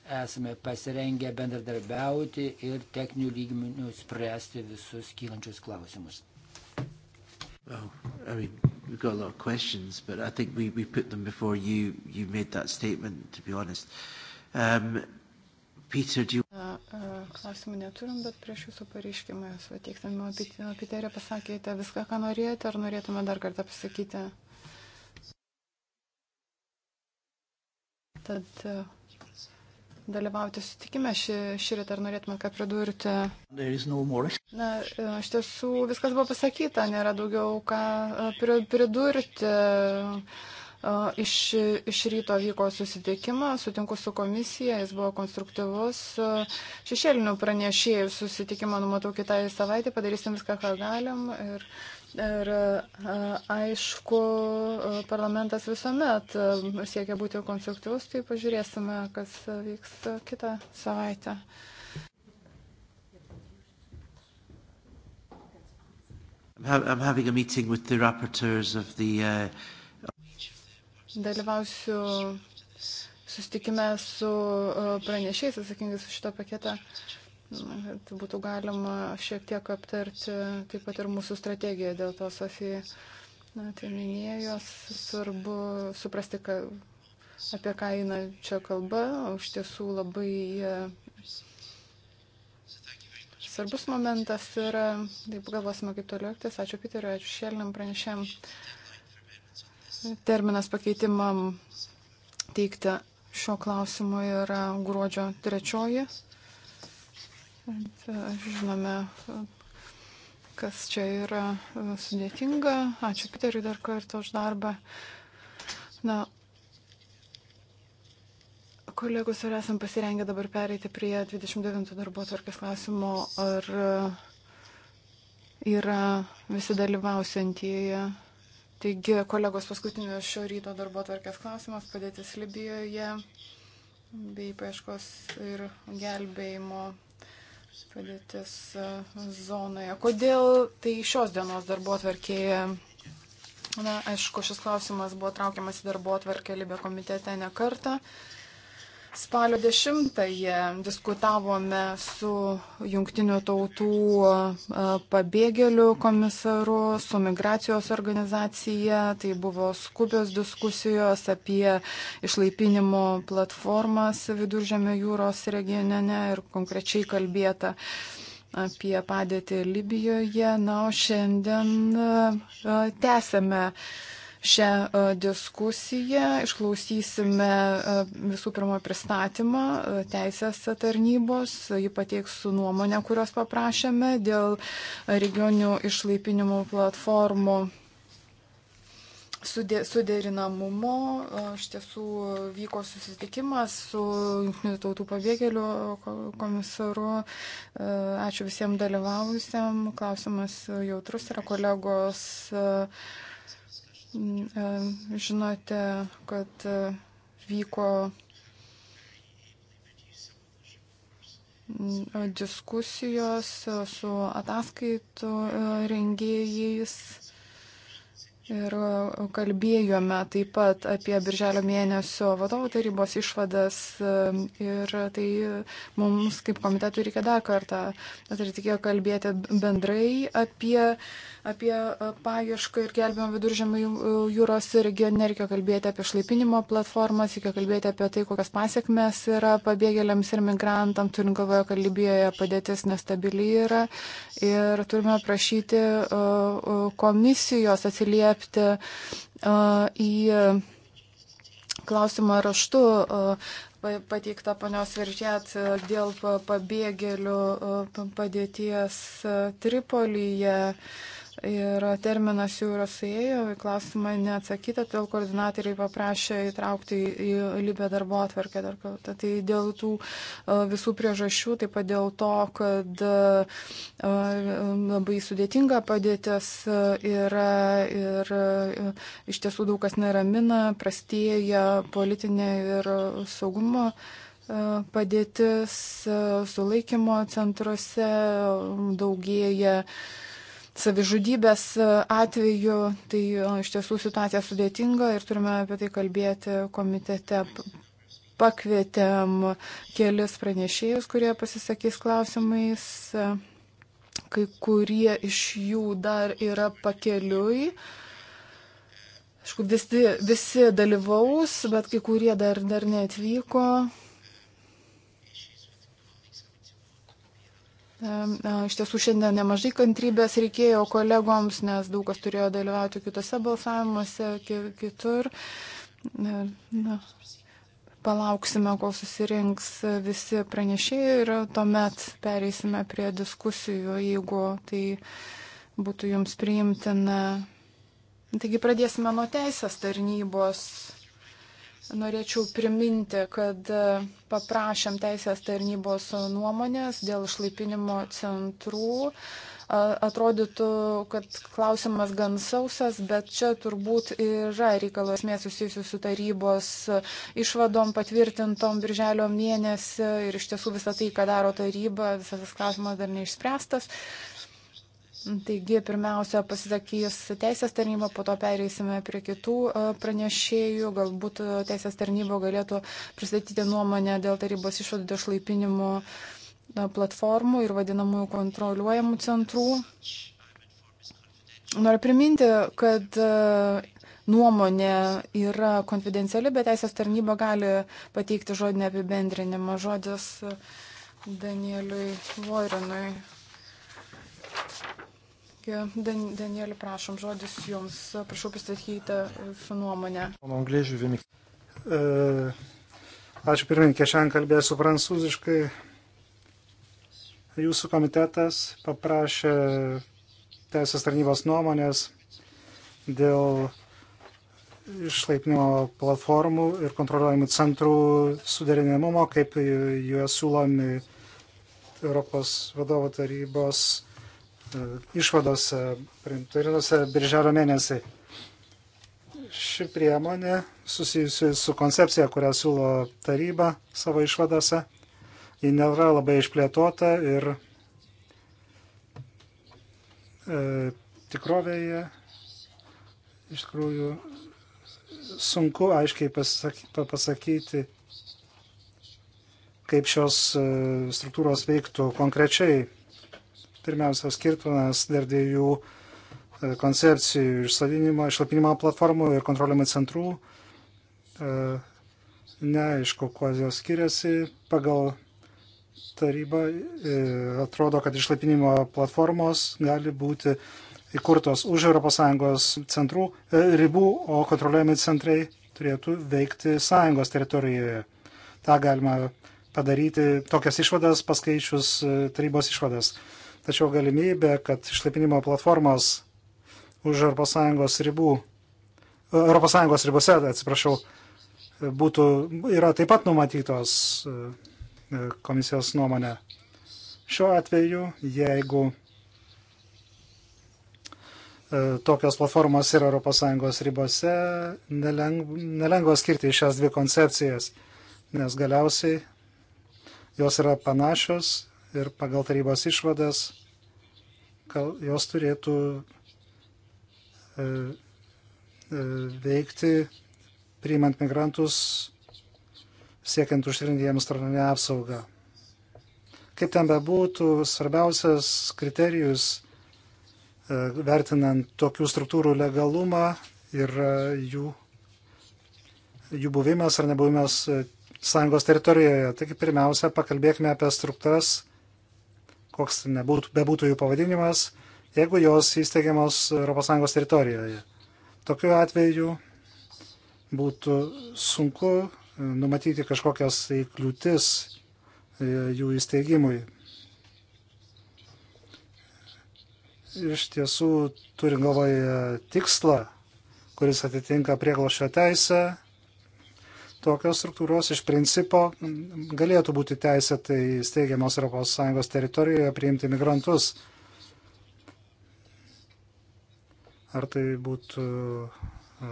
esame pasirengę bendradarbiauti ir techninių lygmenių spręsti visus kylančius klausimus. Well, I mean, we've got a lot of questions, but I think we, we put them before you, you made that statement, to be honest. Um, Peter, do you... Uh, uh, klausimų neturim, bet prieš jūsų pareiškimą jūs pateiksime. Piterė pasakėte viską, ką norėjote, ar norėtume dar kartą pasakyti? Tad... Uh, dalyvauti sutikime šį, šį rytą. Ar norėtumėt ką pridurti? No Na, iš tiesų viskas buvo pasakyta, nėra daugiau ką e, pridurti. E, iš, iš ryto vyko susitikimas, sutinku su komisija, jis buvo konstruktyvus. E, šešėlinių pranešėjų susitikimą numatau kitai savaitė, padarysim viską, ką galim. Ir... Ir e, aišku, e, parlamentas visuomet e, siekia būti konstruktyvus, tai pažiūrėsime, kas vyks kitą savaitę. I'm having a meeting with the rapporteurs of the. Uh... Dalyvausiu sustikime su pranešėjais atsakingais už šitą paketą. Uh, būtų galima šiek tiek aptarti taip pat ir mūsų strategiją. Dėl to Sofija na, tai minėjo, svarbu suprasti, ka, apie ką eina čia kalba. Iš tiesų labai e, svarbus momentas yra, taip galvosime, kaip toliau elgtis. Ačiū Piteriu, ačiū Šelniam pranešėm. Terminas pakeitimam teikti šio klausimo yra gruodžio trečioji. E, žinome, e, kas čia yra e, sudėtinga. Ačiū Piteriui dar kartą už darbą. Na, kolegos, ar esam pasirengę dabar pereiti prie 29 darbo tvarkės klausimo, ar yra visi dalyvausintieji. Taigi, kolegos, paskutinio šio ryto darbo tvarkės klausimas - padėtis Libijoje bei paieškos ir gelbėjimo padėtis e, zonoje. Kodėl tai šios dienos darbo atverkėje? Na, aišku, šis klausimas buvo traukiamas į darbo atverkę Libė komitete ne kartą. Uh, Spalio 10-ąją diskutavome su Junktinių tautų e, pabėgėlių komisaru, su migracijos organizacija. Tai buvo skubios diskusijos apie išlaipinimo platformas Viduržėmio jūros regione ir konkrečiai kalbėta apie padėtį Libijoje. Na, o šiandien e, tęsėme. Uh, šią e, diskusiją, išklausysime e, visų pirma pristatymą e, teisės tarnybos, jį pateiks su nuomonė, kurios paprašėme dėl regionių išlaipinimo platformų sudė, suderinamumo. Iš tiesų vyko susitikimas su Junktinių tautų pabėgėlių komisaru. Ačiū visiems dalyvavusiam. Klausimas jautrus yra kolegos. Uh, Žinote, kad vyko diskusijos su ataskaitų rengėjais ir kalbėjome taip pat apie Birželio mėnesio vadovų tarybos išvadas ir tai mums kaip komitetui reikia dar kartą, bet reikėjo kalbėti bendrai apie apie e, paiešką ir gelbėjimą viduržėmio e, jūros regione, reikia kalbėti apie šlaipinimo platformas, reikia kalbėti apie tai, kokias pasiekmes yra pabėgėliams ir migrantam, turint galvoje, kad Libijoje padėtis nestabili yra ir turime prašyti e, komisijos atsiliepti į klausimą raštu pateikta panios Viržet dėl pabėgėlių padėties Tripolyje ir terminas jau yra suėjo, klausimai neatsakyta, todėl koordinatoriai paprašė įtraukti į Libę darbo atvarkę dar kartą. Tai dėl tų e, visų priežasčių, taip pat dėl to, kad e, e, labai sudėtinga padėtis yra ir iš tiesų daug kas neramina, prastėja politinė ir saugumo padėtis, sulaikymo centruose daugėja uh, savižudybės e, atveju. Tai iš tiesų situacija sudėtinga ir turime apie tai kalbėti komitete. Pakvietėm kelis pranešėjus, kurie pasisakys klausimais. Kai kurie iš jų dar yra pakeliui. Aišku, visi, visi dalyvaus, bet kai kurie dar, dar neatvyko. Iš tiesų šiandien nemažai kantrybės reikėjo kolegoms, nes daug kas turėjo dalyvauti kitose balsavimuose, kitur. Na, palauksime, kol susirinks visi pranešėjai ir tuomet pereisime prie diskusijų, jeigu tai būtų jums priimtina. Taigi pradėsime nuo teisės tarnybos Norėčiau priminti, kad e, paprašėm teisės tarnybos nuomonės dėl išlaipinimo centrų. Atrodytų, kad klausimas gan sausas, bet čia turbūt yra reikalo esmės susijusių su tarybos e, išvadom patvirtintom birželio mėnesį ir iš tiesų visą tai, ką daro taryba, visas tas klausimas dar neišspręstas. Taigi, pirmiausia, pasisakys teisės tarnyba, po to pereisime prie kitų e, pranešėjų. Galbūt e, teisės tarnyba galėtų pristatyti nuomonę dėl tarybos išvadų dėl šlaipinimo e, platformų ir vadinamųjų kontroliuojamų centrų. Noriu priminti, kad nuomonė yra konfidenciali, bet teisės tarnyba gali pateikti žodinę apibendrinimą. Žodis Danieliui Voironui. Dan, Danielį, prašom, žodis jums. Prašau pristatyti jūsų nuomonę. E, ačiū pirmininkė, šiandien kalbėsiu prancūziškai. Jūsų komitetas paprašė teisės tarnybos nuomonės dėl išlaipinimo platformų ir kontroliuojamų centrų suderinimumo, kaip juos siūlomi Europos vadovo tarybos išvadose, priimturinose birželio mėnesį. Ši priemonė susijusi su koncepcija, kurią siūlo taryba savo išvadose, ji nėra labai išplėtota ir e, tikrovėje iš tikrųjų sunku aiškiai pasakyti, kaip šios e, struktūros veiktų konkrečiai Pirmiausia, skirtumas dar dviejų e, koncepcijų išsadinimo, išlapinimo platformų ir kontroliuojimo centrų. E, neaišku, kuo jos skiriasi. Pagal tarybą e, atrodo, kad išlapinimo platformos gali būti įkurtos už ES centrų ribų, o kontroliuojami centrai turėtų veikti sąjungos teritorijoje. Ta galima padaryti tokias išvadas, paskaičius tarybos išvadas. Tačiau galimybė, kad išlaipinimo platformos už ES ribų, ES ribose, atsiprašau, būtų, yra taip pat numatytos e, komisijos nuomonė. Šiuo atveju, jeigu e, tokios platformos yra ES ribose, neleng, nelengva skirti šias dvi koncepcijas, nes galiausiai jos yra panašios ir pagal tarybos išvadas jos turėtų e, e, veikti priimant migrantus, siekiant užtikrinti jiems tarnanę apsaugą. Kaip ten bebūtų, svarbiausias kriterijus e, vertinant tokių struktūrų legalumą ir jų, jų buvimas ar nebuvimas sąjungos teritorijoje. Taigi pirmiausia, pakalbėkime apie struktūras koks nebūtų, bebūtų jų pavadinimas, jeigu jos įsteigiamos ES teritorijoje. Tokiu atveju būtų sunku e, numatyti kažkokias įkliūtis e, jų įsteigimui. Iš tiesų, turint galvoje tikslą, kuris atitinka prieglošio teisę, Tokios struktūros iš principo galėtų būti teisėtai steigiamos ES teritorijoje priimti migrantus. Ar tai būtų e,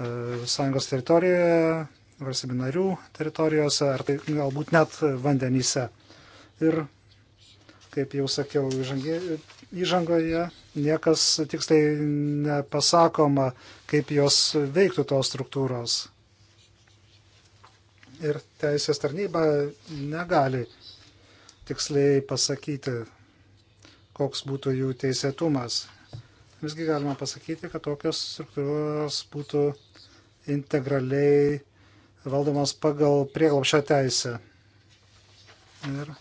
e, sąjungos teritorijoje, valstybių narių teritorijose, ar tai galbūt net vandenyse. Ir Kaip jau sakiau įžangoje, niekas tiksliai nepasakoma, kaip jos veiktų tos struktūros. Ir teisės tarnyba negali tiksliai pasakyti, koks būtų jų teisėtumas. Visgi galima pasakyti, kad tokios struktūros būtų integraliai valdomas pagal prieglopšio teisę. Ir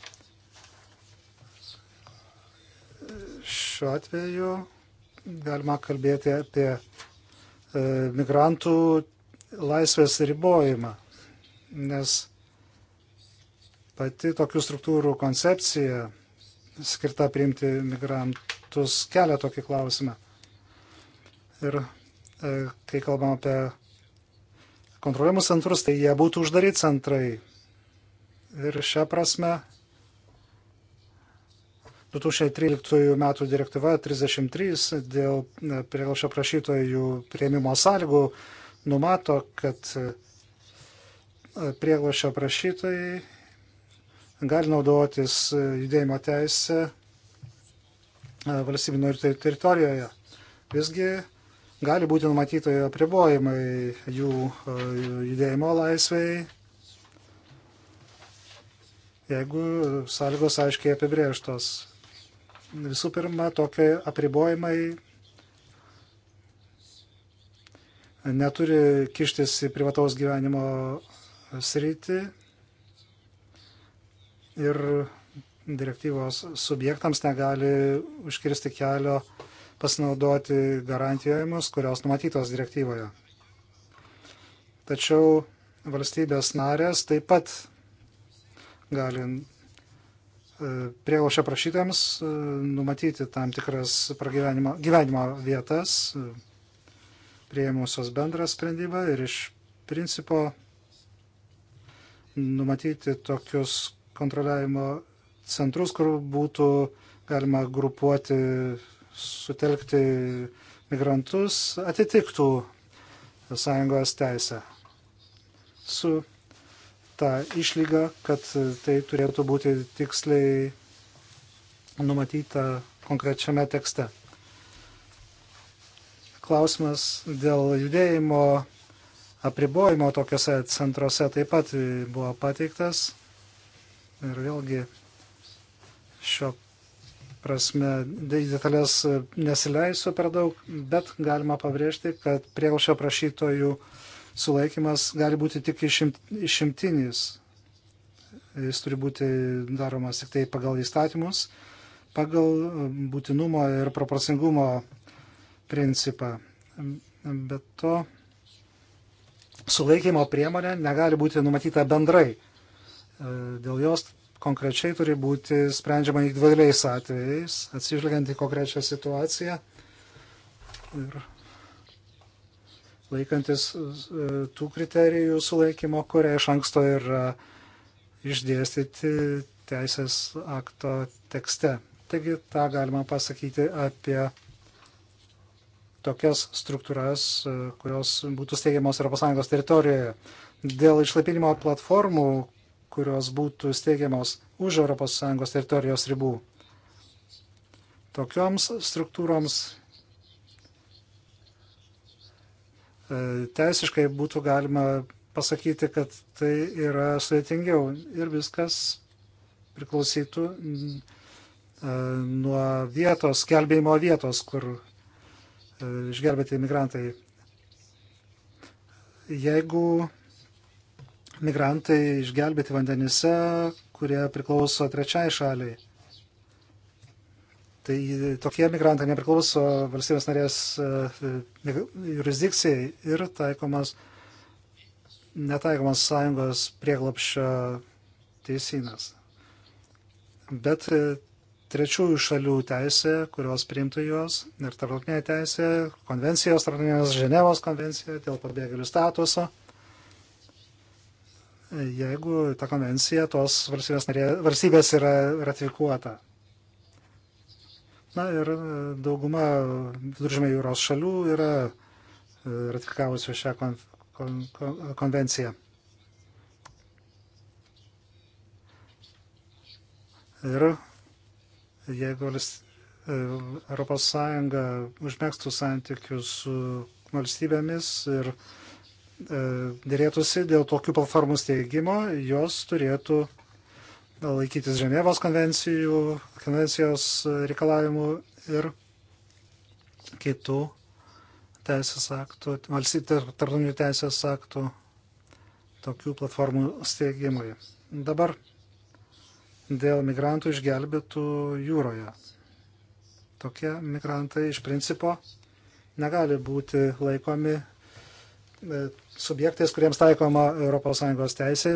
šiuo atveju galima kalbėti apie e, migrantų laisvės ribojimą, nes pati tokių struktūrų koncepcija skirta priimti migrantus kelia tokį klausimą. Ir e, kai kalbam apie kontroliuojamus centrus, tai jie būtų uždaryti centrai. Ir šią prasme 2013 metų direktyva 33 dėl e, prieglobšio prašytojų prieimimo sąlygų numato, kad e, prieglobšio prašytojai gali naudotis e, judėjimo teisę valstybinio ir teritorijoje. Visgi gali būti numatyti apribojimai jų judėjimo laisvai, jeigu sąlygos aiškiai apibrėžtos. Visų pirma, tokie apribojimai neturi kištis į privataus gyvenimo sritį ir direktyvos subjektams negali užkirsti kelio pasinaudoti garantijomis, kurios numatytos direktyvoje. Tačiau valstybės narės taip pat gali prieglošio prašytams numatyti tam tikras pragyvenimo gyvenimo vietas, prieimusios bendrą sprendimą ir iš principo numatyti tokius kontroliavimo centrus, kur būtų galima grupuoti, sutelkti migrantus, atitiktų sąjungos teisę. Su tą išlygą, kad e, tai turėtų būti tiksliai numatyta konkrečiame tekste. Klausimas dėl judėjimo apribojimo tokiuose centruose taip pat buvo pateiktas. Ir vėlgi šio prasme detalės nesileisiu per daug, bet galima pabrėžti, kad prieglšio prašytojų uh, sulaikimas gali būti tik išimt, išimtinis. Jis turi būti daromas tik tai pagal įstatymus, pagal um, būtinumo ir proporcingumo principą. Um, Bet to sulaikymo priemonė negali būti numatyta bendrai. E, dėl jos konkrečiai turi būti sprendžiama individualiais atvejais, atsižvelgiant į konkrečią situaciją ir laikantis e, tų kriterijų sulaikymo, kurie iš anksto yra išdėstyti teisės akto tekste. Taigi tą galima pasakyti apie tokias struktūras, e, kurios būtų steigiamos ES teritorijoje. Dėl išlaipinimo platformų, kurios būtų steigiamos už ES teritorijos ribų. Tokioms struktūroms E, teisiškai būtų galima pasakyti, kad tai yra sudėtingiau ir viskas priklausytų e, nuo vietos, gelbėjimo vietos, kur e, išgelbėti imigrantai. Jeigu migrantai išgelbėti vandenise, kurie priklauso trečiai šaliai, Tai tokie migrantai nepriklauso valstybės narės e, jurisdikcijai ir taikomas, netaikomas sąjungos prieglapščio teisynas. Bet e, trečiųjų šalių teisė, kurios priimtų juos, ir tarptautinė teisė, konvencijos, tarptautinės Ženevos konvencija dėl pabėgėlių statuso. E, jeigu ta konvencija tos valstybės, narė, valstybės yra ratifikuota. Na ir e, dauguma viduržėmė jūros šalių yra e, ratifikavusių šią kon, kon, kon, konvenciją. Ir jeigu e, Europos Sąjunga užmėgstų santykius su valstybėmis ir e, dėrėtųsi dėl tokių platformų steigimo, jos turėtų e, laikytis Ženevos konvencijų, konvencijos reikalavimų ir kitų teisės aktų, tarptautinių teisės aktų tokių platformų steigimui. Dabar dėl migrantų išgelbėtų jūroje. Tokie migrantai iš principo negali būti laikomi subjektais, kuriems taikoma ES teisė,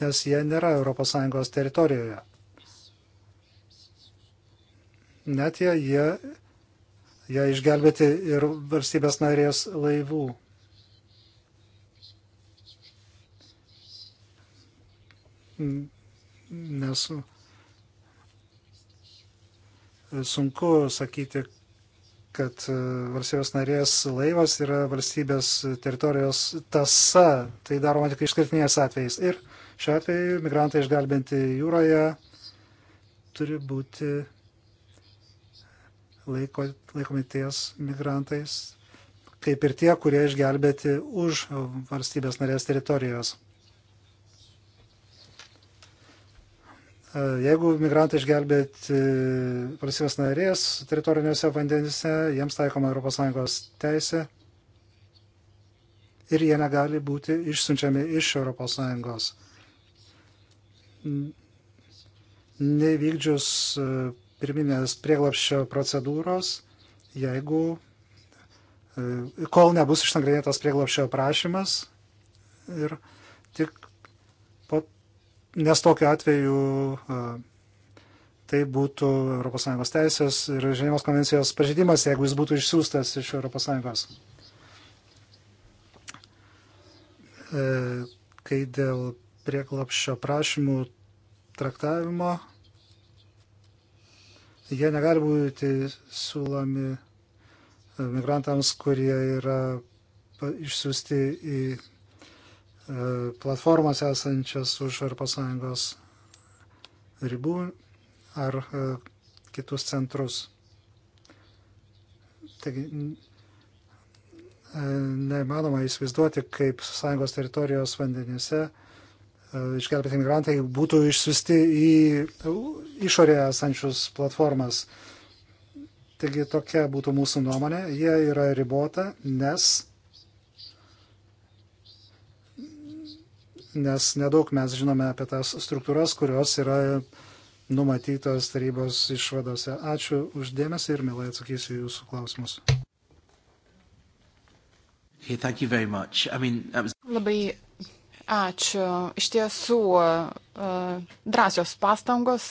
nes jie nėra ES teritorijoje. Net jie, jie, jie išgelbėti ir valstybės narės laivų. Nes sunku sakyti, kad e, valstybės narės laivas yra valstybės teritorijos tasa. Tai daroma tik išskirtiniais atvejais. Ir šiuo atveju migrantai išgelbinti jūroje turi būti laiko, laikomi ties migrantais, kaip ir tie, kurie išgelbėti už valstybės narės teritorijos. E, jeigu migrantai išgelbėti e, valstybės narės teritoriniuose vandenyse, jiems taikoma ES teisė ir jie negali būti išsiunčiami iš ES. Nevykdžius e, pirminės prieglapščio procedūros, jeigu kol nebus išnagrinėtas prieglapščio prašymas ir tik nes tokiu atveju tai būtų ES teisės ir Ženevos konvencijos pažeidimas, jeigu jis būtų išsiųstas iš ES. E, kai dėl prieklapščio prašymų traktavimo, jie negali būti siūlomi migrantams, kurie yra išsiųsti į E, platformas esančias už ES ribų ar e, kitus centrus. Taigi e, neįmanoma įsivaizduoti, kaip sąjungos teritorijos vandenyse išgelbėti migrantai būtų išsiusti į išorę esančius platformas. Taigi tokia būtų mūsų nuomonė. Jie yra ribota, nes nes nedaug mes žinome apie tas struktūras, kurios yra numatytos tarybos išvadose. Ačiū uždėmesį ir mielai atsakysiu jūsų klausimus. Hey, I mean, was... Labai ačiū. Iš tiesų, e, drąsios pastangos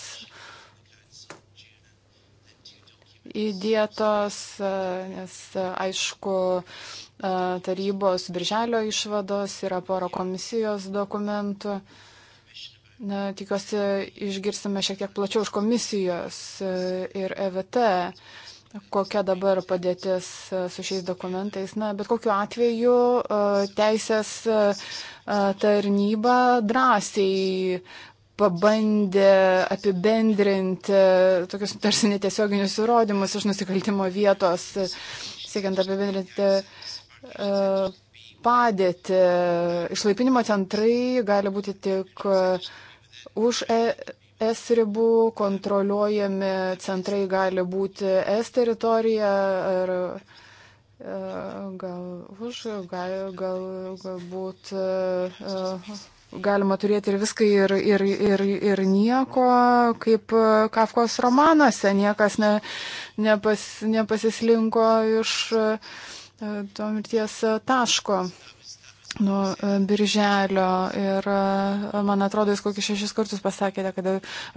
įdėtos, e, nes e, aišku, tarybos birželio išvados, yra poro komisijos dokumentų. Na, tikiuosi, išgirsime šiek tiek plačiau už komisijos e, ir EVT, kokia dabar padėtis e, su šiais dokumentais. Na, bet kokiu atveju e, teisės tarnyba drąsiai pabandė apibendrinti tokius tarsi netiesioginius įrodymus iš nusikaltimo vietos, siekiant apibendrinti Uh, padėtį. Uh, išlaipinimo centrai gali būti tik uh, už es ribų, kontroliuojami centrai gali būti es teritorija ar gal už, gal, gal, galbūt galima turėti ir viską ir, ir, ir, ir nieko, kaip Kafkos romanuose, niekas ne, nepas, nepasislinko iš. Uh, E, to mirties e, taško nuo e, birželio ir man atrodo, jūs kokius šešis kartus pasakėte, kad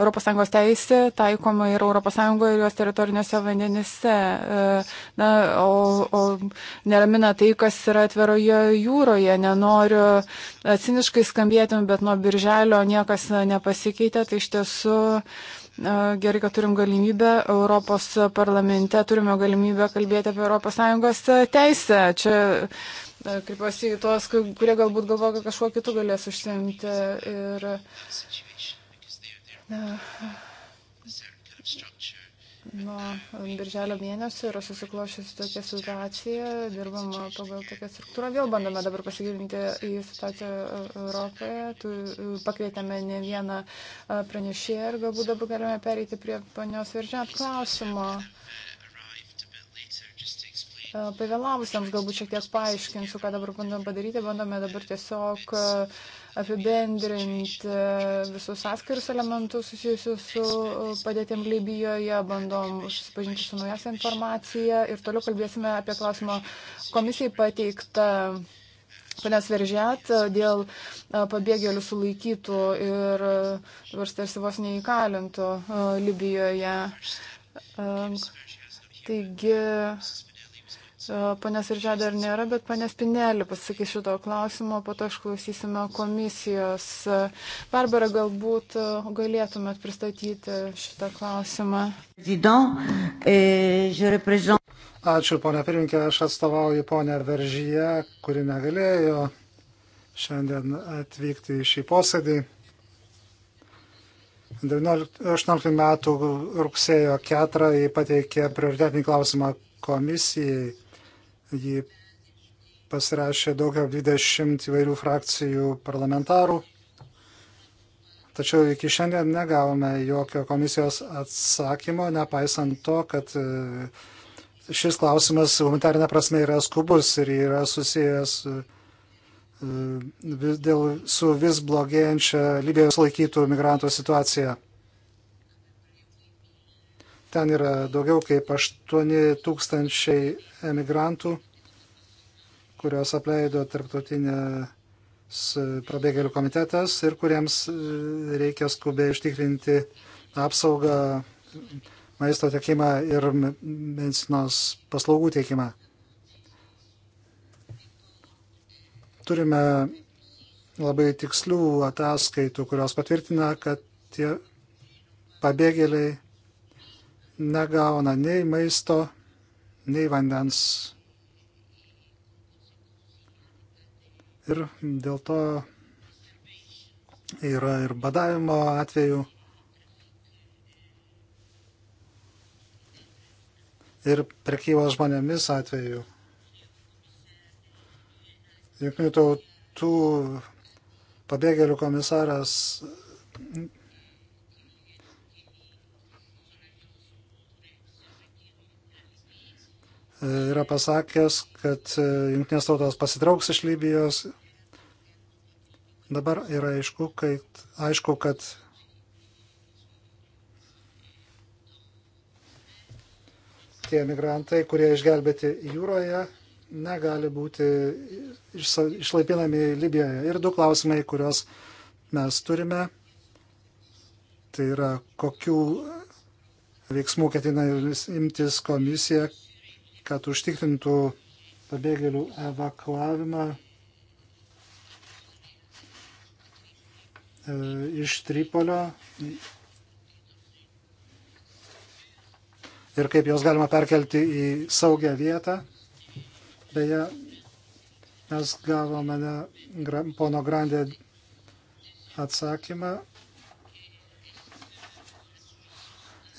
ES teisė taikoma ir ES ir jos teritoriniuose vandenise. Na, o, o neramina tai, kas yra atviroje jūroje. Nenoriu ciniškai skambėti, bet nuo birželio niekas nepasikeitė. Tai iš tiesų. Uh, Gerai, kad turim galimybę Europos parlamente, turime galimybę kalbėti apie ES teisę. Čia kreipiuosi į tuos, kurie galbūt galvoja, kad kažkuo kitu galės užsiimti. Ir, na, nuo birželio mėnesio yra susiklošęs tokia situacija, dirbam pagal tokią struktūrą, vėl bandome dabar pasigilinti į situaciją e, Europoje, tu, e, pakvietėme ne vieną e, pranešėją ir galbūt dabar galime pereiti prie ponios Viržet klausimo pavėlavusiems galbūt šiek tiek paaiškinsiu, ką dabar bandom padaryti. Bandome dabar tiesiog apibendrinti visus atskirus elementus susijusius su padėtėm Libijoje, bandom susipažinti su naujausia informacija ir toliau kalbėsime apie klausimą komisijai pateiktą. Panas Veržet dėl pabėgėlių sulaikytų ir dabar tarsi vos neįkalintų Libijoje. Taigi, Panes ir žada dar nėra, bet panes Pinelį pasakys šito klausimo, po to išklausysime komisijos. Barbara, galbūt galėtumėt pristatyti šitą klausimą. Ačiū, ponia pirminkė, aš atstovauju ponę Veržyje, kuri negalėjo šiandien atvykti į šį posėdį. 18 metų rugsėjo 4 pateikė prioritetinį klausimą komisijai Ji pasirašė daugiau 20 įvairių frakcijų parlamentarų. Tačiau iki šiandien negavome jokio komisijos atsakymo, nepaisant to, kad e, šis klausimas humanitarinė prasme yra skubus ir yra susijęs e, dėl, su vis blogėjančia Libijos laikytų migrantų situacija. Ten yra daugiau kaip 8 tūkstančiai emigrantų, kurios apleido tarptautinės pabėgėlių komitetas ir kuriems e, reikia skubiai ištikrinti apsaugą, maisto tiekimą ir medicinos paslaugų tiekimą. Turime labai tikslių ataskaitų, kurios patvirtina, kad tie pabėgėliai negauna nei maisto, nei vandens. Ir dėl to yra ir badavimo atveju. Ir prekybos žmonėmis atveju. Junktinių tautų pabėgėlių komisaras yra pasakęs, kad e, jungtinės tautos pasitrauks iš Libijos. Dabar yra aišku, kad, aišku, kad tie migrantai, kurie išgelbėti jūroje, negali būti išlaipinami Libijoje. Ir du klausimai, kuriuos mes turime, tai yra kokių veiksmų ketina imtis komisija, kad užtikrintų pabėgėlių evakuavimą e, iš Tripolio ir kaip juos galima perkelti į saugią vietą. Beje, mes gavome pono Grandė atsakymą.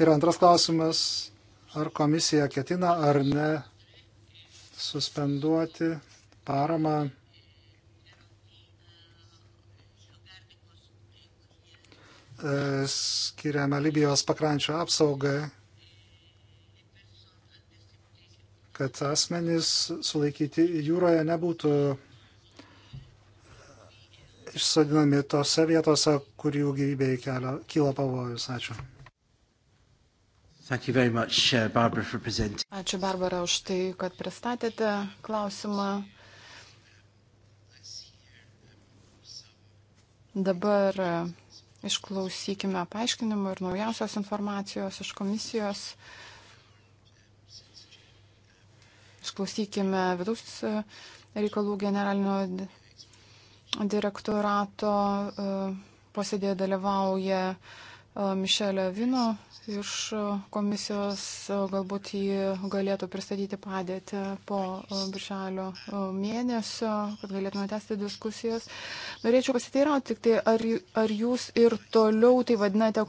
Ir antras klausimas Ar komisija ketina ar ne suspenduoti paramą e, skiriamą Libijos pakrančio apsaugą, kad asmenys sulaikyti jūroje nebūtų išsodinami tose vietose, kur jų gyvybei kelia, kyla pavojus. Ačiū. Much, uh, Barbara, Ačiū Barbara už tai, kad pristatėte klausimą. Dabar uh, išklausykime paaiškinimų ir naujausios informacijos iš komisijos. Išklausykime vidaus uh, reikalų generalinio direktorato posėdėje dalyvauja uh, Mišelio Vino iš komisijos, galbūt jį galėtų pristatyti padėti po birželio mėnesio, kad galėtume tęsti diskusijas. Norėčiau pasiteirauti tik tai, ar, ar jūs ir toliau tai vadinate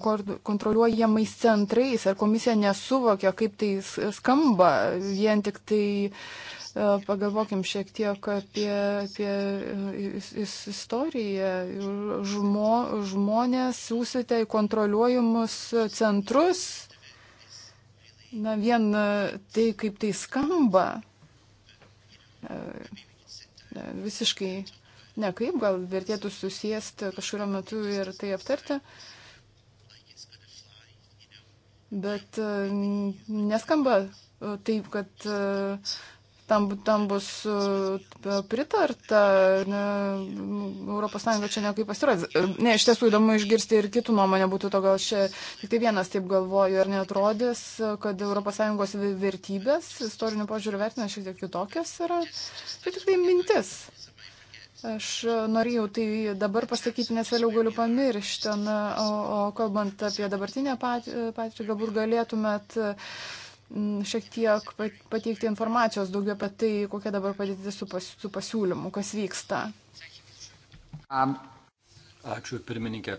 kontroliuojamais centrais, ar komisija nesuvokia, kaip tai skamba, vien tik tai uh, E, pagalvokim šiek tiek apie, apie e, istoriją. Žmo, žmonės siūsite į kontroliuojamus centrus. Na vien e, tai, kaip tai skamba, visiškai nekaip, gal vertėtų susijęsti kažkurio metu ir tai aptarti. Bet neskamba taip, kad tam, tam bus e, pritarta, ne, Europos Sąjunga čia nekaip pasirodys. E, ne, iš tiesų įdomu išgirsti ir kitų nuomonę, būtų to gal čia tik tai vienas taip galvoju, ar netrodys, kad Europos Sąjungos vertybės, istorinių požiūrių vertina šiek tiek kitokias yra. Tai tik tai mintis. Aš norėjau tai dabar pasakyti, nes vėliau galiu pamiršti. Na, o, o kalbant apie dabartinę patirtį, galbūt galėtumėt. Uh, Mm, šiek tiek pateikti informacijos daugiau apie tai, kokia dabar padėtis su, pas, su pasiūlymu, kas vyksta. Um, ačiū pirmininkė.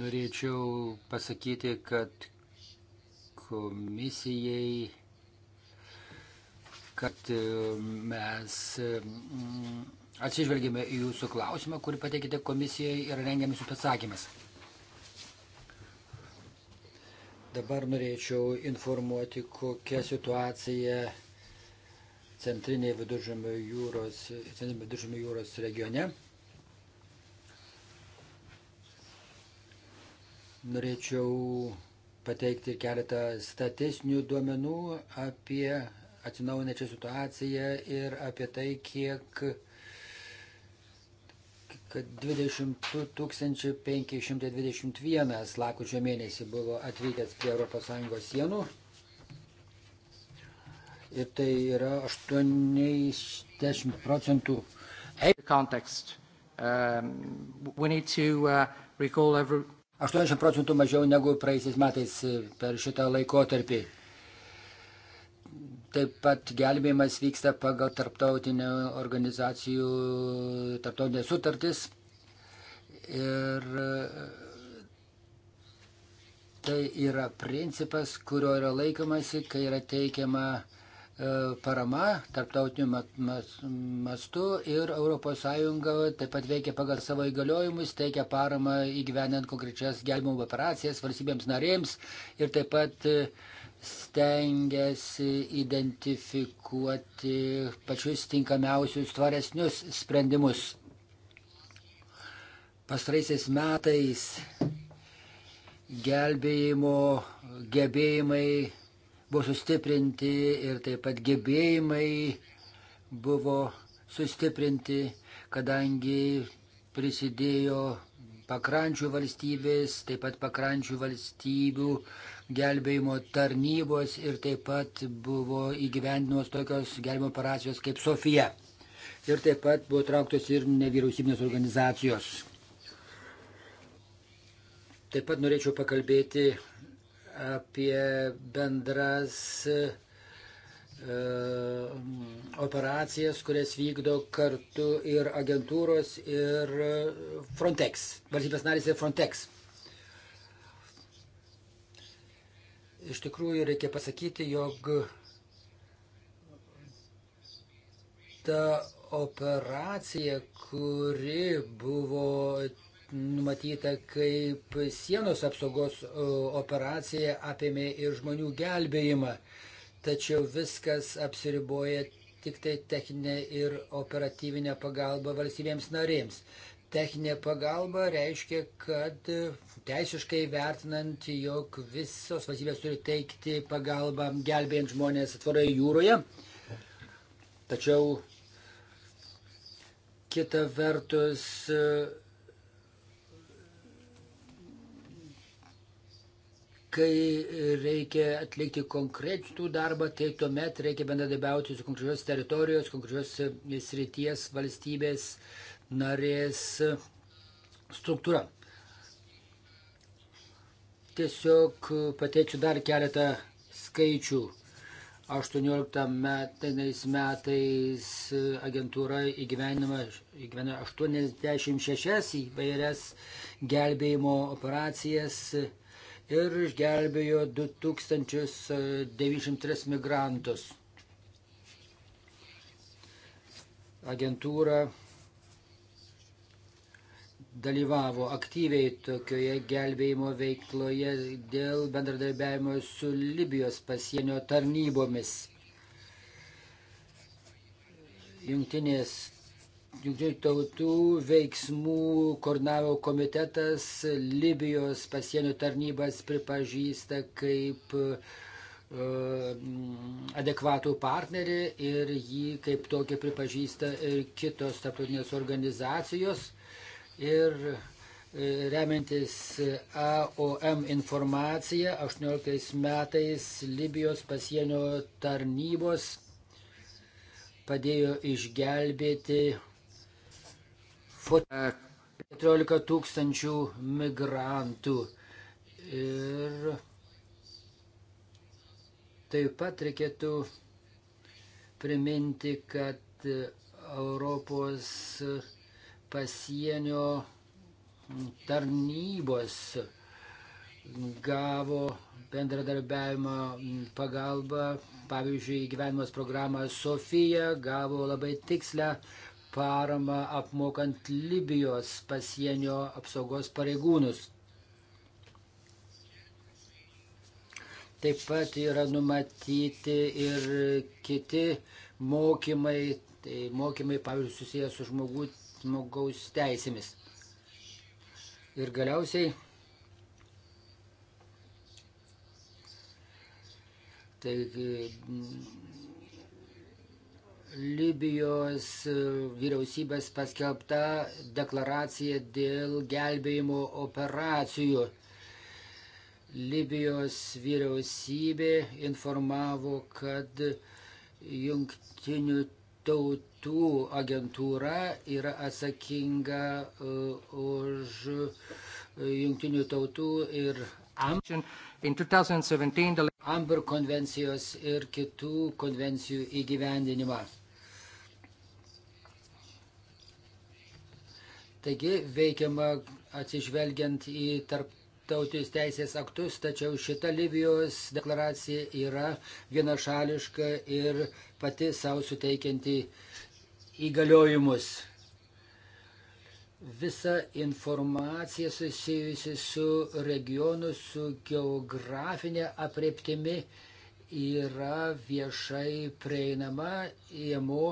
Norėčiau pasakyti, kad komisijai, kad um, mes um, atsižvelgėme į jūsų klausimą, kurį pateikite komisijai ir rengiamės jūsų atsakymas. Dabar norėčiau informuoti, kokia situacija centrinėje viduržėmio jūros, centrinė viduržėmio jūros regione. Norėčiau pateikti keletą statistinių duomenų apie atsinaujinančią situaciją ir apie tai, kiek kad 20521 lakučio mėnesį buvo atvykęs prie ES sienų. Ir tai yra 80 procentų. Context. Um, we need to uh, recall every... 80 procentų mažiau negu praeisiais metais uh, per šitą laikotarpį. Taip pat gelbėjimas vyksta pagal tarptautinių organizacijų, tarptautinės sutartis. Ir e, tai yra principas, kurio yra laikomasi, kai yra teikiama e, parama tarptautiniu mastu ir ES taip pat veikia pagal savo įgaliojimus, teikia paramą įgyvenant konkrečias gelbimo operacijas valstybėms narėms ir taip pat uh, stengiasi identifikuoti pačius tinkamiausius tvaresnius sprendimus. Pastraisiais metais gelbėjimo gebėjimai buvo sustiprinti ir taip pat gebėjimai buvo sustiprinti, kadangi prisidėjo pakrančių valstybės, taip pat pakrančių valstybių gelbėjimo tarnybos ir taip pat buvo įgyvendinos tokios gelbėjimo operacijos kaip Sofija. Ir taip pat buvo trauktos ir nevyriausybinės organizacijos. Taip pat norėčiau pakalbėti apie bendras e, operacijas, kurias vykdo kartu ir agentūros, ir Frontex, valstybės narys ir Frontex. Iš tikrųjų reikia pasakyti, jog ta operacija, kuri buvo numatyta kaip sienos apsaugos operacija, apėmė ir žmonių gelbėjimą. Tačiau viskas apsiriboja tik tai techninė ir operatyvinė pagalba valstybėms narėms. Techninė pagalba reiškia, kad teisiškai vertinant, jog visos valstybės turi teikti pagalbą gelbėjant žmonės atvaroje jūroje. Tačiau kita vertus kai reikia atlikti konkrečių darbą, tai tuomet reikia bendradarbiauti su konkrečios teritorijos, konkrečios srities valstybės narės struktūra. Tiesiog pateiksiu dar keletą skaičių. 18 metais agentūra įgyvenino 86 įvairias gelbėjimo operacijas ir išgelbėjo 2903 migrantus. Agentūra dalyvavo aktyviai tokioje gelbėjimo veikloje dėl bendradarbiavimo su Libijos pasienio tarnybomis. Jungtinės Junktinių tautų veiksmų koordinavo komitetas Libijos pasienio tarnybas pripažįsta kaip e, adekvatų partnerį ir jį kaip tokį pripažįsta ir kitos tarptautinės organizacijos ir e, remiantis e, AOM informacija 18 metais Libijos pasienio tarnybos padėjo išgelbėti 14 tūkstančių migrantų. Ir taip pat reikėtų priminti, kad Europos pasienio tarnybos gavo bendradarbiavimo pagalbą, pavyzdžiui, gyvenimas programą Sofija gavo labai tikslę paramą apmokant Libijos pasienio apsaugos pareigūnus. Taip pat yra numatyti ir kiti mokymai, tai mokymai, pavyzdžiui, susijęs su žmogų žmogaus teisėmis. Ir galiausiai tai Libijos e, vyriausybės paskelbta deklaracija dėl gelbėjimo operacijų. Libijos vyriausybė informavo, kad jungtinių tautų tų agentūra yra atsakinga uh, už e, jungtinių tautų ir Amber konvencijos ir kitų konvencijų įgyvendinimą. Taigi veikiama atsižvelgiant į tarptautinius teisės aktus, tačiau šita Libijos deklaracija yra vienašališka ir pati savo suteikianti uh, įgaliojimus. Visa informacija susijusi su regionu, su geografinė apreptimi yra viešai prieinama įmo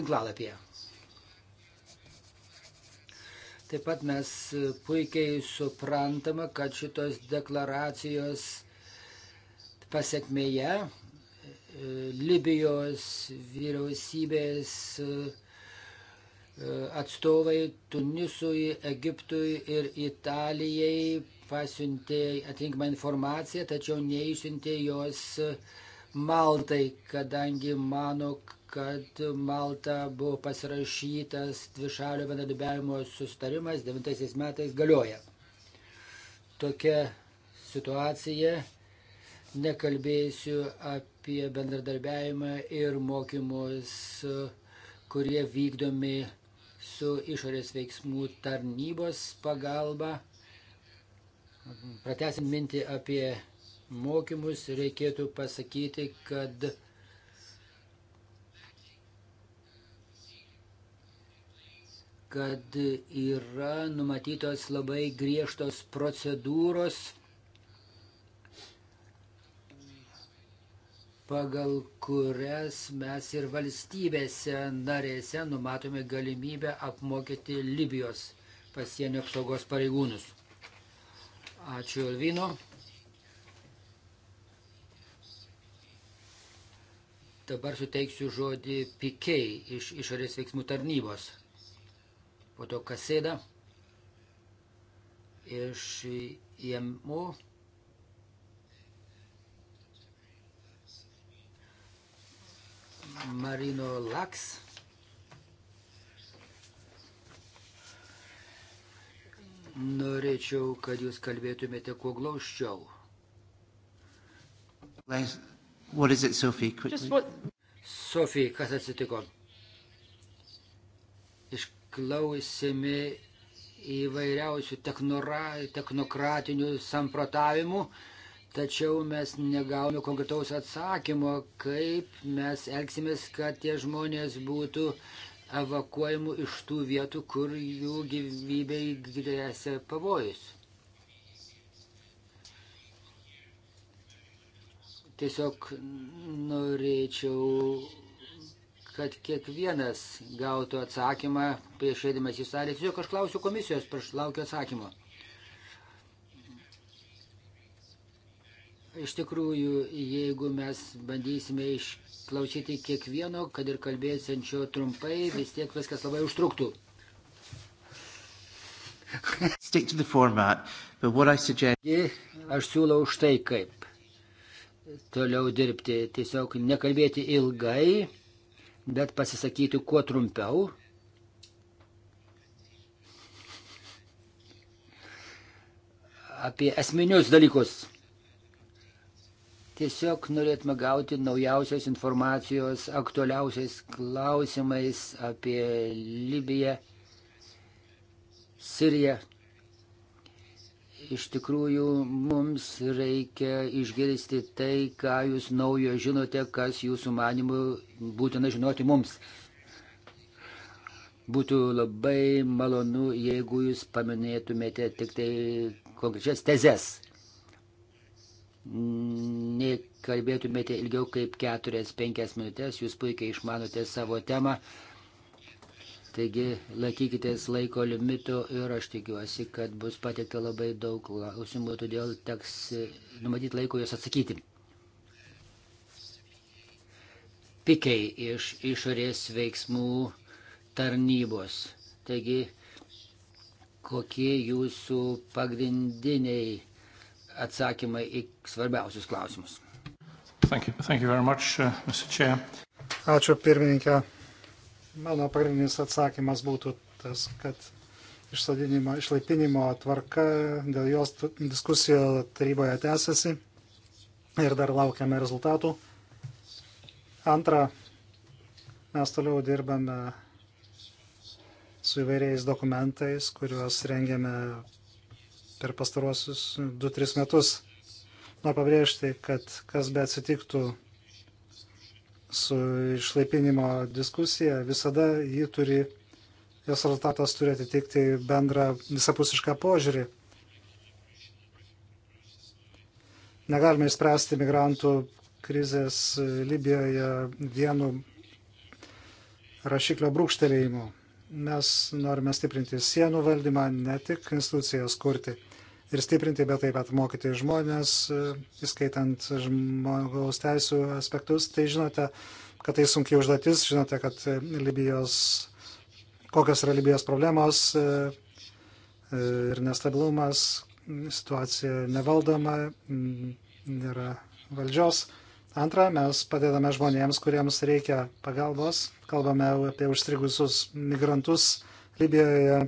tinklalapyje. Taip pat mes puikiai suprantame, kad šitos deklaracijos pasiekmėje Libijos vyriausybės e, atstovai Tunisui, Egiptui ir Italijai pasiuntė atinkamą informaciją, tačiau neišsiuntė jos Maltai, kadangi mano, kad Malta buvo pasirašytas dvišalio bendradarbiavimo sustarimas 9 metais galioja. Tokia situacija. Nekalbėsiu apie apie bendradarbiavimą ir mokymus, kurie vykdomi su išorės veiksmų tarnybos pagalba. Pratesim mintį apie mokymus, reikėtų pasakyti, kad kad yra numatytos labai griežtos procedūros pagal kurias mes ir valstybėse narėse numatome galimybę apmokyti Libijos pasienio apsaugos pareigūnus. Ačiū Elvino. Dabar suteiksiu žodį Pikei iš išorės veiksmų tarnybos. Po to Kasėda iš IMO Marino Laks. Norėčiau, kad jūs kalbėtumėte kuo glaučiau. Sofija, kas atsitiko? Išklausėme įvairiausių technokratinių samprotavimų Tačiau mes negauname konkretaus atsakymo, kaip mes elgsimės, kad tie žmonės būtų evakuojami iš tų vietų, kur jų gyvybei grėsia pavojus. Tiesiog norėčiau, kad kiekvienas gautų atsakymą prieš eidamas į salę. Tiesiog aš klausiu komisijos, prašau, laukiu atsakymo. Iš tikrųjų, jeigu mes bandysime išklausyti kiekvieno, kad ir kalbėsiančio trumpai, vis tiek viskas labai užtruktų. Format, suggest... Aš siūlau štai kaip toliau dirbti. Tiesiog nekalbėti ilgai, bet pasisakyti kuo trumpiau. Apie esminius dalykus. Tiesiog norėtume gauti naujausios informacijos, aktualiausiais klausimais apie Libiją, Siriją. Iš tikrųjų, mums reikia išgirsti tai, ką jūs naujo žinote, kas jūsų manimų būtina žinoti mums. Būtų labai malonu, jeigu jūs paminėtumėte tik tai konkrečias tezes nekalbėtumėte ilgiau kaip 4-5 minutės, jūs puikiai išmanote savo temą. Taigi laikykitės laiko limito ir aš tikiuosi, kad bus pateikta labai daug klausimų, todėl teks e, numatyti laiko juos atsakyti. Pikiai iš išorės veiksmų tarnybos. Taigi, kokie jūsų pagrindiniai atsakymai į svarbiausius klausimus. Thank you. Thank you very much, uh, Mr. Chair. Ačiū pirmininkė. Mano pagrindinis atsakymas būtų tas, kad išlaipinimo tvarka, dėl jos diskusijų taryboje tęsiasi ir dar laukiame rezultatų. Antra, mes toliau dirbame su įvairiais dokumentais, kuriuos rengiame per pastaruosius 2-3 metus. Noriu pabrėžti, kad kas be atsitiktų su išlaipinimo diskusija, visada jį turi, jos rezultatas turi atitikti bendrą visapusišką požiūrį. Negalime išspręsti migrantų krizės Libijoje vienu rašiklio brūkštelėjimu. Mes norime stiprinti sienų valdymą, ne tik institucijas kurti ir stiprinti, bet taip pat mokyti žmonės, e, įskaitant žmogaus teisų aspektus. Tai žinote, kad tai sunkiai užduotis, žinote, kad e, Libijos, kokios yra Libijos problemos e, ir nestabilumas, situacija nevaldoma, nėra valdžios. Antra, mes padedame žmonėms, kuriems reikia pagalbos. Kalbame apie užstrigusius migrantus Libijoje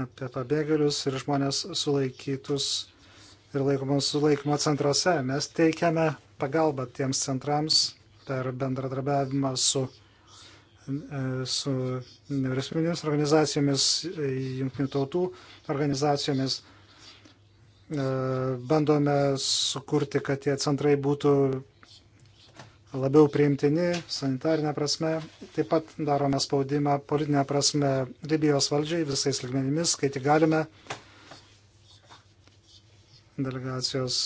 apie pabėgėlius ir žmonės sulaikytus ir laikomus sulaikymo centruose. Mes teikiame pagalbą tiems centrams per bendradarbiavimą su, su nevyriausybinėmis organizacijomis, jungtinių tautų organizacijomis. Bandome sukurti, kad tie centrai būtų labiau priimtini sanitarinė prasme. Taip pat darome spaudimą politinę prasme Libijos valdžiai visais ligmenimis, kai tik galime. Delegacijos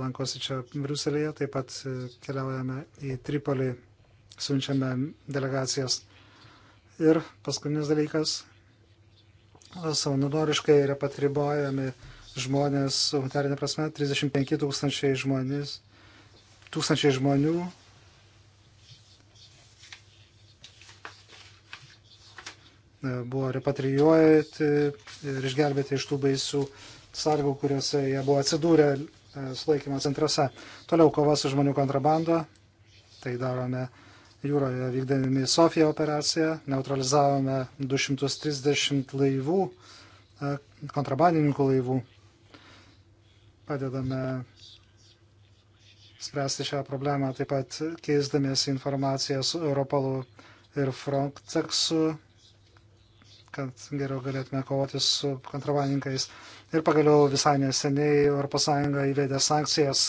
lankosi čia Bruselėje, taip pat e, keliaujame į Tripolį, siunčiame delegacijas. Ir paskutinis dalykas - savanoriškai repatribojami žmonės, humanitarinė prasme, 35 tūkstančiai žmonės, tūkstančiai žmonių buvo repatrijuoti e, ir išgelbėti iš tų baisių sąlygų, kuriuose jie buvo atsidūrę e, sulaikymo centruose. Toliau kova su žmonių kontrabando. Tai darome jūroje vykdami Sofiją operaciją. Neutralizavome 230 laivų, e, kontrabandininkų laivų. Padedame spręsti šią problemą, taip pat keisdamiesi informaciją su Europolu ir Frontexu kad geriau galėtume kovoti su kontrabandininkais. Ir pagaliau visai neseniai ES įvedė sankcijas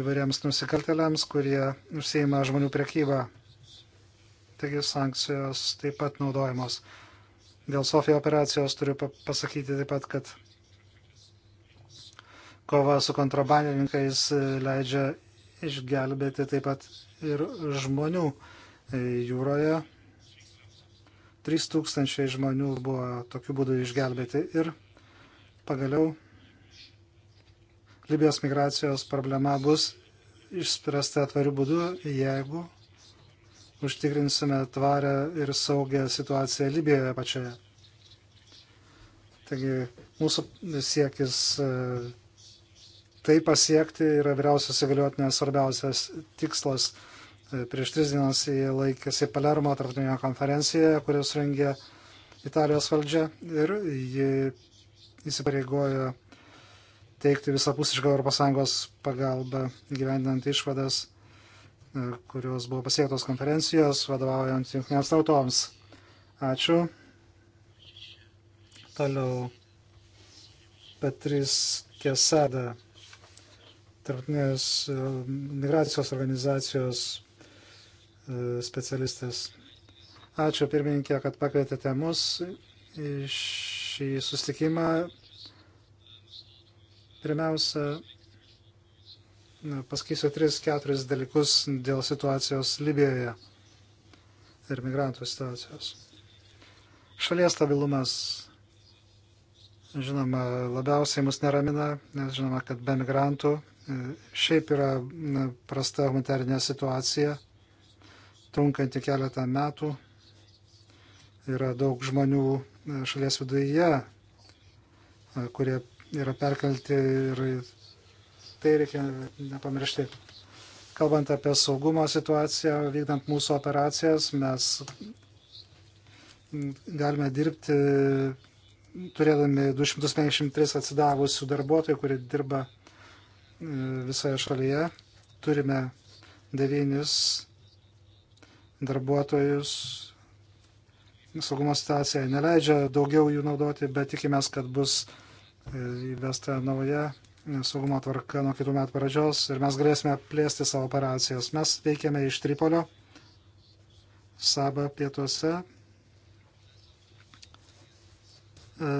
įvairiems nusikaltėliams, kurie užsieima žmonių priekybą. Taigi sankcijos taip pat naudojamos. Dėl Sofija operacijos turiu pasakyti taip pat, kad kova su kontrabandininkais e, leidžia išgelbėti taip pat ir žmonių e, jūroje 3000 žmonių buvo tokiu būdu išgelbėti ir pagaliau Libijos migracijos problema bus išspręsta tvariu būdu, jeigu užtikrinsime tvarę ir saugę situaciją Libijoje pačioje. Taigi mūsų siekis e, tai pasiekti yra vyriausios įgaliotinės svarbiausias tikslas E, Prieš tris dienas jie laikėsi Palermo tarptautinėje konferencijoje, kurios rengė Italijos valdžia ir ji įsipareigojo teikti visapusišką ES pagalbą gyvendinant išvadas, e, kurios buvo pasiektos konferencijos, vadovaujant jungtinėms tautoms. Ačiū. Toliau Petris Kesada, tarptautinės e, migracijos organizacijos specialistas. Ačiū pirmininkė, kad pakvietėte mus į šį sustikimą. Pirmiausia, pasakysiu 3-4 dalykus dėl situacijos Libijoje ir migrantų situacijos. Šalies stabilumas, žinoma, labiausiai mus neramina, nes žinoma, kad be migrantų e, šiaip yra prasta humanitarinė situacija trunkanti keletą metų. Yra daug žmonių e, šalies viduje, e, kurie yra perkelti ir tai reikia nepamiršti. Kalbant apie saugumo situaciją, vykdant mūsų operacijas, mes galime dirbti turėdami 253 atsidavusių darbuotojų, kurie dirba e, visoje šalyje. Turime devynis darbuotojus. Saugumo situacija neleidžia daugiau jų naudoti, bet tikimės, kad bus e, įvesta nauja e, saugumo tvarka nuo kitų metų pradžios ir mes galėsime plėsti savo operacijas. Mes veikiame iš Tripolio, Saba pietuose. E,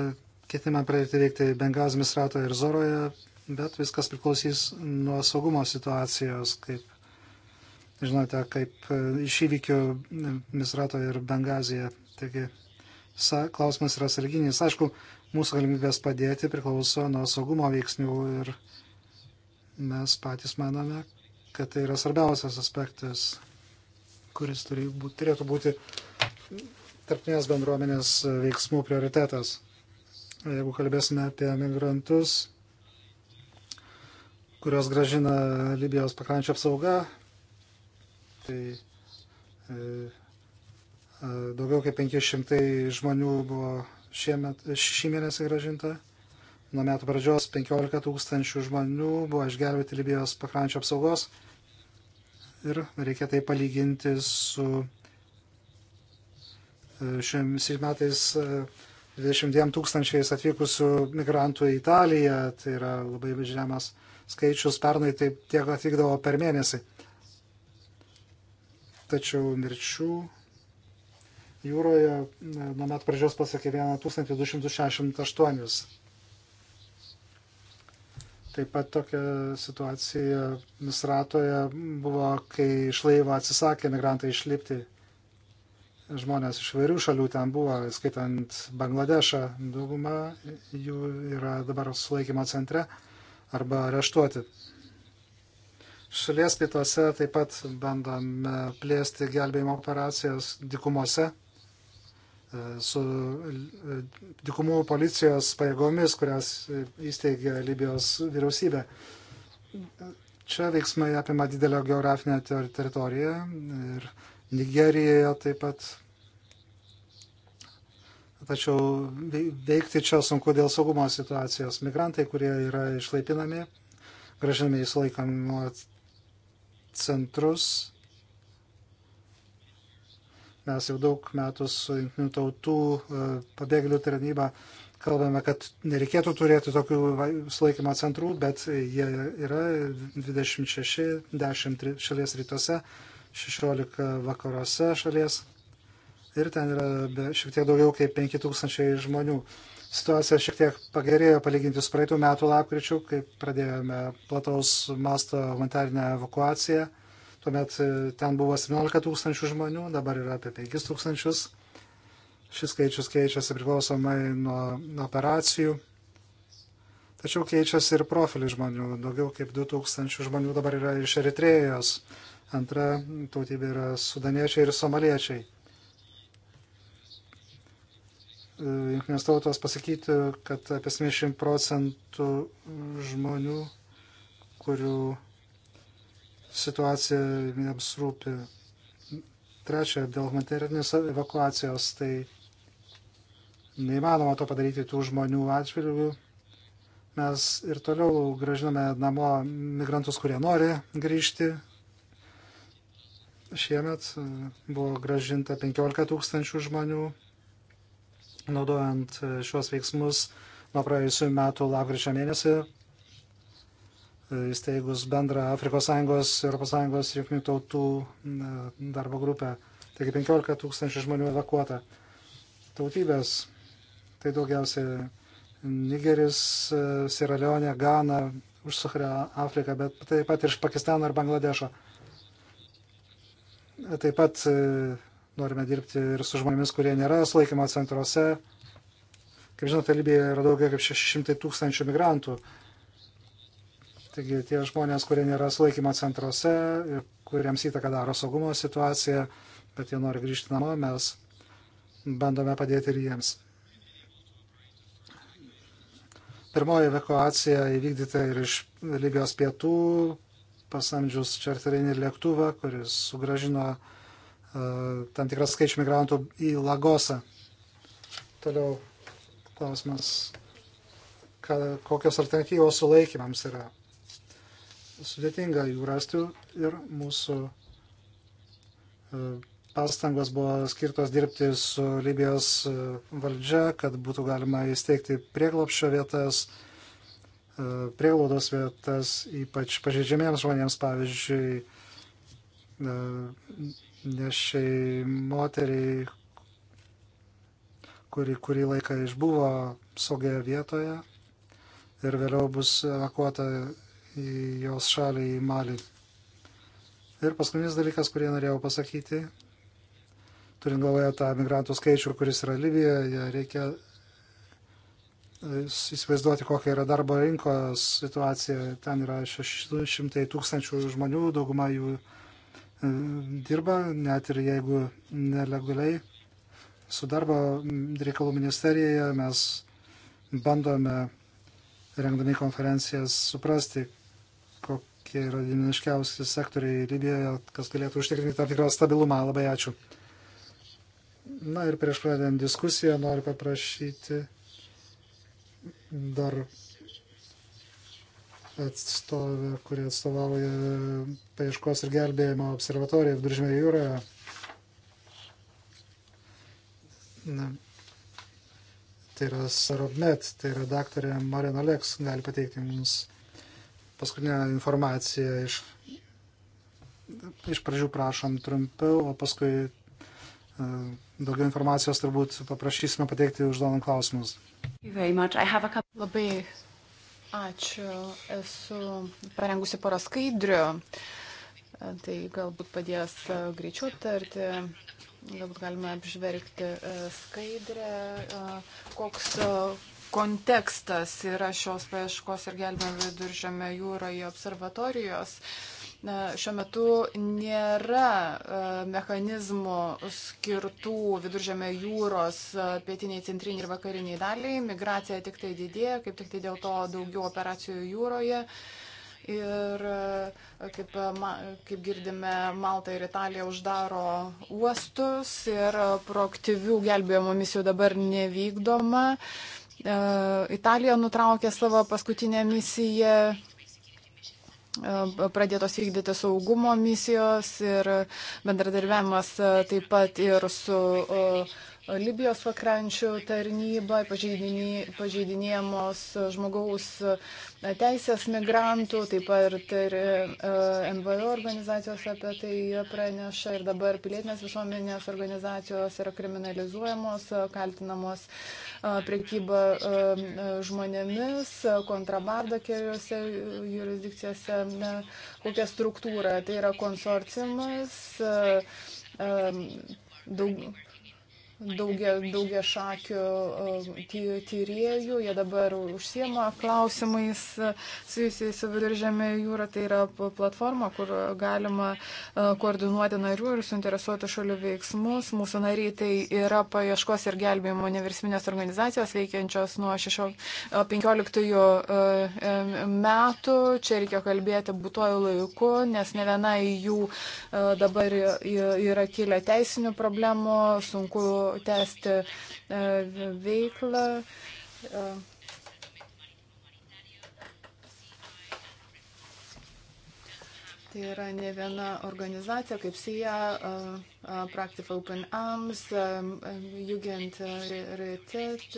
ketiname pradėti veikti Bengazmis ratoje ir Zoroje, bet viskas priklausys nuo saugumo situacijos, kaip žinote, kaip e, iš įvykių e, Misrato ir Bengazija. Taigi sa, klausimas yra sarginis. Aišku, mūsų galimybės padėti priklauso nuo saugumo veiksnių ir mes patys manome, kad tai yra svarbiausias aspektas, kuris turi būti, turėtų būti tarptinės bendruomenės veiksmų prioritetas. Jeigu kalbėsime apie migrantus, kurios gražina Libijos pakrančio apsauga, Tai e, e, daugiau kaip 500 žmonių buvo šiemet, šį mėnesį gražinta. Nuo metų pradžios 15 tūkstančių žmonių buvo išgelbėti Libijos pakrančio apsaugos. Ir reikia tai palyginti su e, šiomis metais 22 e, tūkstančiais atvykusių migrantų į Italiją. Tai yra labai žemas skaičius. Pernai taip tiek atvykdavo per mėnesį tačiau mirčių jūroje e, nuo metų pradžios pasakė 1268. Taip pat tokia situacija Misratoje buvo, kai iš laivo atsisakė migrantai išlipti. Žmonės iš vairių šalių ten buvo, skaitant Bangladešą, dauguma jų yra dabar sulaikymo centre arba areštuoti. Šalies pietuose taip pat bandome plėsti gelbėjimo operacijas dikumose e, su e, dikumų policijos pajėgomis, kurias įsteigė Libijos vyriausybė. Čia veiksmai apima didelio geografinę teritoriją ir Nigerijoje taip pat. Tačiau veikti čia sunku dėl saugumo situacijos. Migrantai, kurie yra išlaipinami, gražinami į sulaikamą centrus. Mes jau daug metų su Junktinių tautų e, pabėgėlių tarnyba kalbame, kad nereikėtų turėti tokių sulaikymo centrų, bet jie yra 26, 10 šalies rytuose, 16 vakaruose šalies ir ten yra šiek tiek daugiau kaip 5000 žmonių. Situacija šiek tiek pagerėjo palyginti su praeitų metų lapkričiu, kai pradėjome plataus masto humanitarinę evakuaciją. Tuomet e, ten buvo 17 tūkstančių žmonių, dabar yra apie 5 tūkstančius. Šis skaičius keičiasi priklausomai nuo operacijų. Tačiau keičiasi ir profilis žmonių. Daugiau kaip 2 tūkstančių žmonių dabar yra iš Eritrėjos. Antra tautybė yra sudaniečiai ir somaliečiai jungtinės tautos pasakyti, kad apie 70 procentų žmonių, kurių situacija jiems rūpi. Trečia, dėl humanitarinės evakuacijos, tai neįmanoma to padaryti tų žmonių atžvilgių. Mes ir toliau gražiname namo migrantus, kurie nori grįžti. Šiemet buvo gražinta 15 tūkstančių žmonių naudojant e, šiuos veiksmus nuo praėjusių metų lapkričio mėnesį, e, įsteigus bendrą Afrikos Sąjungos, Europos Sąjungos ir Junktinių tautų e, darbo grupę. Taigi 15 tūkstančių žmonių evakuota. Tautybės, tai daugiausiai Nigeris, Sierra Leone, Gana, už Saharę Afriką, bet taip pat ir iš Pakistano ir Bangladešo. Taip pat norime dirbti ir su žmonėmis, kurie nėra sulaikymo centruose. Kaip žinote, Libijoje yra daugiau kaip 600 tūkstančių migrantų. Taigi tie žmonės, kurie nėra sulaikymo centruose, kuriems įtaką daro saugumo situacija, bet jie nori grįžti namo, mes bandome padėti ir jiems. Pirmoji evakuacija įvykdyta ir iš Libijos pietų, pasamdžius čarterinį lėktuvą, kuris sugražino uh, E, tam tikras skaičių migrantų į Lagosą. Toliau klausimas, ką, kokios alternatyvos sulaikymams yra. Sudėtinga jų rasti ir mūsų e, pastangos buvo skirtos dirbti su Libijos e, valdžia, kad būtų galima įsteigti prieglopščio vietas, prieglaudos vietas, ypač pažeidžiamiems žmonėms, pavyzdžiui, nešiai moteriai, kuri kurį laiką išbuvo saugioje vietoje ir vėliau bus evakuota į jos šalį į Malį. Ir paskutinis dalykas, kurį norėjau pasakyti, turint galvoje tą migrantų skaičių, kuris yra Libijoje, reikia e, įsivaizduoti, kokia yra darbo rinkos situacija. Ten yra 600 tūkstančių žmonių, dauguma jų dirba, net ir jeigu nelegaliai. Su darbo reikalų ministerijoje mes bandome, rengdami konferencijas, suprasti, kokie yra dinamiškiausi sektoriai Libijoje, kas galėtų užtikrinti tam tikrą stabilumą. Labai ačiū. Na ir prieš pradedant diskusiją noriu paprašyti dar atstovė, kurie atstovauja paieškos ir gelbėjimo observatoriją Viduržmė jūroje. Na, tai yra Sarobmet, tai yra daktarė Marina Leks, gali pateikti mums paskutinę informaciją iš, iš pradžių prašom trumpiau, o paskui uh, daugiau informacijos turbūt paprašysime pateikti užduodant klausimus. Labai Ačiū. Esu parengusi porą skaidrių. Tai galbūt padės e, greičiau tarti. Galbūt galime apžvelgti e, skaidrę, e, koks kontekstas yra šios paieškos ir gelbėjimo viduržėme jūroje observatorijos. Uh, na, šiuo metu nėra e, mechanizmų skirtų viduržėme jūros e, pietiniai, centriniai ir vakariniai daliai. Migracija tik tai didėja, kaip tik tai dėl to daugiau operacijų jūroje. Ir e, kaip, kaip girdime, Malta ir Italija uždaro uostus ir proaktyvių gelbėjimo misijų dabar nevykdoma. Italija nutraukė savo paskutinę misiją pradėtos vykdyti saugumo misijos ir bendradarbiavimas taip pat ir su Libijos pakrančių tarnyba, pažeidinėjamos žmogaus teisės migrantų, taip pat ir e, NVO organizacijos apie tai praneša ir dabar pilietinės visuomenės organizacijos yra kriminalizuojamos, kaltinamos e, prekyba e, žmonėmis, kontrabanda keliose jurisdikcijose, ne, kokia struktūra. Tai yra konsorciumas. Daug, daugia, daugia šakių e, ty, tyriejų, jie dabar užsiema klausimais e, susijusiais su viduržėmė jūra, tai yra platforma, kur galima e, koordinuoti narių ir suinteresuotų šalių veiksmus. Mūsų nariai tai yra paieškos ir gelbėjimo nevirsminės organizacijos veikiančios nuo 15 metų. Čia reikia kalbėti būtojų laiku, nes ne viena jų dabar yra kilę teisinių problemų, sunku toliau tęsti uh, veiklą. Uh, tai yra ne viena organizacija kaip SIA, uh, Practive Open Arms, um, um, Jugend Retit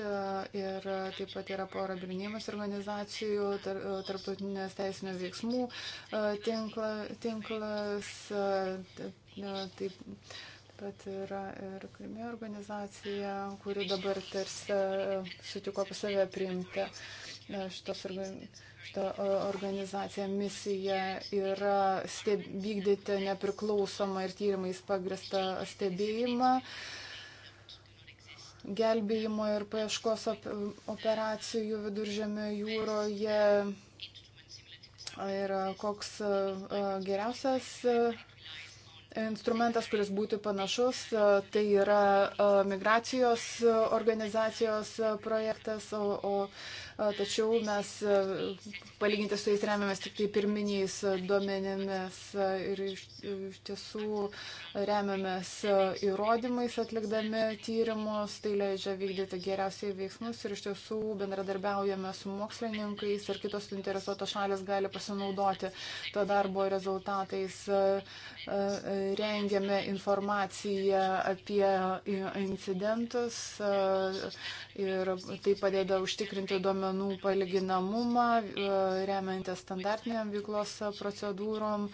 ir taip pat yra pora Birnėjimas organizacijų, tarptautinės teisinių veiksmų tinkla, tinklas. Taip, Bet yra ir kaimė organizacija, kuri dabar tarsi e, sutiko pas save priimti e, šitos šitą e, organizaciją. Misija yra steb, vykdyti nepriklausomą ir tyrimais pagristą stebėjimą gelbėjimo ir paieškos op operacijų viduržėme jūroje ir koks geriausias instrumentas, kuris būtų panašus, tai yra migracijos organizacijos projektas, o, o tačiau mes palyginti su jais remiamės tik tai pirminiais duomenėmis ir iš tiesų remiamės įrodymais atlikdami tyrimus, tai leidžia vykdyti geriausiai veiksmus ir iš tiesų bendradarbiaujame su mokslininkais ir kitos suinteresuotos šalis gali pasinaudoti to darbo rezultatais. Rengiame informaciją apie incidentus ir tai padeda užtikrinti duomenų duomenų palyginamumą, e, remiantis standartiniam veiklos procedūrom.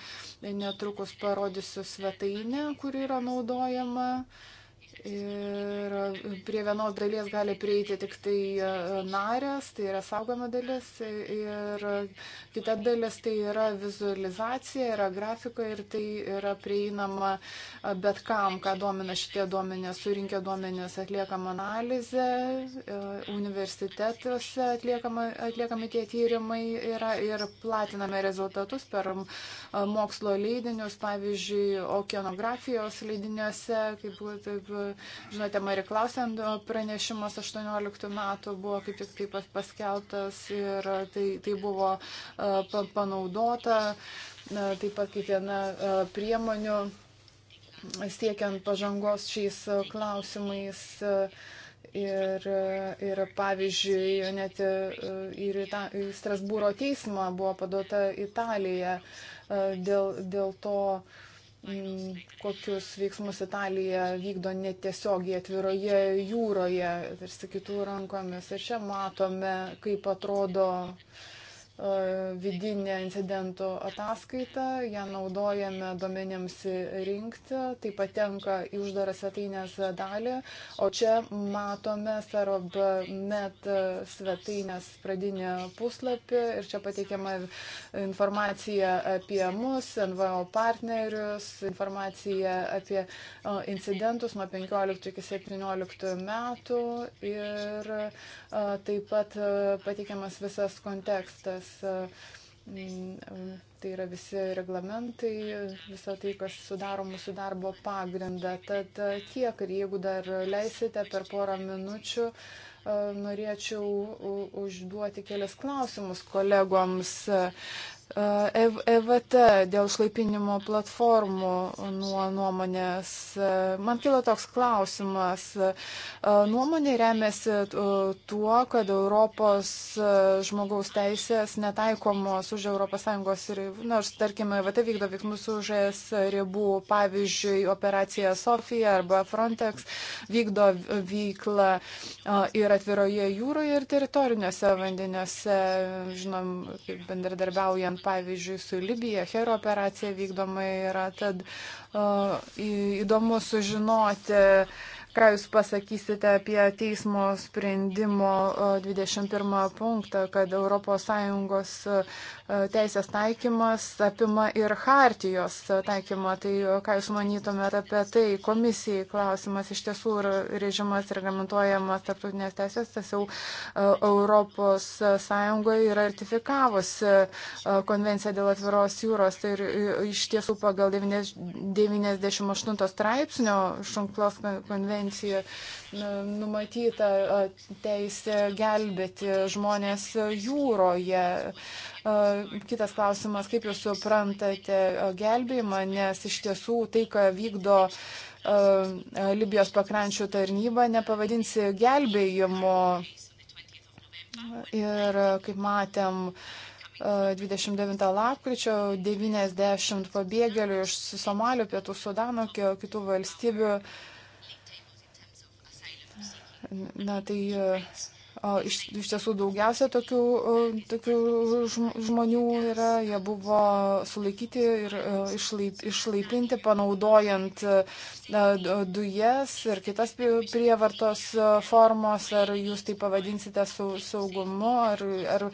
Netrukus parodysiu svetainę, kuri yra naudojama. Uh, Ir prie vienos dalies gali prieiti tik tai e, narės, tai yra saugoma dalis. Ir kita dalis tai yra vizualizacija, yra grafika ir tai yra prieinama e, bet kam, ką domina šitie duomenės, surinkę duomenės atliekama analizė, e, universitetuose atliekama, atliekami tie tyrimai yra ir platiname rezultatus per mokslo leidinius, pavyzdžiui, okeanografijos leidiniuose, kaip būtų. Taip, žinote, Mari Klausen pranešimas 18 metų buvo kaip tik taip paskeltas ir tai, tai buvo panaudota taip pat kaip viena priemonių siekiant pažangos šiais klausimais. Ir, ir pavyzdžiui, net ir į Strasbūro teismą buvo paduota Italija dėl, dėl to, Mm, kokius veiksmus Italija vykdo netiesiogiai atviroje jūroje, tarsi kitų rankomis. Ir čia matome, kaip atrodo uh, E, vidinę incidentų ataskaitą, ją naudojame domeniams rinkti, tai patenka į uždarą svetainės dalį, o čia matome Sarob net svetainės pradinį puslapį ir čia pateikiama informacija apie mus, NVO partnerius, informacija apie e, incidentus nuo 15 iki 17 metų ir e, taip pat pateikiamas visas kontekstas nes e, tai yra visi reglamentai, visą tai, kas sudaro mūsų darbo pagrindą. Tad tiek e, ir jeigu dar leisite per porą minučių, e, norėčiau užduoti kelias klausimus kolegoms. EVT dėl šlaipinimo platformų nuo nuomonės. Man kilo toks klausimas. Nuomonė remiasi tuo, kad Europos žmogaus teisės netaikomos už ES ribų, nors tarkime EVT vykdo veiksmus už ES ribų, pavyzdžiui, operacija Sofija arba Frontex vykdo veiklą ir atviroje jūroje ir teritoriniuose vandeniuose, žinom, bendradarbiaujant lyginant, pavyzdžiui, su Libija, Hero operacija vykdoma yra, tad uh, įdomu sužinoti, uh, Ką Jūs pasakysite apie teismo sprendimo 21 e, punktą, kad ES e, teisės taikymas apima ir hartijos taikymą. Tai ką Jūs manytumėte apie tai? Komisijai klausimas iš tiesų režimas reglamentuojamas tarptautinės teisės, tas jau ES yra ratifikavusi e, konvenciją dėl atviros jūros. Tai ir iš tiesų pagal 98 straipsnio Šunklos konvenciją konvencijoje numatyta teisė gelbėti žmonės jūroje. Kitas klausimas, kaip jūs suprantate gelbėjimą, nes iš tiesų tai, ką vykdo Libijos pakrančių tarnyba, nepavadinsi gelbėjimu. Ir kaip matėm, 29 lapkričio 90 pabėgėlių iš Somalio, Pietų Sudano, kitų valstybių uh, na tai eh, Iš, iš tiesų daugiausia tokių, tokių žmonių yra, jie buvo sulaikyti ir išlaip, išlaipinti, panaudojant dujas ir kitas prievartos formos, ar jūs tai pavadinsite saugumu, ar, ar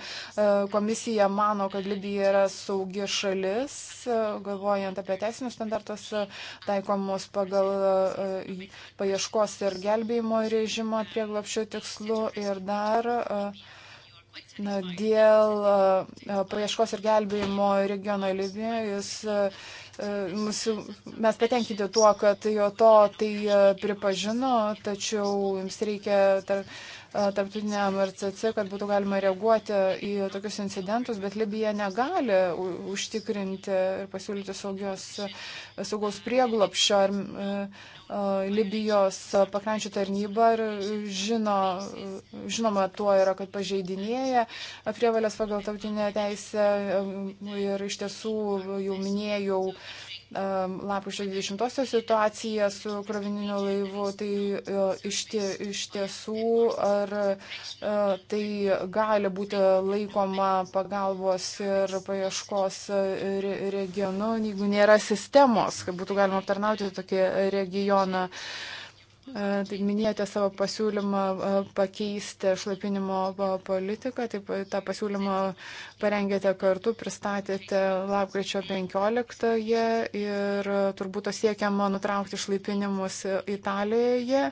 komisija mano, kad Libija yra saugi šalis, galvojant apie teisinius standartus taikomus pagal paieškos ir gelbėjimo režimą prieglapšio tikslu ir dar ar dėl paieškos ir gelbėjimo regiono Libijoje jūs mes patenkinti tuo, kad jo to tai pripažino, tačiau jums reikia tar, tarptautiniam RCC, kad būtų galima reaguoti į tokius incidentus, bet Libija negali užtikrinti ir pasiūlyti saugios, saugos prieglopščio. Ar Libijos pakrančių tarnyba žino, žinoma tuo yra, kad pažeidinėja prievalės pagal tautinę teisę ir iš tiesų jau minėjau lapkričio 20 situaciją su krovininiu laivu, tai e, iš, tie, iš tiesų ar e, tai gali būti laikoma pagalbos ir paieškos e, regionu, jeigu nėra sistemos, kad būtų galima aptarnauti tokį regioną. Uh, E, tai minėjote savo pasiūlymą e, pakeisti šlapinimo e, politiką, taip tą pasiūlymą parengėte kartu, pristatėte lapkričio 15-ąją ir turbūt to siekiama nutraukti šlapinimus Italijoje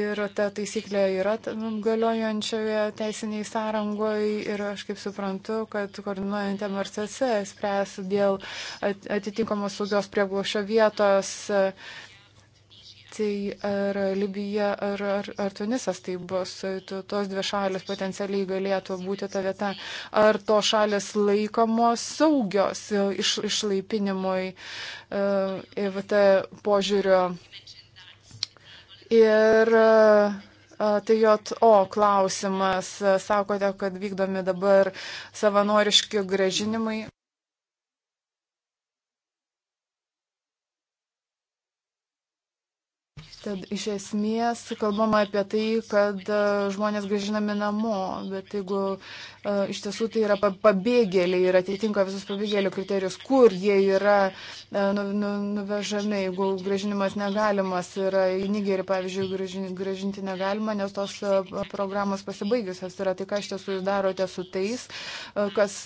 ir ta taisyklė yra galiojančioje teisiniai sąrangoje ir aš kaip suprantu, kad koordinuojant MRCC spręs dėl atitinkamos saugios prieglošio vietos Kroatijai ar Libija ar, ar, ar Tunisas, tai bus to, tos dvi šalis potencialiai galėtų būti ta vieta. Ar to šalis laikomos saugios iš, išlaipinimui EVT požiūrio. Ir e, Tai jo klausimas, sakote, kad vykdomi dabar savanoriški gražinimai. Tad iš esmės kalbama apie tai, kad e, žmonės gražinami namo, bet jeigu e, iš tiesų tai yra pabėgėliai ir atitinka visus pabėgėlių kriterijus, kur jie yra e, nu, nu, nuvežami, jeigu gražinimas negalimas yra į Nigerį, pavyzdžiui, gražin, gražinti negalima, nes tos programos pasibaigusios yra, tai ką iš tiesų jūs darote su tais, kas,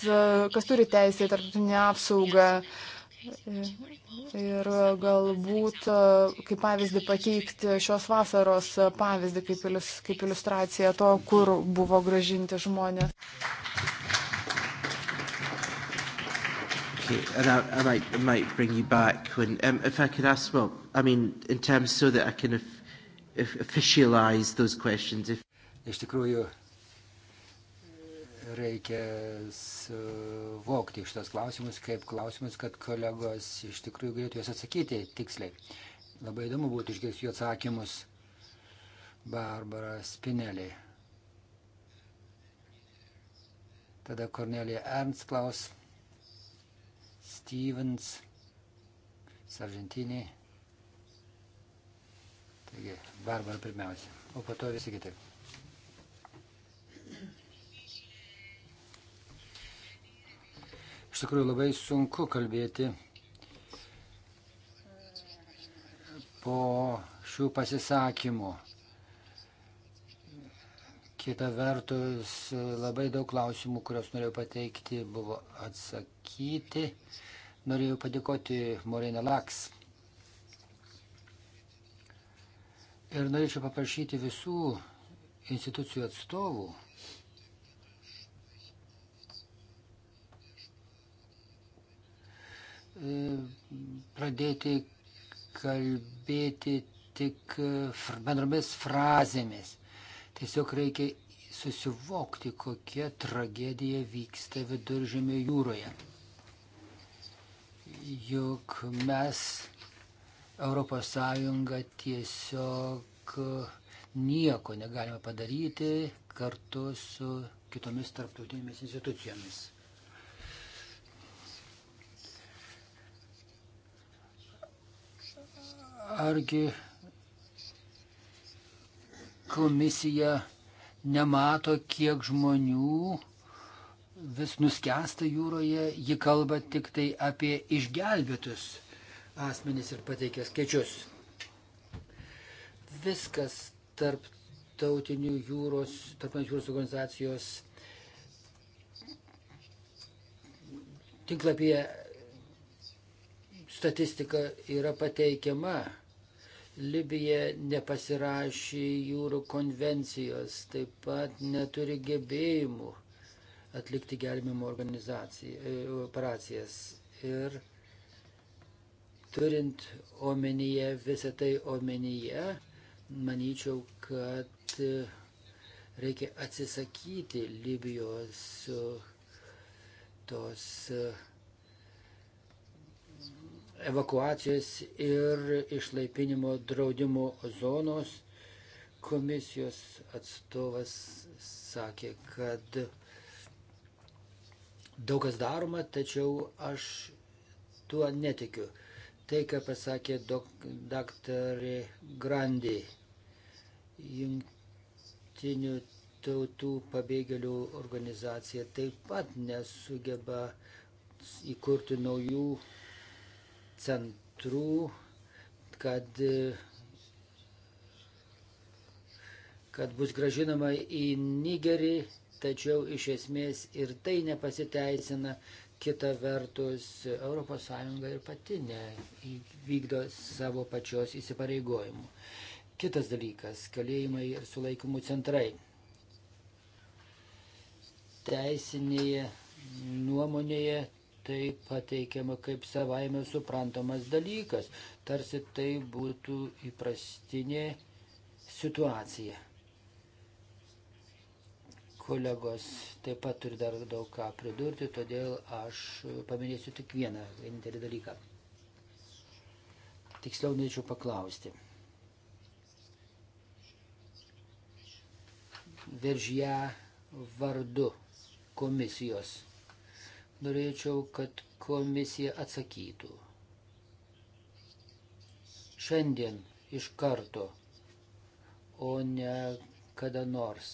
kas turi teisę į tarptautinę apsaugą. Uh, Ir e, galbūt, e, kaip pavyzdį pateikti šios vasaros pavyzdį, kaip, ilus, kaip iliustracija to, kur buvo gražinti žmonės. Okay, and I, I might, I might bring you back when, um, if I could ask, well, I mean, in terms so that I can if, if, officialize those questions. If... Iš tikrųjų, reikia vokti iš tos klausimus kaip klausimus, kad kolegos iš tikrųjų galėtų juos atsakyti tiksliai. Labai įdomu būtų išgirsti jų atsakymus. Barbara Spinelė. Tada Kornelija Ernst klaus. Stevens. Sargentinį. Taigi, Barbara pirmiausia, o po to visi kitaip. Iš tikrųjų labai sunku kalbėti po šių pasisakymų. Kita vertus, labai daug klausimų, kuriuos norėjau pateikti, buvo atsakyti. Norėjau padėkoti Morena Laks. Ir norėčiau paprašyti visų institucijų atstovų pradėti kalbėti tik e, bendromis frazėmis. Tiesiog reikia susivokti, kokia tragedija vyksta viduržėmio jūroje. Juk mes, ES, tiesiog e, nieko negalime padaryti kartu su kitomis tarptautinėmis institucijomis. Argi komisija nemato, kiek žmonių vis nuskesta jūroje, ji kalba tik tai apie išgelbėtus asmenys ir pateikia skaičius. Viskas tarptautinių jūros, tarptautinių jūros organizacijos tinklapyje statistika yra pateikiama Libija nepasirašė jūrų konvencijos, taip pat neturi gebėjimų atlikti gelbimo e, operacijas. Ir turint omenyje visą tai omenyje, manyčiau, kad e, reikia atsisakyti Libijos e, tos uh, evakuacijos ir išlaipinimo draudimo zonos. Komisijos atstovas sakė, kad daug kas daroma, tačiau aš tuo netikiu. Tai, ką pasakė daktarė Grandi, jungtinių tautų pabėgėlių organizacija taip pat nesugeba įkurti naujų centrų, kad, kad bus gražinama į Nigerį, tačiau iš esmės ir tai nepasiteisina. Kita vertus, ES ir pati nevykdo savo pačios įsipareigojimų. Kitas dalykas - kalėjimai ir sulaikymų centrai. Teisinėje nuomonėje tai pateikiama kaip savaime suprantamas dalykas, tarsi tai būtų įprastinė situacija. Kolegos taip pat turi dar daug ką pridurti, todėl aš paminėsiu tik vieną vienintelį dalyką. Tiksliau norėčiau paklausti. Veržia vardu komisijos norėčiau, kad komisija atsakytų. Šiandien iš karto, o ne kada nors.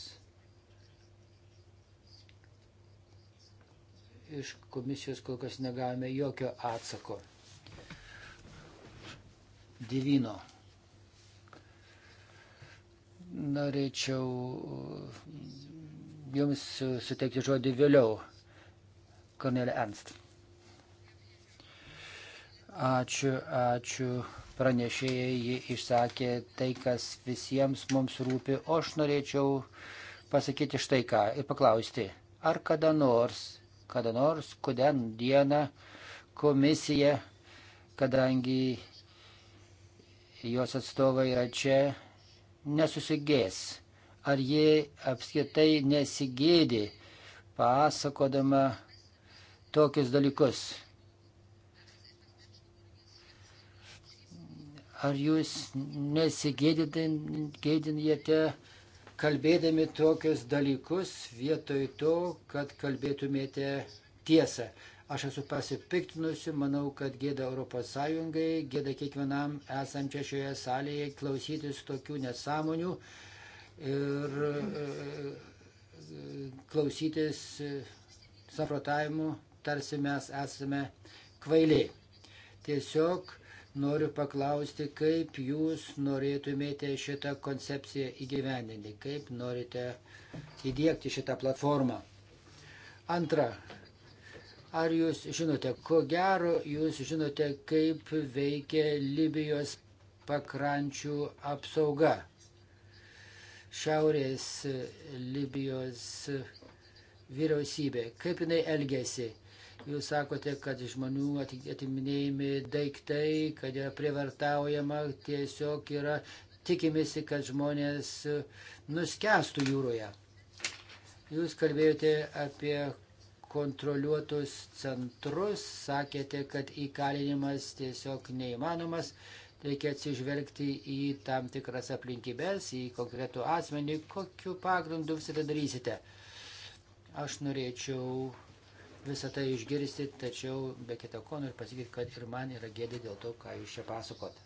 Iš komisijos kol kas negavome jokio atsako. Divino. Norėčiau jums suteikti žodį vėliau. Kornelė Ernst. Ačiū, ačiū pranešėjai, ji išsakė tai, kas visiems mums rūpi, o aš norėčiau pasakyti štai ką ir paklausti, ar kada nors, kada nors, kodien dieną komisija, kadangi jos atstovai yra čia, nesusigės, ar ji apskritai nesigėdi pasakodama tokius dalykus. Ar jūs nesigėdinate kalbėdami tokius dalykus vietoj to, kad kalbėtumėte tiesą? Aš esu pasipiktinusi, manau, kad gėda ES, gėda kiekvienam esančia šioje salėje klausytis tokių nesąmonių ir e, e, klausytis e, samprotavimų tarsi mes esame kvailiai. Tiesiog noriu paklausti, kaip jūs norėtumėte šitą koncepciją įgyveninti, kaip norite įdėkti šitą platformą. Antra, ar jūs žinote, ko gero jūs žinote, kaip veikia Libijos pakrančių apsauga. Šiaurės Libijos vyriausybė, kaip jinai elgesi Jūs sakote, kad žmonių atiminėjami daiktai, kad yra prievartaujama, tiesiog yra tikimisi, kad žmonės e, nuskestų jūroje. Jūs kalbėjote apie kontroliuotus centrus, sakėte, kad įkalinimas tiesiog neįmanomas, reikia atsižvelgti į tam tikras aplinkybės, į konkretų asmenį, kokiu pagrindu visą tai darysite. Aš norėčiau visą tai išgirsti, tačiau be kita ko noriu pasakyti, kad ir man yra gėdė dėl to, ką jūs čia pasakot.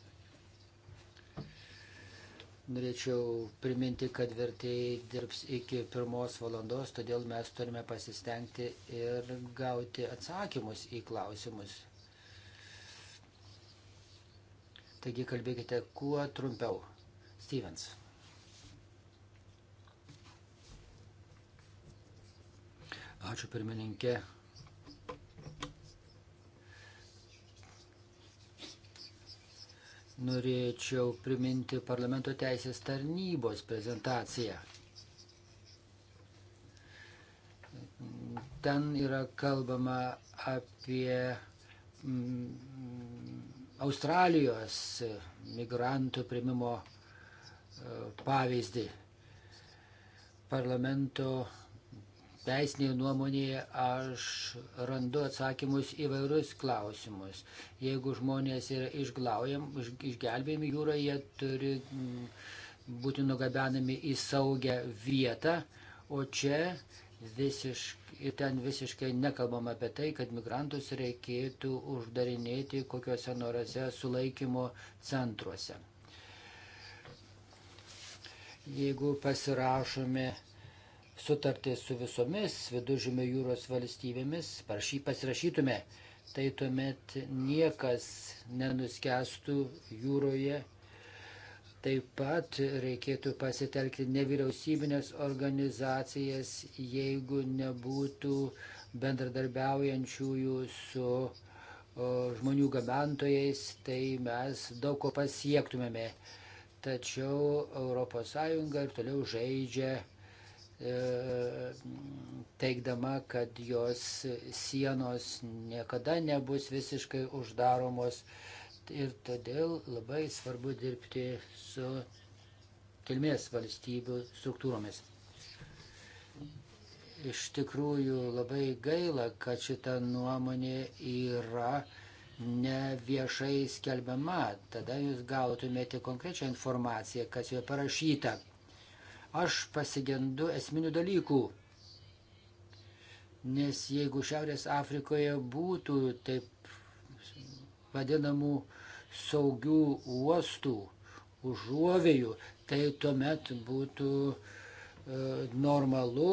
Norėčiau priminti, kad vertėjai dirbs iki pirmos valandos, todėl mes turime pasistengti ir gauti atsakymus į klausimus. Taigi kalbėkite kuo trumpiau. Stevens. Ačiū pirmininkė. norėčiau priminti parlamento teisės tarnybos prezentaciją. Ten yra kalbama apie mm, Australijos migrantų primimo e, pavyzdį. Parlamento teisinėje nuomonėje aš randu atsakymus įvairius klausimus. Jeigu žmonės yra išglaujam, išgelbėjami jūroje, jie turi mm, būti nugabenami į saugią vietą, o čia visiškai, ten visiškai nekalbam apie tai, kad migrantus reikėtų uždarinėti kokiuose norose sulaikymo centruose. Jeigu pasirašome sutartį su visomis viduržymio jūros valstybėmis, parašy pasirašytume, tai tuomet niekas nenuskestų jūroje. Taip pat reikėtų pasitelkti nevyriausybinės organizacijas, jeigu nebūtų bendradarbiaujančiųjų su o, žmonių gabentojais, tai mes daug ko pasiektumėme. Tačiau ES ir toliau žaidžia E, teikdama, kad jos sienos niekada nebus visiškai uždaromos ir todėl labai svarbu dirbti su kilmės valstybių struktūromis. Iš tikrųjų labai gaila, kad šita nuomonė yra ne viešai skelbiama. Tada jūs gautumėte konkrečią informaciją, kas joje parašyta. Aš pasigendu esminių dalykų. Nes jeigu Šiaurės Afrikoje būtų taip vadinamų saugių uostų, užuovėjų, tai tuomet būtų e, normalu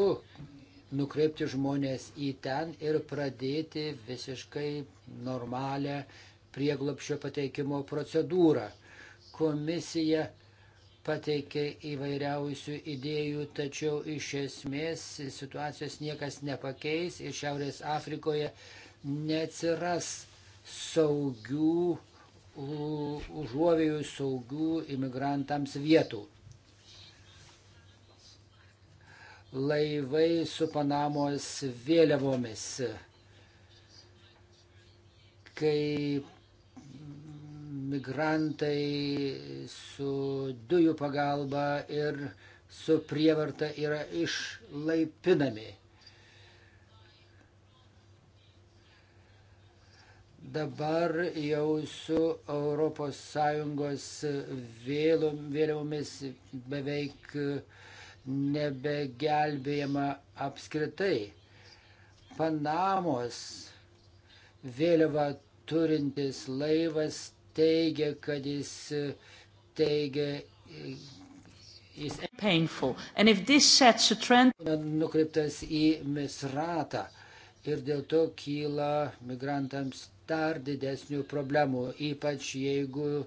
nukreipti žmonės į ten ir pradėti visiškai normalią prieglopšio pateikimo procedūrą. Komisija pateikė įvairiausių idėjų, tačiau iš esmės situacijos niekas nepakeis ir Šiaurės Afrikoje neatsiras saugių užuovėjų, saugių imigrantams vietų. Laivai su Panamos vėliavomis, kaip migrantai su dujų pagalba ir su prievarta yra išlaipinami. Dabar jau su ES vėliavomis beveik nebegelbėjama apskritai. Panamos vėliava turintis laivas teigia, kad jis uh, teigia. Uh, jis trend... nukreiptas į misratą ir dėl to kyla migrantams dar didesnių problemų, ypač jeigu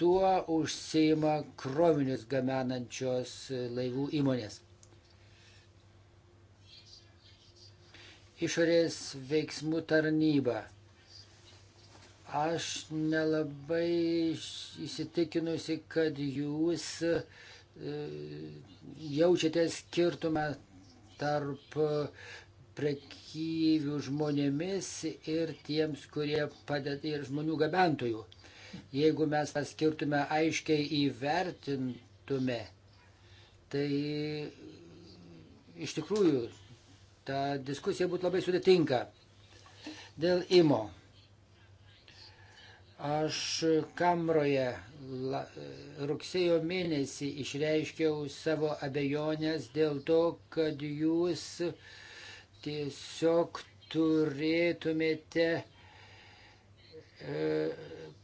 tuo užsima krovinius gamenančios laivų įmonės. Išorės veiksmų tarnyba Aš nelabai įsitikinusi, kad jūs e, jaučiate skirtumą tarp prekyvių žmonėmis ir tiems, kurie padeda ir žmonių gabentojų. Jeigu mes tą skirtumą aiškiai įvertintume, tai iš tikrųjų ta diskusija būtų labai sudėtinga. Dėl IMO Aš Kamroje la, rugsėjo mėnesį išreiškiau savo abejonės dėl to, kad jūs tiesiog turėtumėte e,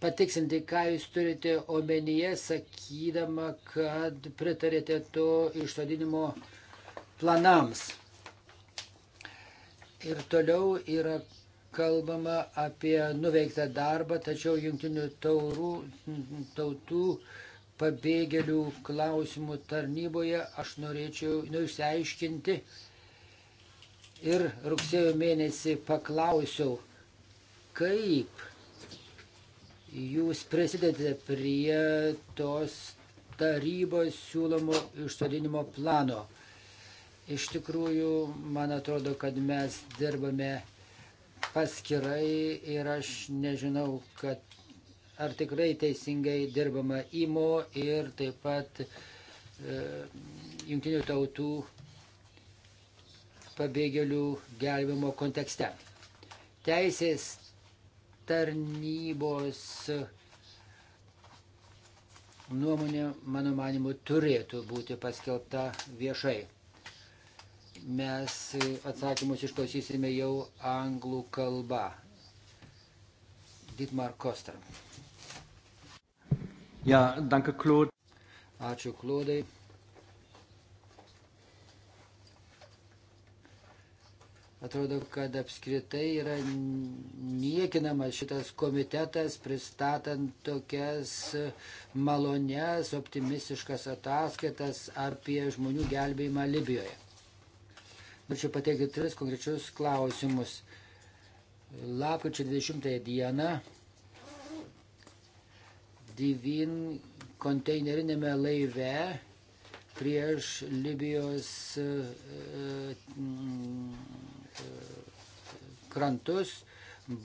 patiksinti, ką jūs turite omenyje, sakydama, kad pritarėte to išsodinimo planams. Ir toliau yra kalbama apie nuveiktą darbą, tačiau jungtinių taurų, tautų pabėgėlių klausimų tarnyboje aš norėčiau nu, išsiaiškinti ir rugsėjo mėnesį paklausiau, kaip jūs prisidedate prie tos tarybos siūlomo išsodinimo plano. Iš tikrųjų, man atrodo, kad mes dirbame paskirai ir aš nežinau, kad ar tikrai teisingai dirbama įmo ir taip pat e, jungtinių tautų pabėgėlių gelbimo kontekste. Teisės tarnybos nuomonė, mano manimu, turėtų būti paskelbta viešai. Mes atsakymus išklausysime jau anglų kalba. Dietmar Koster. Ja, danke, Claude. Ačiū, Klaudai. Atrodo, kad apskritai yra niekinamas šitas komitetas, pristatant tokias malonias, optimistiškas ataskaitas apie žmonių gelbėjimą Libijoje. Norėčiau pateikti tris konkrečius klausimus. Lapkričio 20 dieną Divin konteinerinėme laive prieš Libijos e, e, krantus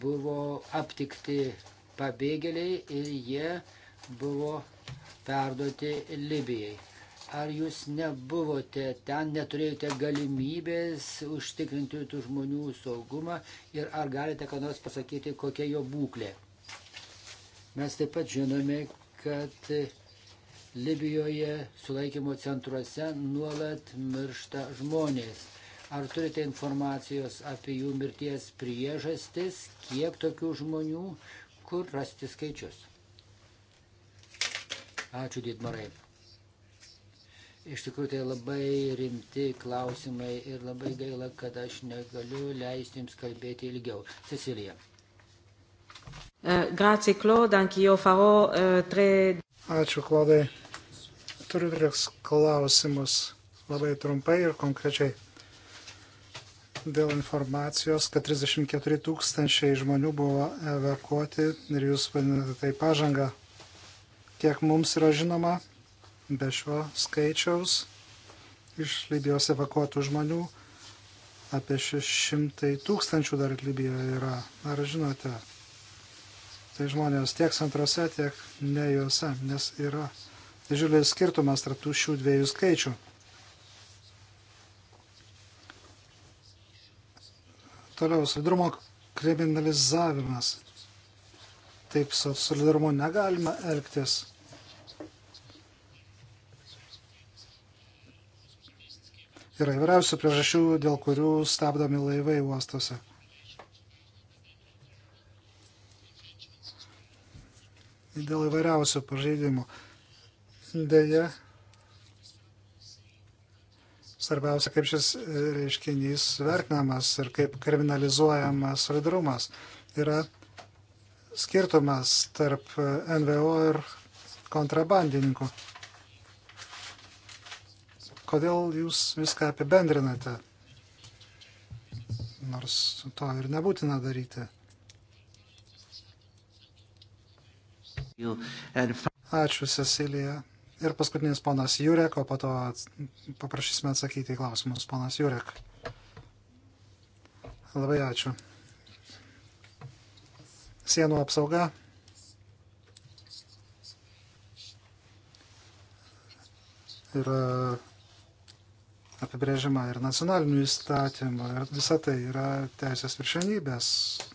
buvo aptikti pabėgėliai ir jie buvo perduoti Libijai. Ar jūs nebuvote ten, neturėjote galimybės užtikrinti tų žmonių saugumą ir ar galite ką nors pasakyti, kokia jo būklė? Mes taip pat žinome, kad Libijoje sulaikymo centruose nuolat miršta žmonės. Ar turite informacijos apie jų mirties priežastis, kiek tokių žmonių, kur rasti skaičius? Ačiū, Didmarai. Iš tikrųjų tai labai rimti klausimai ir labai gaila, kad aš negaliu leisti jums kalbėti ilgiau. Cecilija. Eh, grazie, Claude, anch'io farò eh, tre. Ačiū, Klaudai. Turiu tris klausimus labai trumpai ir konkrečiai. Dėl informacijos, kad 34 tūkstančiai žmonių buvo evakuoti ir jūs vadinate tai pažanga. Kiek mums yra žinoma, Be šio skaičiaus iš Libijos evakuotų žmonių apie 600 tūkstančių dar Libijoje yra. Ar žinote? Tai žmonės tiek centruose, tiek ne juose, nes yra didžiulis skirtumas tarp šių dviejų skaičių. Toliau, solidarumo kriminalizavimas. Taip, su solidarumu negalima elgtis. Yra įvairiausių priežasčių, dėl kurių stabdomi laivai uostose. Dėl įvairiausių pažeidimų. Deja, svarbiausia, kaip šis reiškinys vertinamas ir kaip kriminalizuojamas solidarumas. Yra skirtumas tarp NVO ir kontrabandininkų. Kodėl jūs viską apibendrinate? Nors to ir nebūtina daryti. Ačiū, Cecilija. Ir paskutinis ponas Jurek, o po to paprašysime atsakyti į klausimus. Ponas Jurek. Labai ačiū. Sienų apsauga. Yra apibrėžima ir nacionalinių įstatymų. Ir visa tai yra teisės viršenybės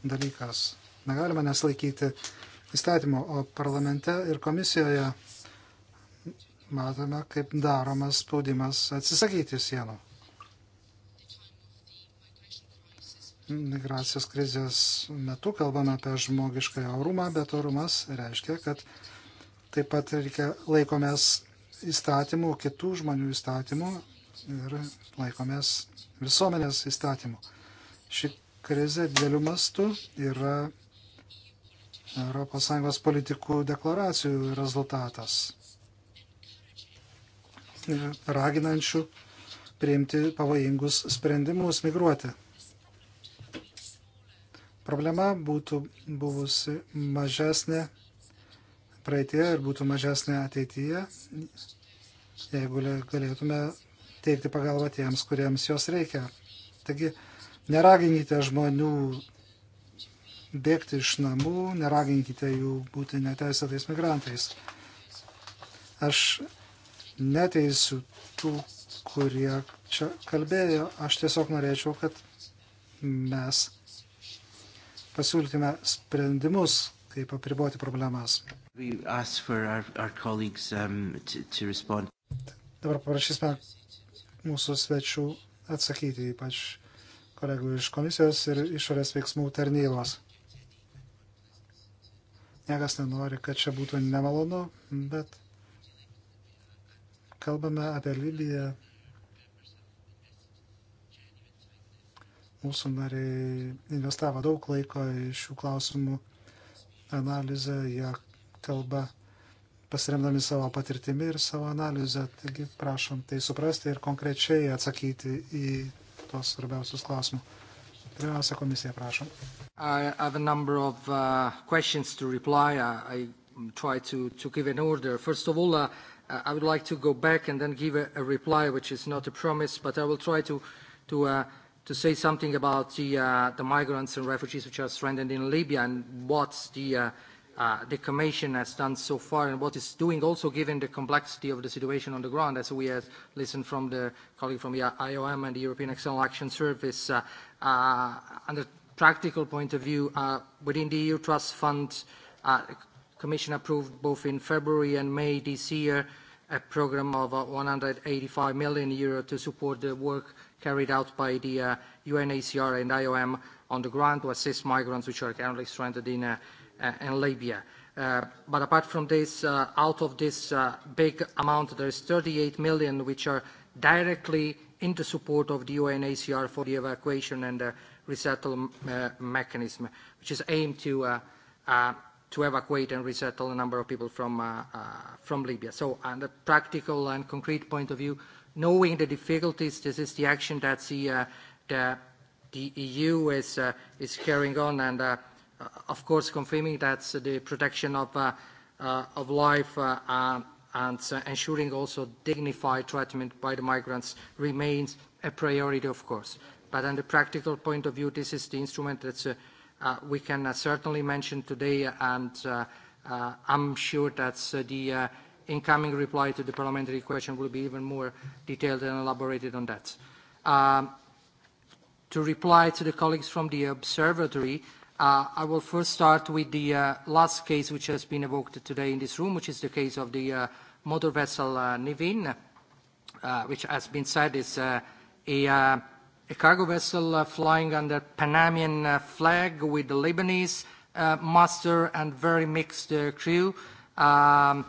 dalykas. Negalima nesilaikyti įstatymų, o parlamente ir komisijoje matome, kaip daromas spaudimas atsisakyti sienų. Migracijos krizės metu kalbame apie žmogišką orumą, bet orumas reiškia, kad taip pat reikia laikomės įstatymų, kitų žmonių įstatymų ir laikomės visuomenės įstatymų. Ši krizė dideliu mastu yra ES politikų deklaracijų rezultatas, raginančių priimti pavojingus sprendimus migruoti. Problema būtų buvusi mažesnė praeitie ir būtų mažesnė ateityje, jeigu galėtume teikti pagalbą tiems, kuriems jos reikia. Taigi, neraginkite žmonių bėgti iš namų, neraginkite jų būti neteisėtais migrantais. Aš neteisiu tų, kurie čia kalbėjo. Aš tiesiog norėčiau, kad mes pasiūlytume sprendimus, kaip apriboti problemas. Our, our um, to, to Dabar parašysime mūsų svečių atsakyti, ypač kolegų iš komisijos ir išorės veiksmų tarnybos. Niekas nenori, kad čia būtų nemalonu, bet kalbame apie Libiją. Mūsų nariai investavo daug laiko į šių klausimų analizę, jie kalba pasiremdami savo patirtimi ir savo analizę. Taigi prašom tai suprasti ir konkrečiai atsakyti į tos svarbiausius klausimus. Pirmiausia, komisija prašom. Of, uh, to, to give an order. First of all, uh, I would like to go back and then give a, a reply, which is not a promise, but I will try to, to, uh, to say something about the, uh, the migrants and refugees which are stranded in Libya and what's the, uh, uh, the Commission has done so far and what it's doing, also given the complexity of the situation on the ground, as we have listened from the colleague from the IOM and the European External Action Service, uh, uh, under practical point of view, uh, within the EU Trust Fund, uh, Commission approved both in February and May this year a program of uh, 185 million euro to support the work carried out by the uh, UNHCR and IOM on the ground to assist migrants which are currently stranded in uh, uh, and Libya. Uh, but apart from this, uh, out of this uh, big amount, there is 38 million which are directly in the support of the UNHCR for the evacuation and the resettlement uh, mechanism, which is aimed to, uh, uh, to evacuate and resettle a number of people from, uh, uh, from Libya. So on the practical and concrete point of view, knowing the difficulties, this is the action that the, uh, the, the EU is, uh, is carrying on and uh, uh, of course, confirming that the protection of, uh, uh, of life uh, and, and uh, ensuring also dignified treatment by the migrants remains a priority, of course. But on the practical point of view, this is the instrument that uh, uh, we can uh, certainly mention today, and uh, uh, I'm sure that uh, the uh, incoming reply to the parliamentary question will be even more detailed and elaborated on that. Um, to reply to the colleagues from the observatory, uh, Uh, I will first start with the uh, last case which has been evoked today in this room, which is the case of the uh, motor vessel uh, Nivin, uh, which has been said is uh, a, uh, a cargo vessel uh, flying under Panamanian uh, flag with the Lebanese uh, master and very mixed uh, crew. Um,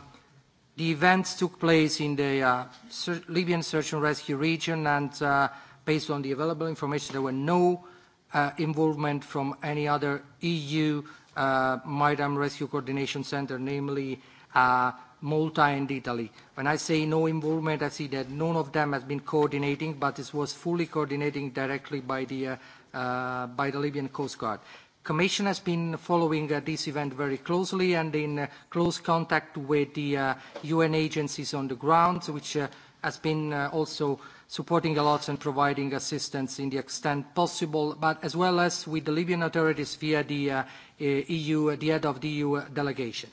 the events took place in the uh, Sir Libyan search and rescue region and uh, based on the available information there were no uh, uh, involvement from any other EU uh, Maritime Rescue Coordination Center, namely uh, Malta and Italy. When I say no involvement, I see that none of them has been coordinating, but this was fully coordinating directly by the, uh, uh, by the Libyan Coast Guard. Commission has been following uh, this event very closely and in uh, close contact with the uh, UN agencies on the ground, which uh, has been uh, also uh, supporting a lot and providing assistance in the extent possible, but as well as with the Libyan authorities via the uh, uh EU, uh, the head of the EU uh, delegation.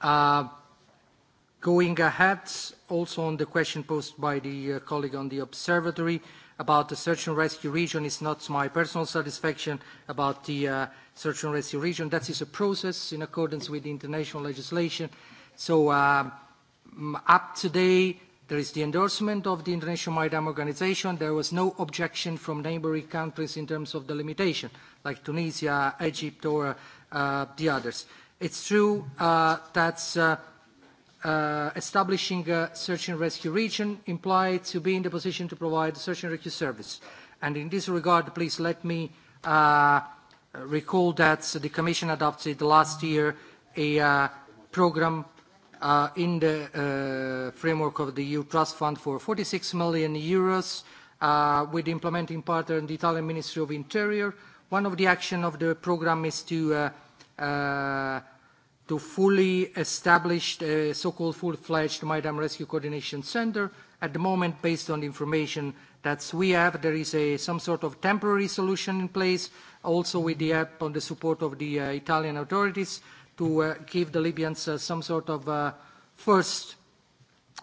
Uh, going ahead, also on the question posed by the uh, colleague on the observatory about the search and rescue region, it's not my personal satisfaction about the uh, search and rescue region. That is a process in accordance with international legislation. So um, up today, There is the endorsement of the International Maritime Organization. There was no objection from neighboring countries in terms of the limitation, like Tunisia, Egypt, or uh, the others. It's true uh, that uh, uh, establishing a search and rescue region implied to be in the position to provide a search and rescue service. And in this regard, please let me uh, recall that the Commission adopted last year a uh, program uh, in the uh, framework of the EU Trust Fund for 46 million euros uh, with implementing partner the Italian Ministry of Interior. One of the action of the program is to uh, uh, to fully establish a so-called full-fledged maritime rescue coordination center. At the moment, based on the information that we have, there is a, some sort of temporary solution in place, also with the help and the support of the uh, Italian authorities to uh, give the Libyans uh, some sort of uh, first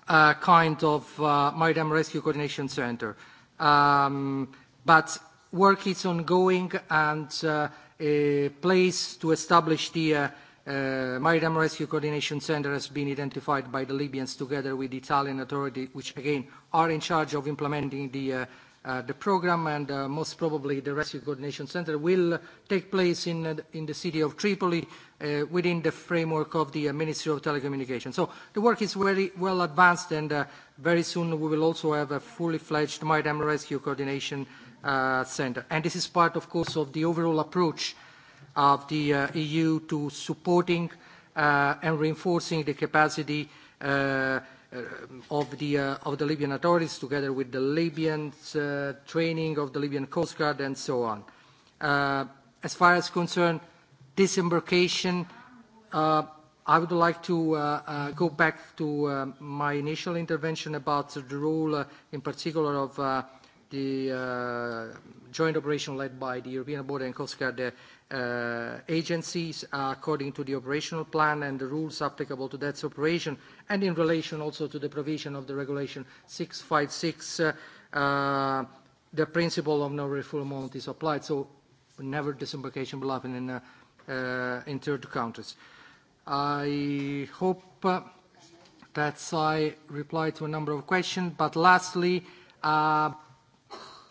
uh, kind of uh, maritime rescue coordination center. Um, but work is ongoing and uh, a place to establish the uh, uh, Maritime Rescue Coordination Center has been identified by the Libyans together with the Italian authority, which again are in charge of implementing the uh, uh, the program and uh, most probably the Rescue Coordination Center will take place in, uh, in the city of Tripoli uh, within the framework of the uh, Ministry of Telecommunications. So the work is very well advanced and uh, very soon we will also have a fully fledged Maritime Rescue Coordination uh, Center. And this is part, of course, of the overall approach of the uh, EU to supporting uh, and reinforcing the capacity uh, Uh, of the, uh, of the Libyan authorities together with the Libyan uh, training of the Libyan Coast Guard and so on. Uh, as far as concerned disembarkation, uh, I would like to uh, uh, go back to uh, my initial intervention about the role uh, in particular of uh, the uh, joint operation led by the European Border and Coast Guard uh, uh, agencies uh, according to the operational plan and the rules applicable to that operation, and in relation also to the provision of the Regulation 656, uh, uh, the principle of no refoulement is applied, so never disembarkation will happen in, uh, uh, in third countries. I hope uh, that I replied to a number of questions, but lastly, uh,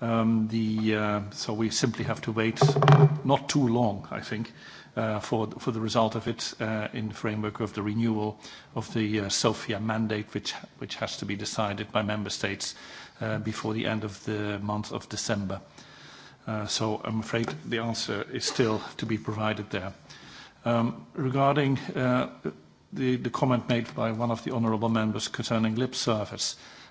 Um, the, uh, so we simply have to wait not too long, I think, uh, for, for the result of it uh, in the framework of the renewal of the uh, Sofia mandate, which, which has to be decided by member states uh, before the end of the month of December. Uh, so I'm afraid the answer is still to be provided there. Um, regarding the, the comment made by one of the honorable members concerning lip service,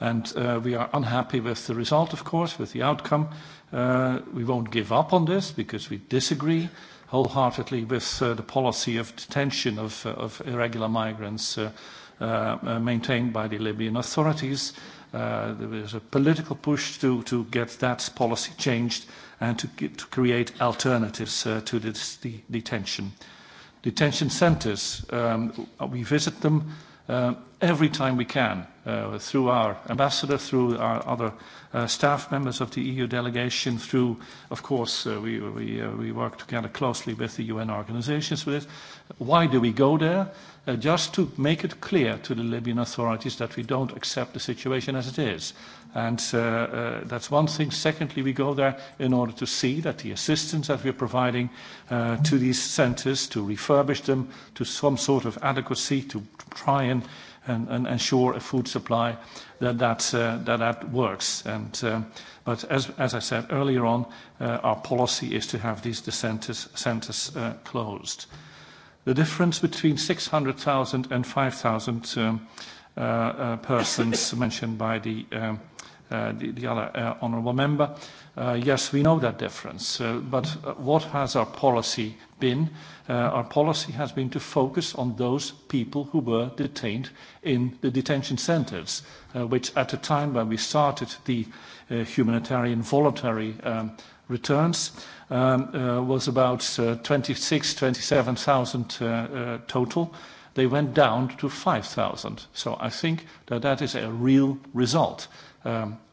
And uh, we are unhappy with the result, of course, with the outcome. Uh, we won't give up on this because we disagree wholeheartedly with uh, the policy of detention of, uh, of irregular migrants uh, uh, uh maintained by the Libyan authorities. Uh, there was a political push to, to get that policy changed and to, get, to create alternatives uh, to this de detention. Detention centres, um, we visit them uh, every time we can uh, through our ambassador, through our other uh, staff members of the EU delegation, through, of course, uh, we, we, uh, we work together closely with the UN organizations with this. Why do we go there? Uh, just to make it clear to the Libyan authorities that we don't accept the situation as it is And uh, uh, that's one thing. Secondly, we go there in order to see that the assistance that we're providing uh, to these centres, to refurbish them to some sort of adequacy, to try and, and, and ensure a food supply, that that, uh, that, that works. And, um, but as, as I said earlier on, uh, our policy is to have these the centres, centres uh, closed. The difference between 600,000 and 5,000 um, uh, uh, persons mentioned by the um, uh, the, the other uh, honourable member. Uh, yes, we know that difference, uh, but uh, what has our policy been? Uh, our policy has been to focus on those people who were detained in the detention centres, uh, which at the time when we started the uh, humanitarian voluntary um, returns um, uh, was about uh, 26, 27,000 uh, uh, total. They went down to 5,000. So I think that that is a real result. Um,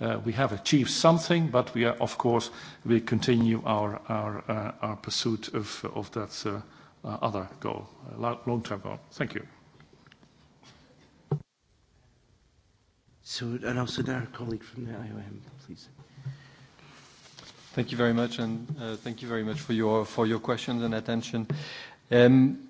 uh, we have achieved something, but we are, of course, we continue our, our, uh, our pursuit of, of that uh, uh other goal, uh, long-term goal. Thank you. So, and also now our colleague from the IOM, please. Thank you very much, and uh, thank you very much for your, for your questions and attention. Um,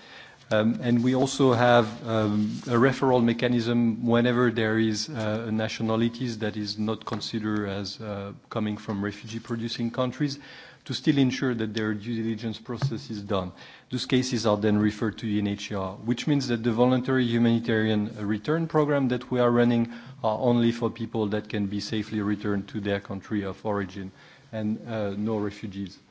Um, and we also have um, a referral mechanism whenever there is uh, nationalities that is not considered as uh, coming from refugee-producing countries to still ensure that their due diligence process is done. Those cases are then referred to UNHCR, which means that the voluntary humanitarian return program that we are running are only for people that can be safely returned to their country of origin and uh, no refugees. Uh,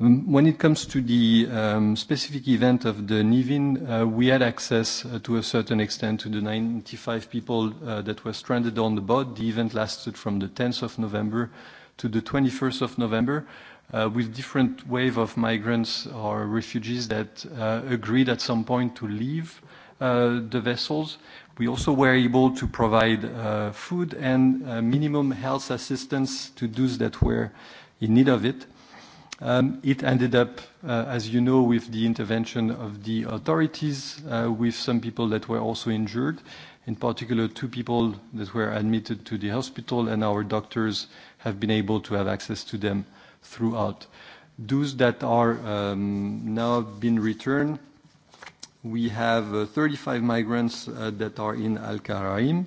Um, when it comes to the um, specific event of the Nivin, uh, we had access uh, to a certain extent to the 95 people uh, that were stranded on the boat. The event lasted from the 10th of November to the 21st of November, uh, with different wave of migrants or refugees that uh, agreed at some point to leave uh, the vessels. We also were able to provide food and minimum health assistance to those that were in need of it. Um, it ended up, uh, as you know, with the intervention of the authorities, uh, with some people that were also injured, in particular two people that were admitted to the hospital, and our doctors have been able to have access to them throughout. Those that are um, now been returned, we have uh, 35 migrants uh, that are in Al Karaim,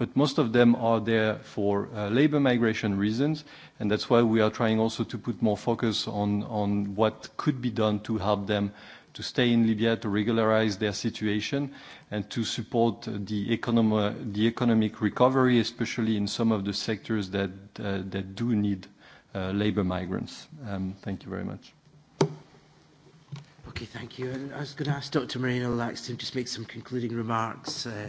but most of them are there for uh, labor migration reasons, and that's why we are trying also to put more focus on, on what could be done to help them to stay in Libya, to regularize their situation, and to support the, econom the economic recovery, especially in some of the sectors that, uh, that do need uh, labor migrants. Um, thank you very much. Okay, thank you. And I was going to ask Dr. Moreno-Laxton to just make some concluding remarks uh,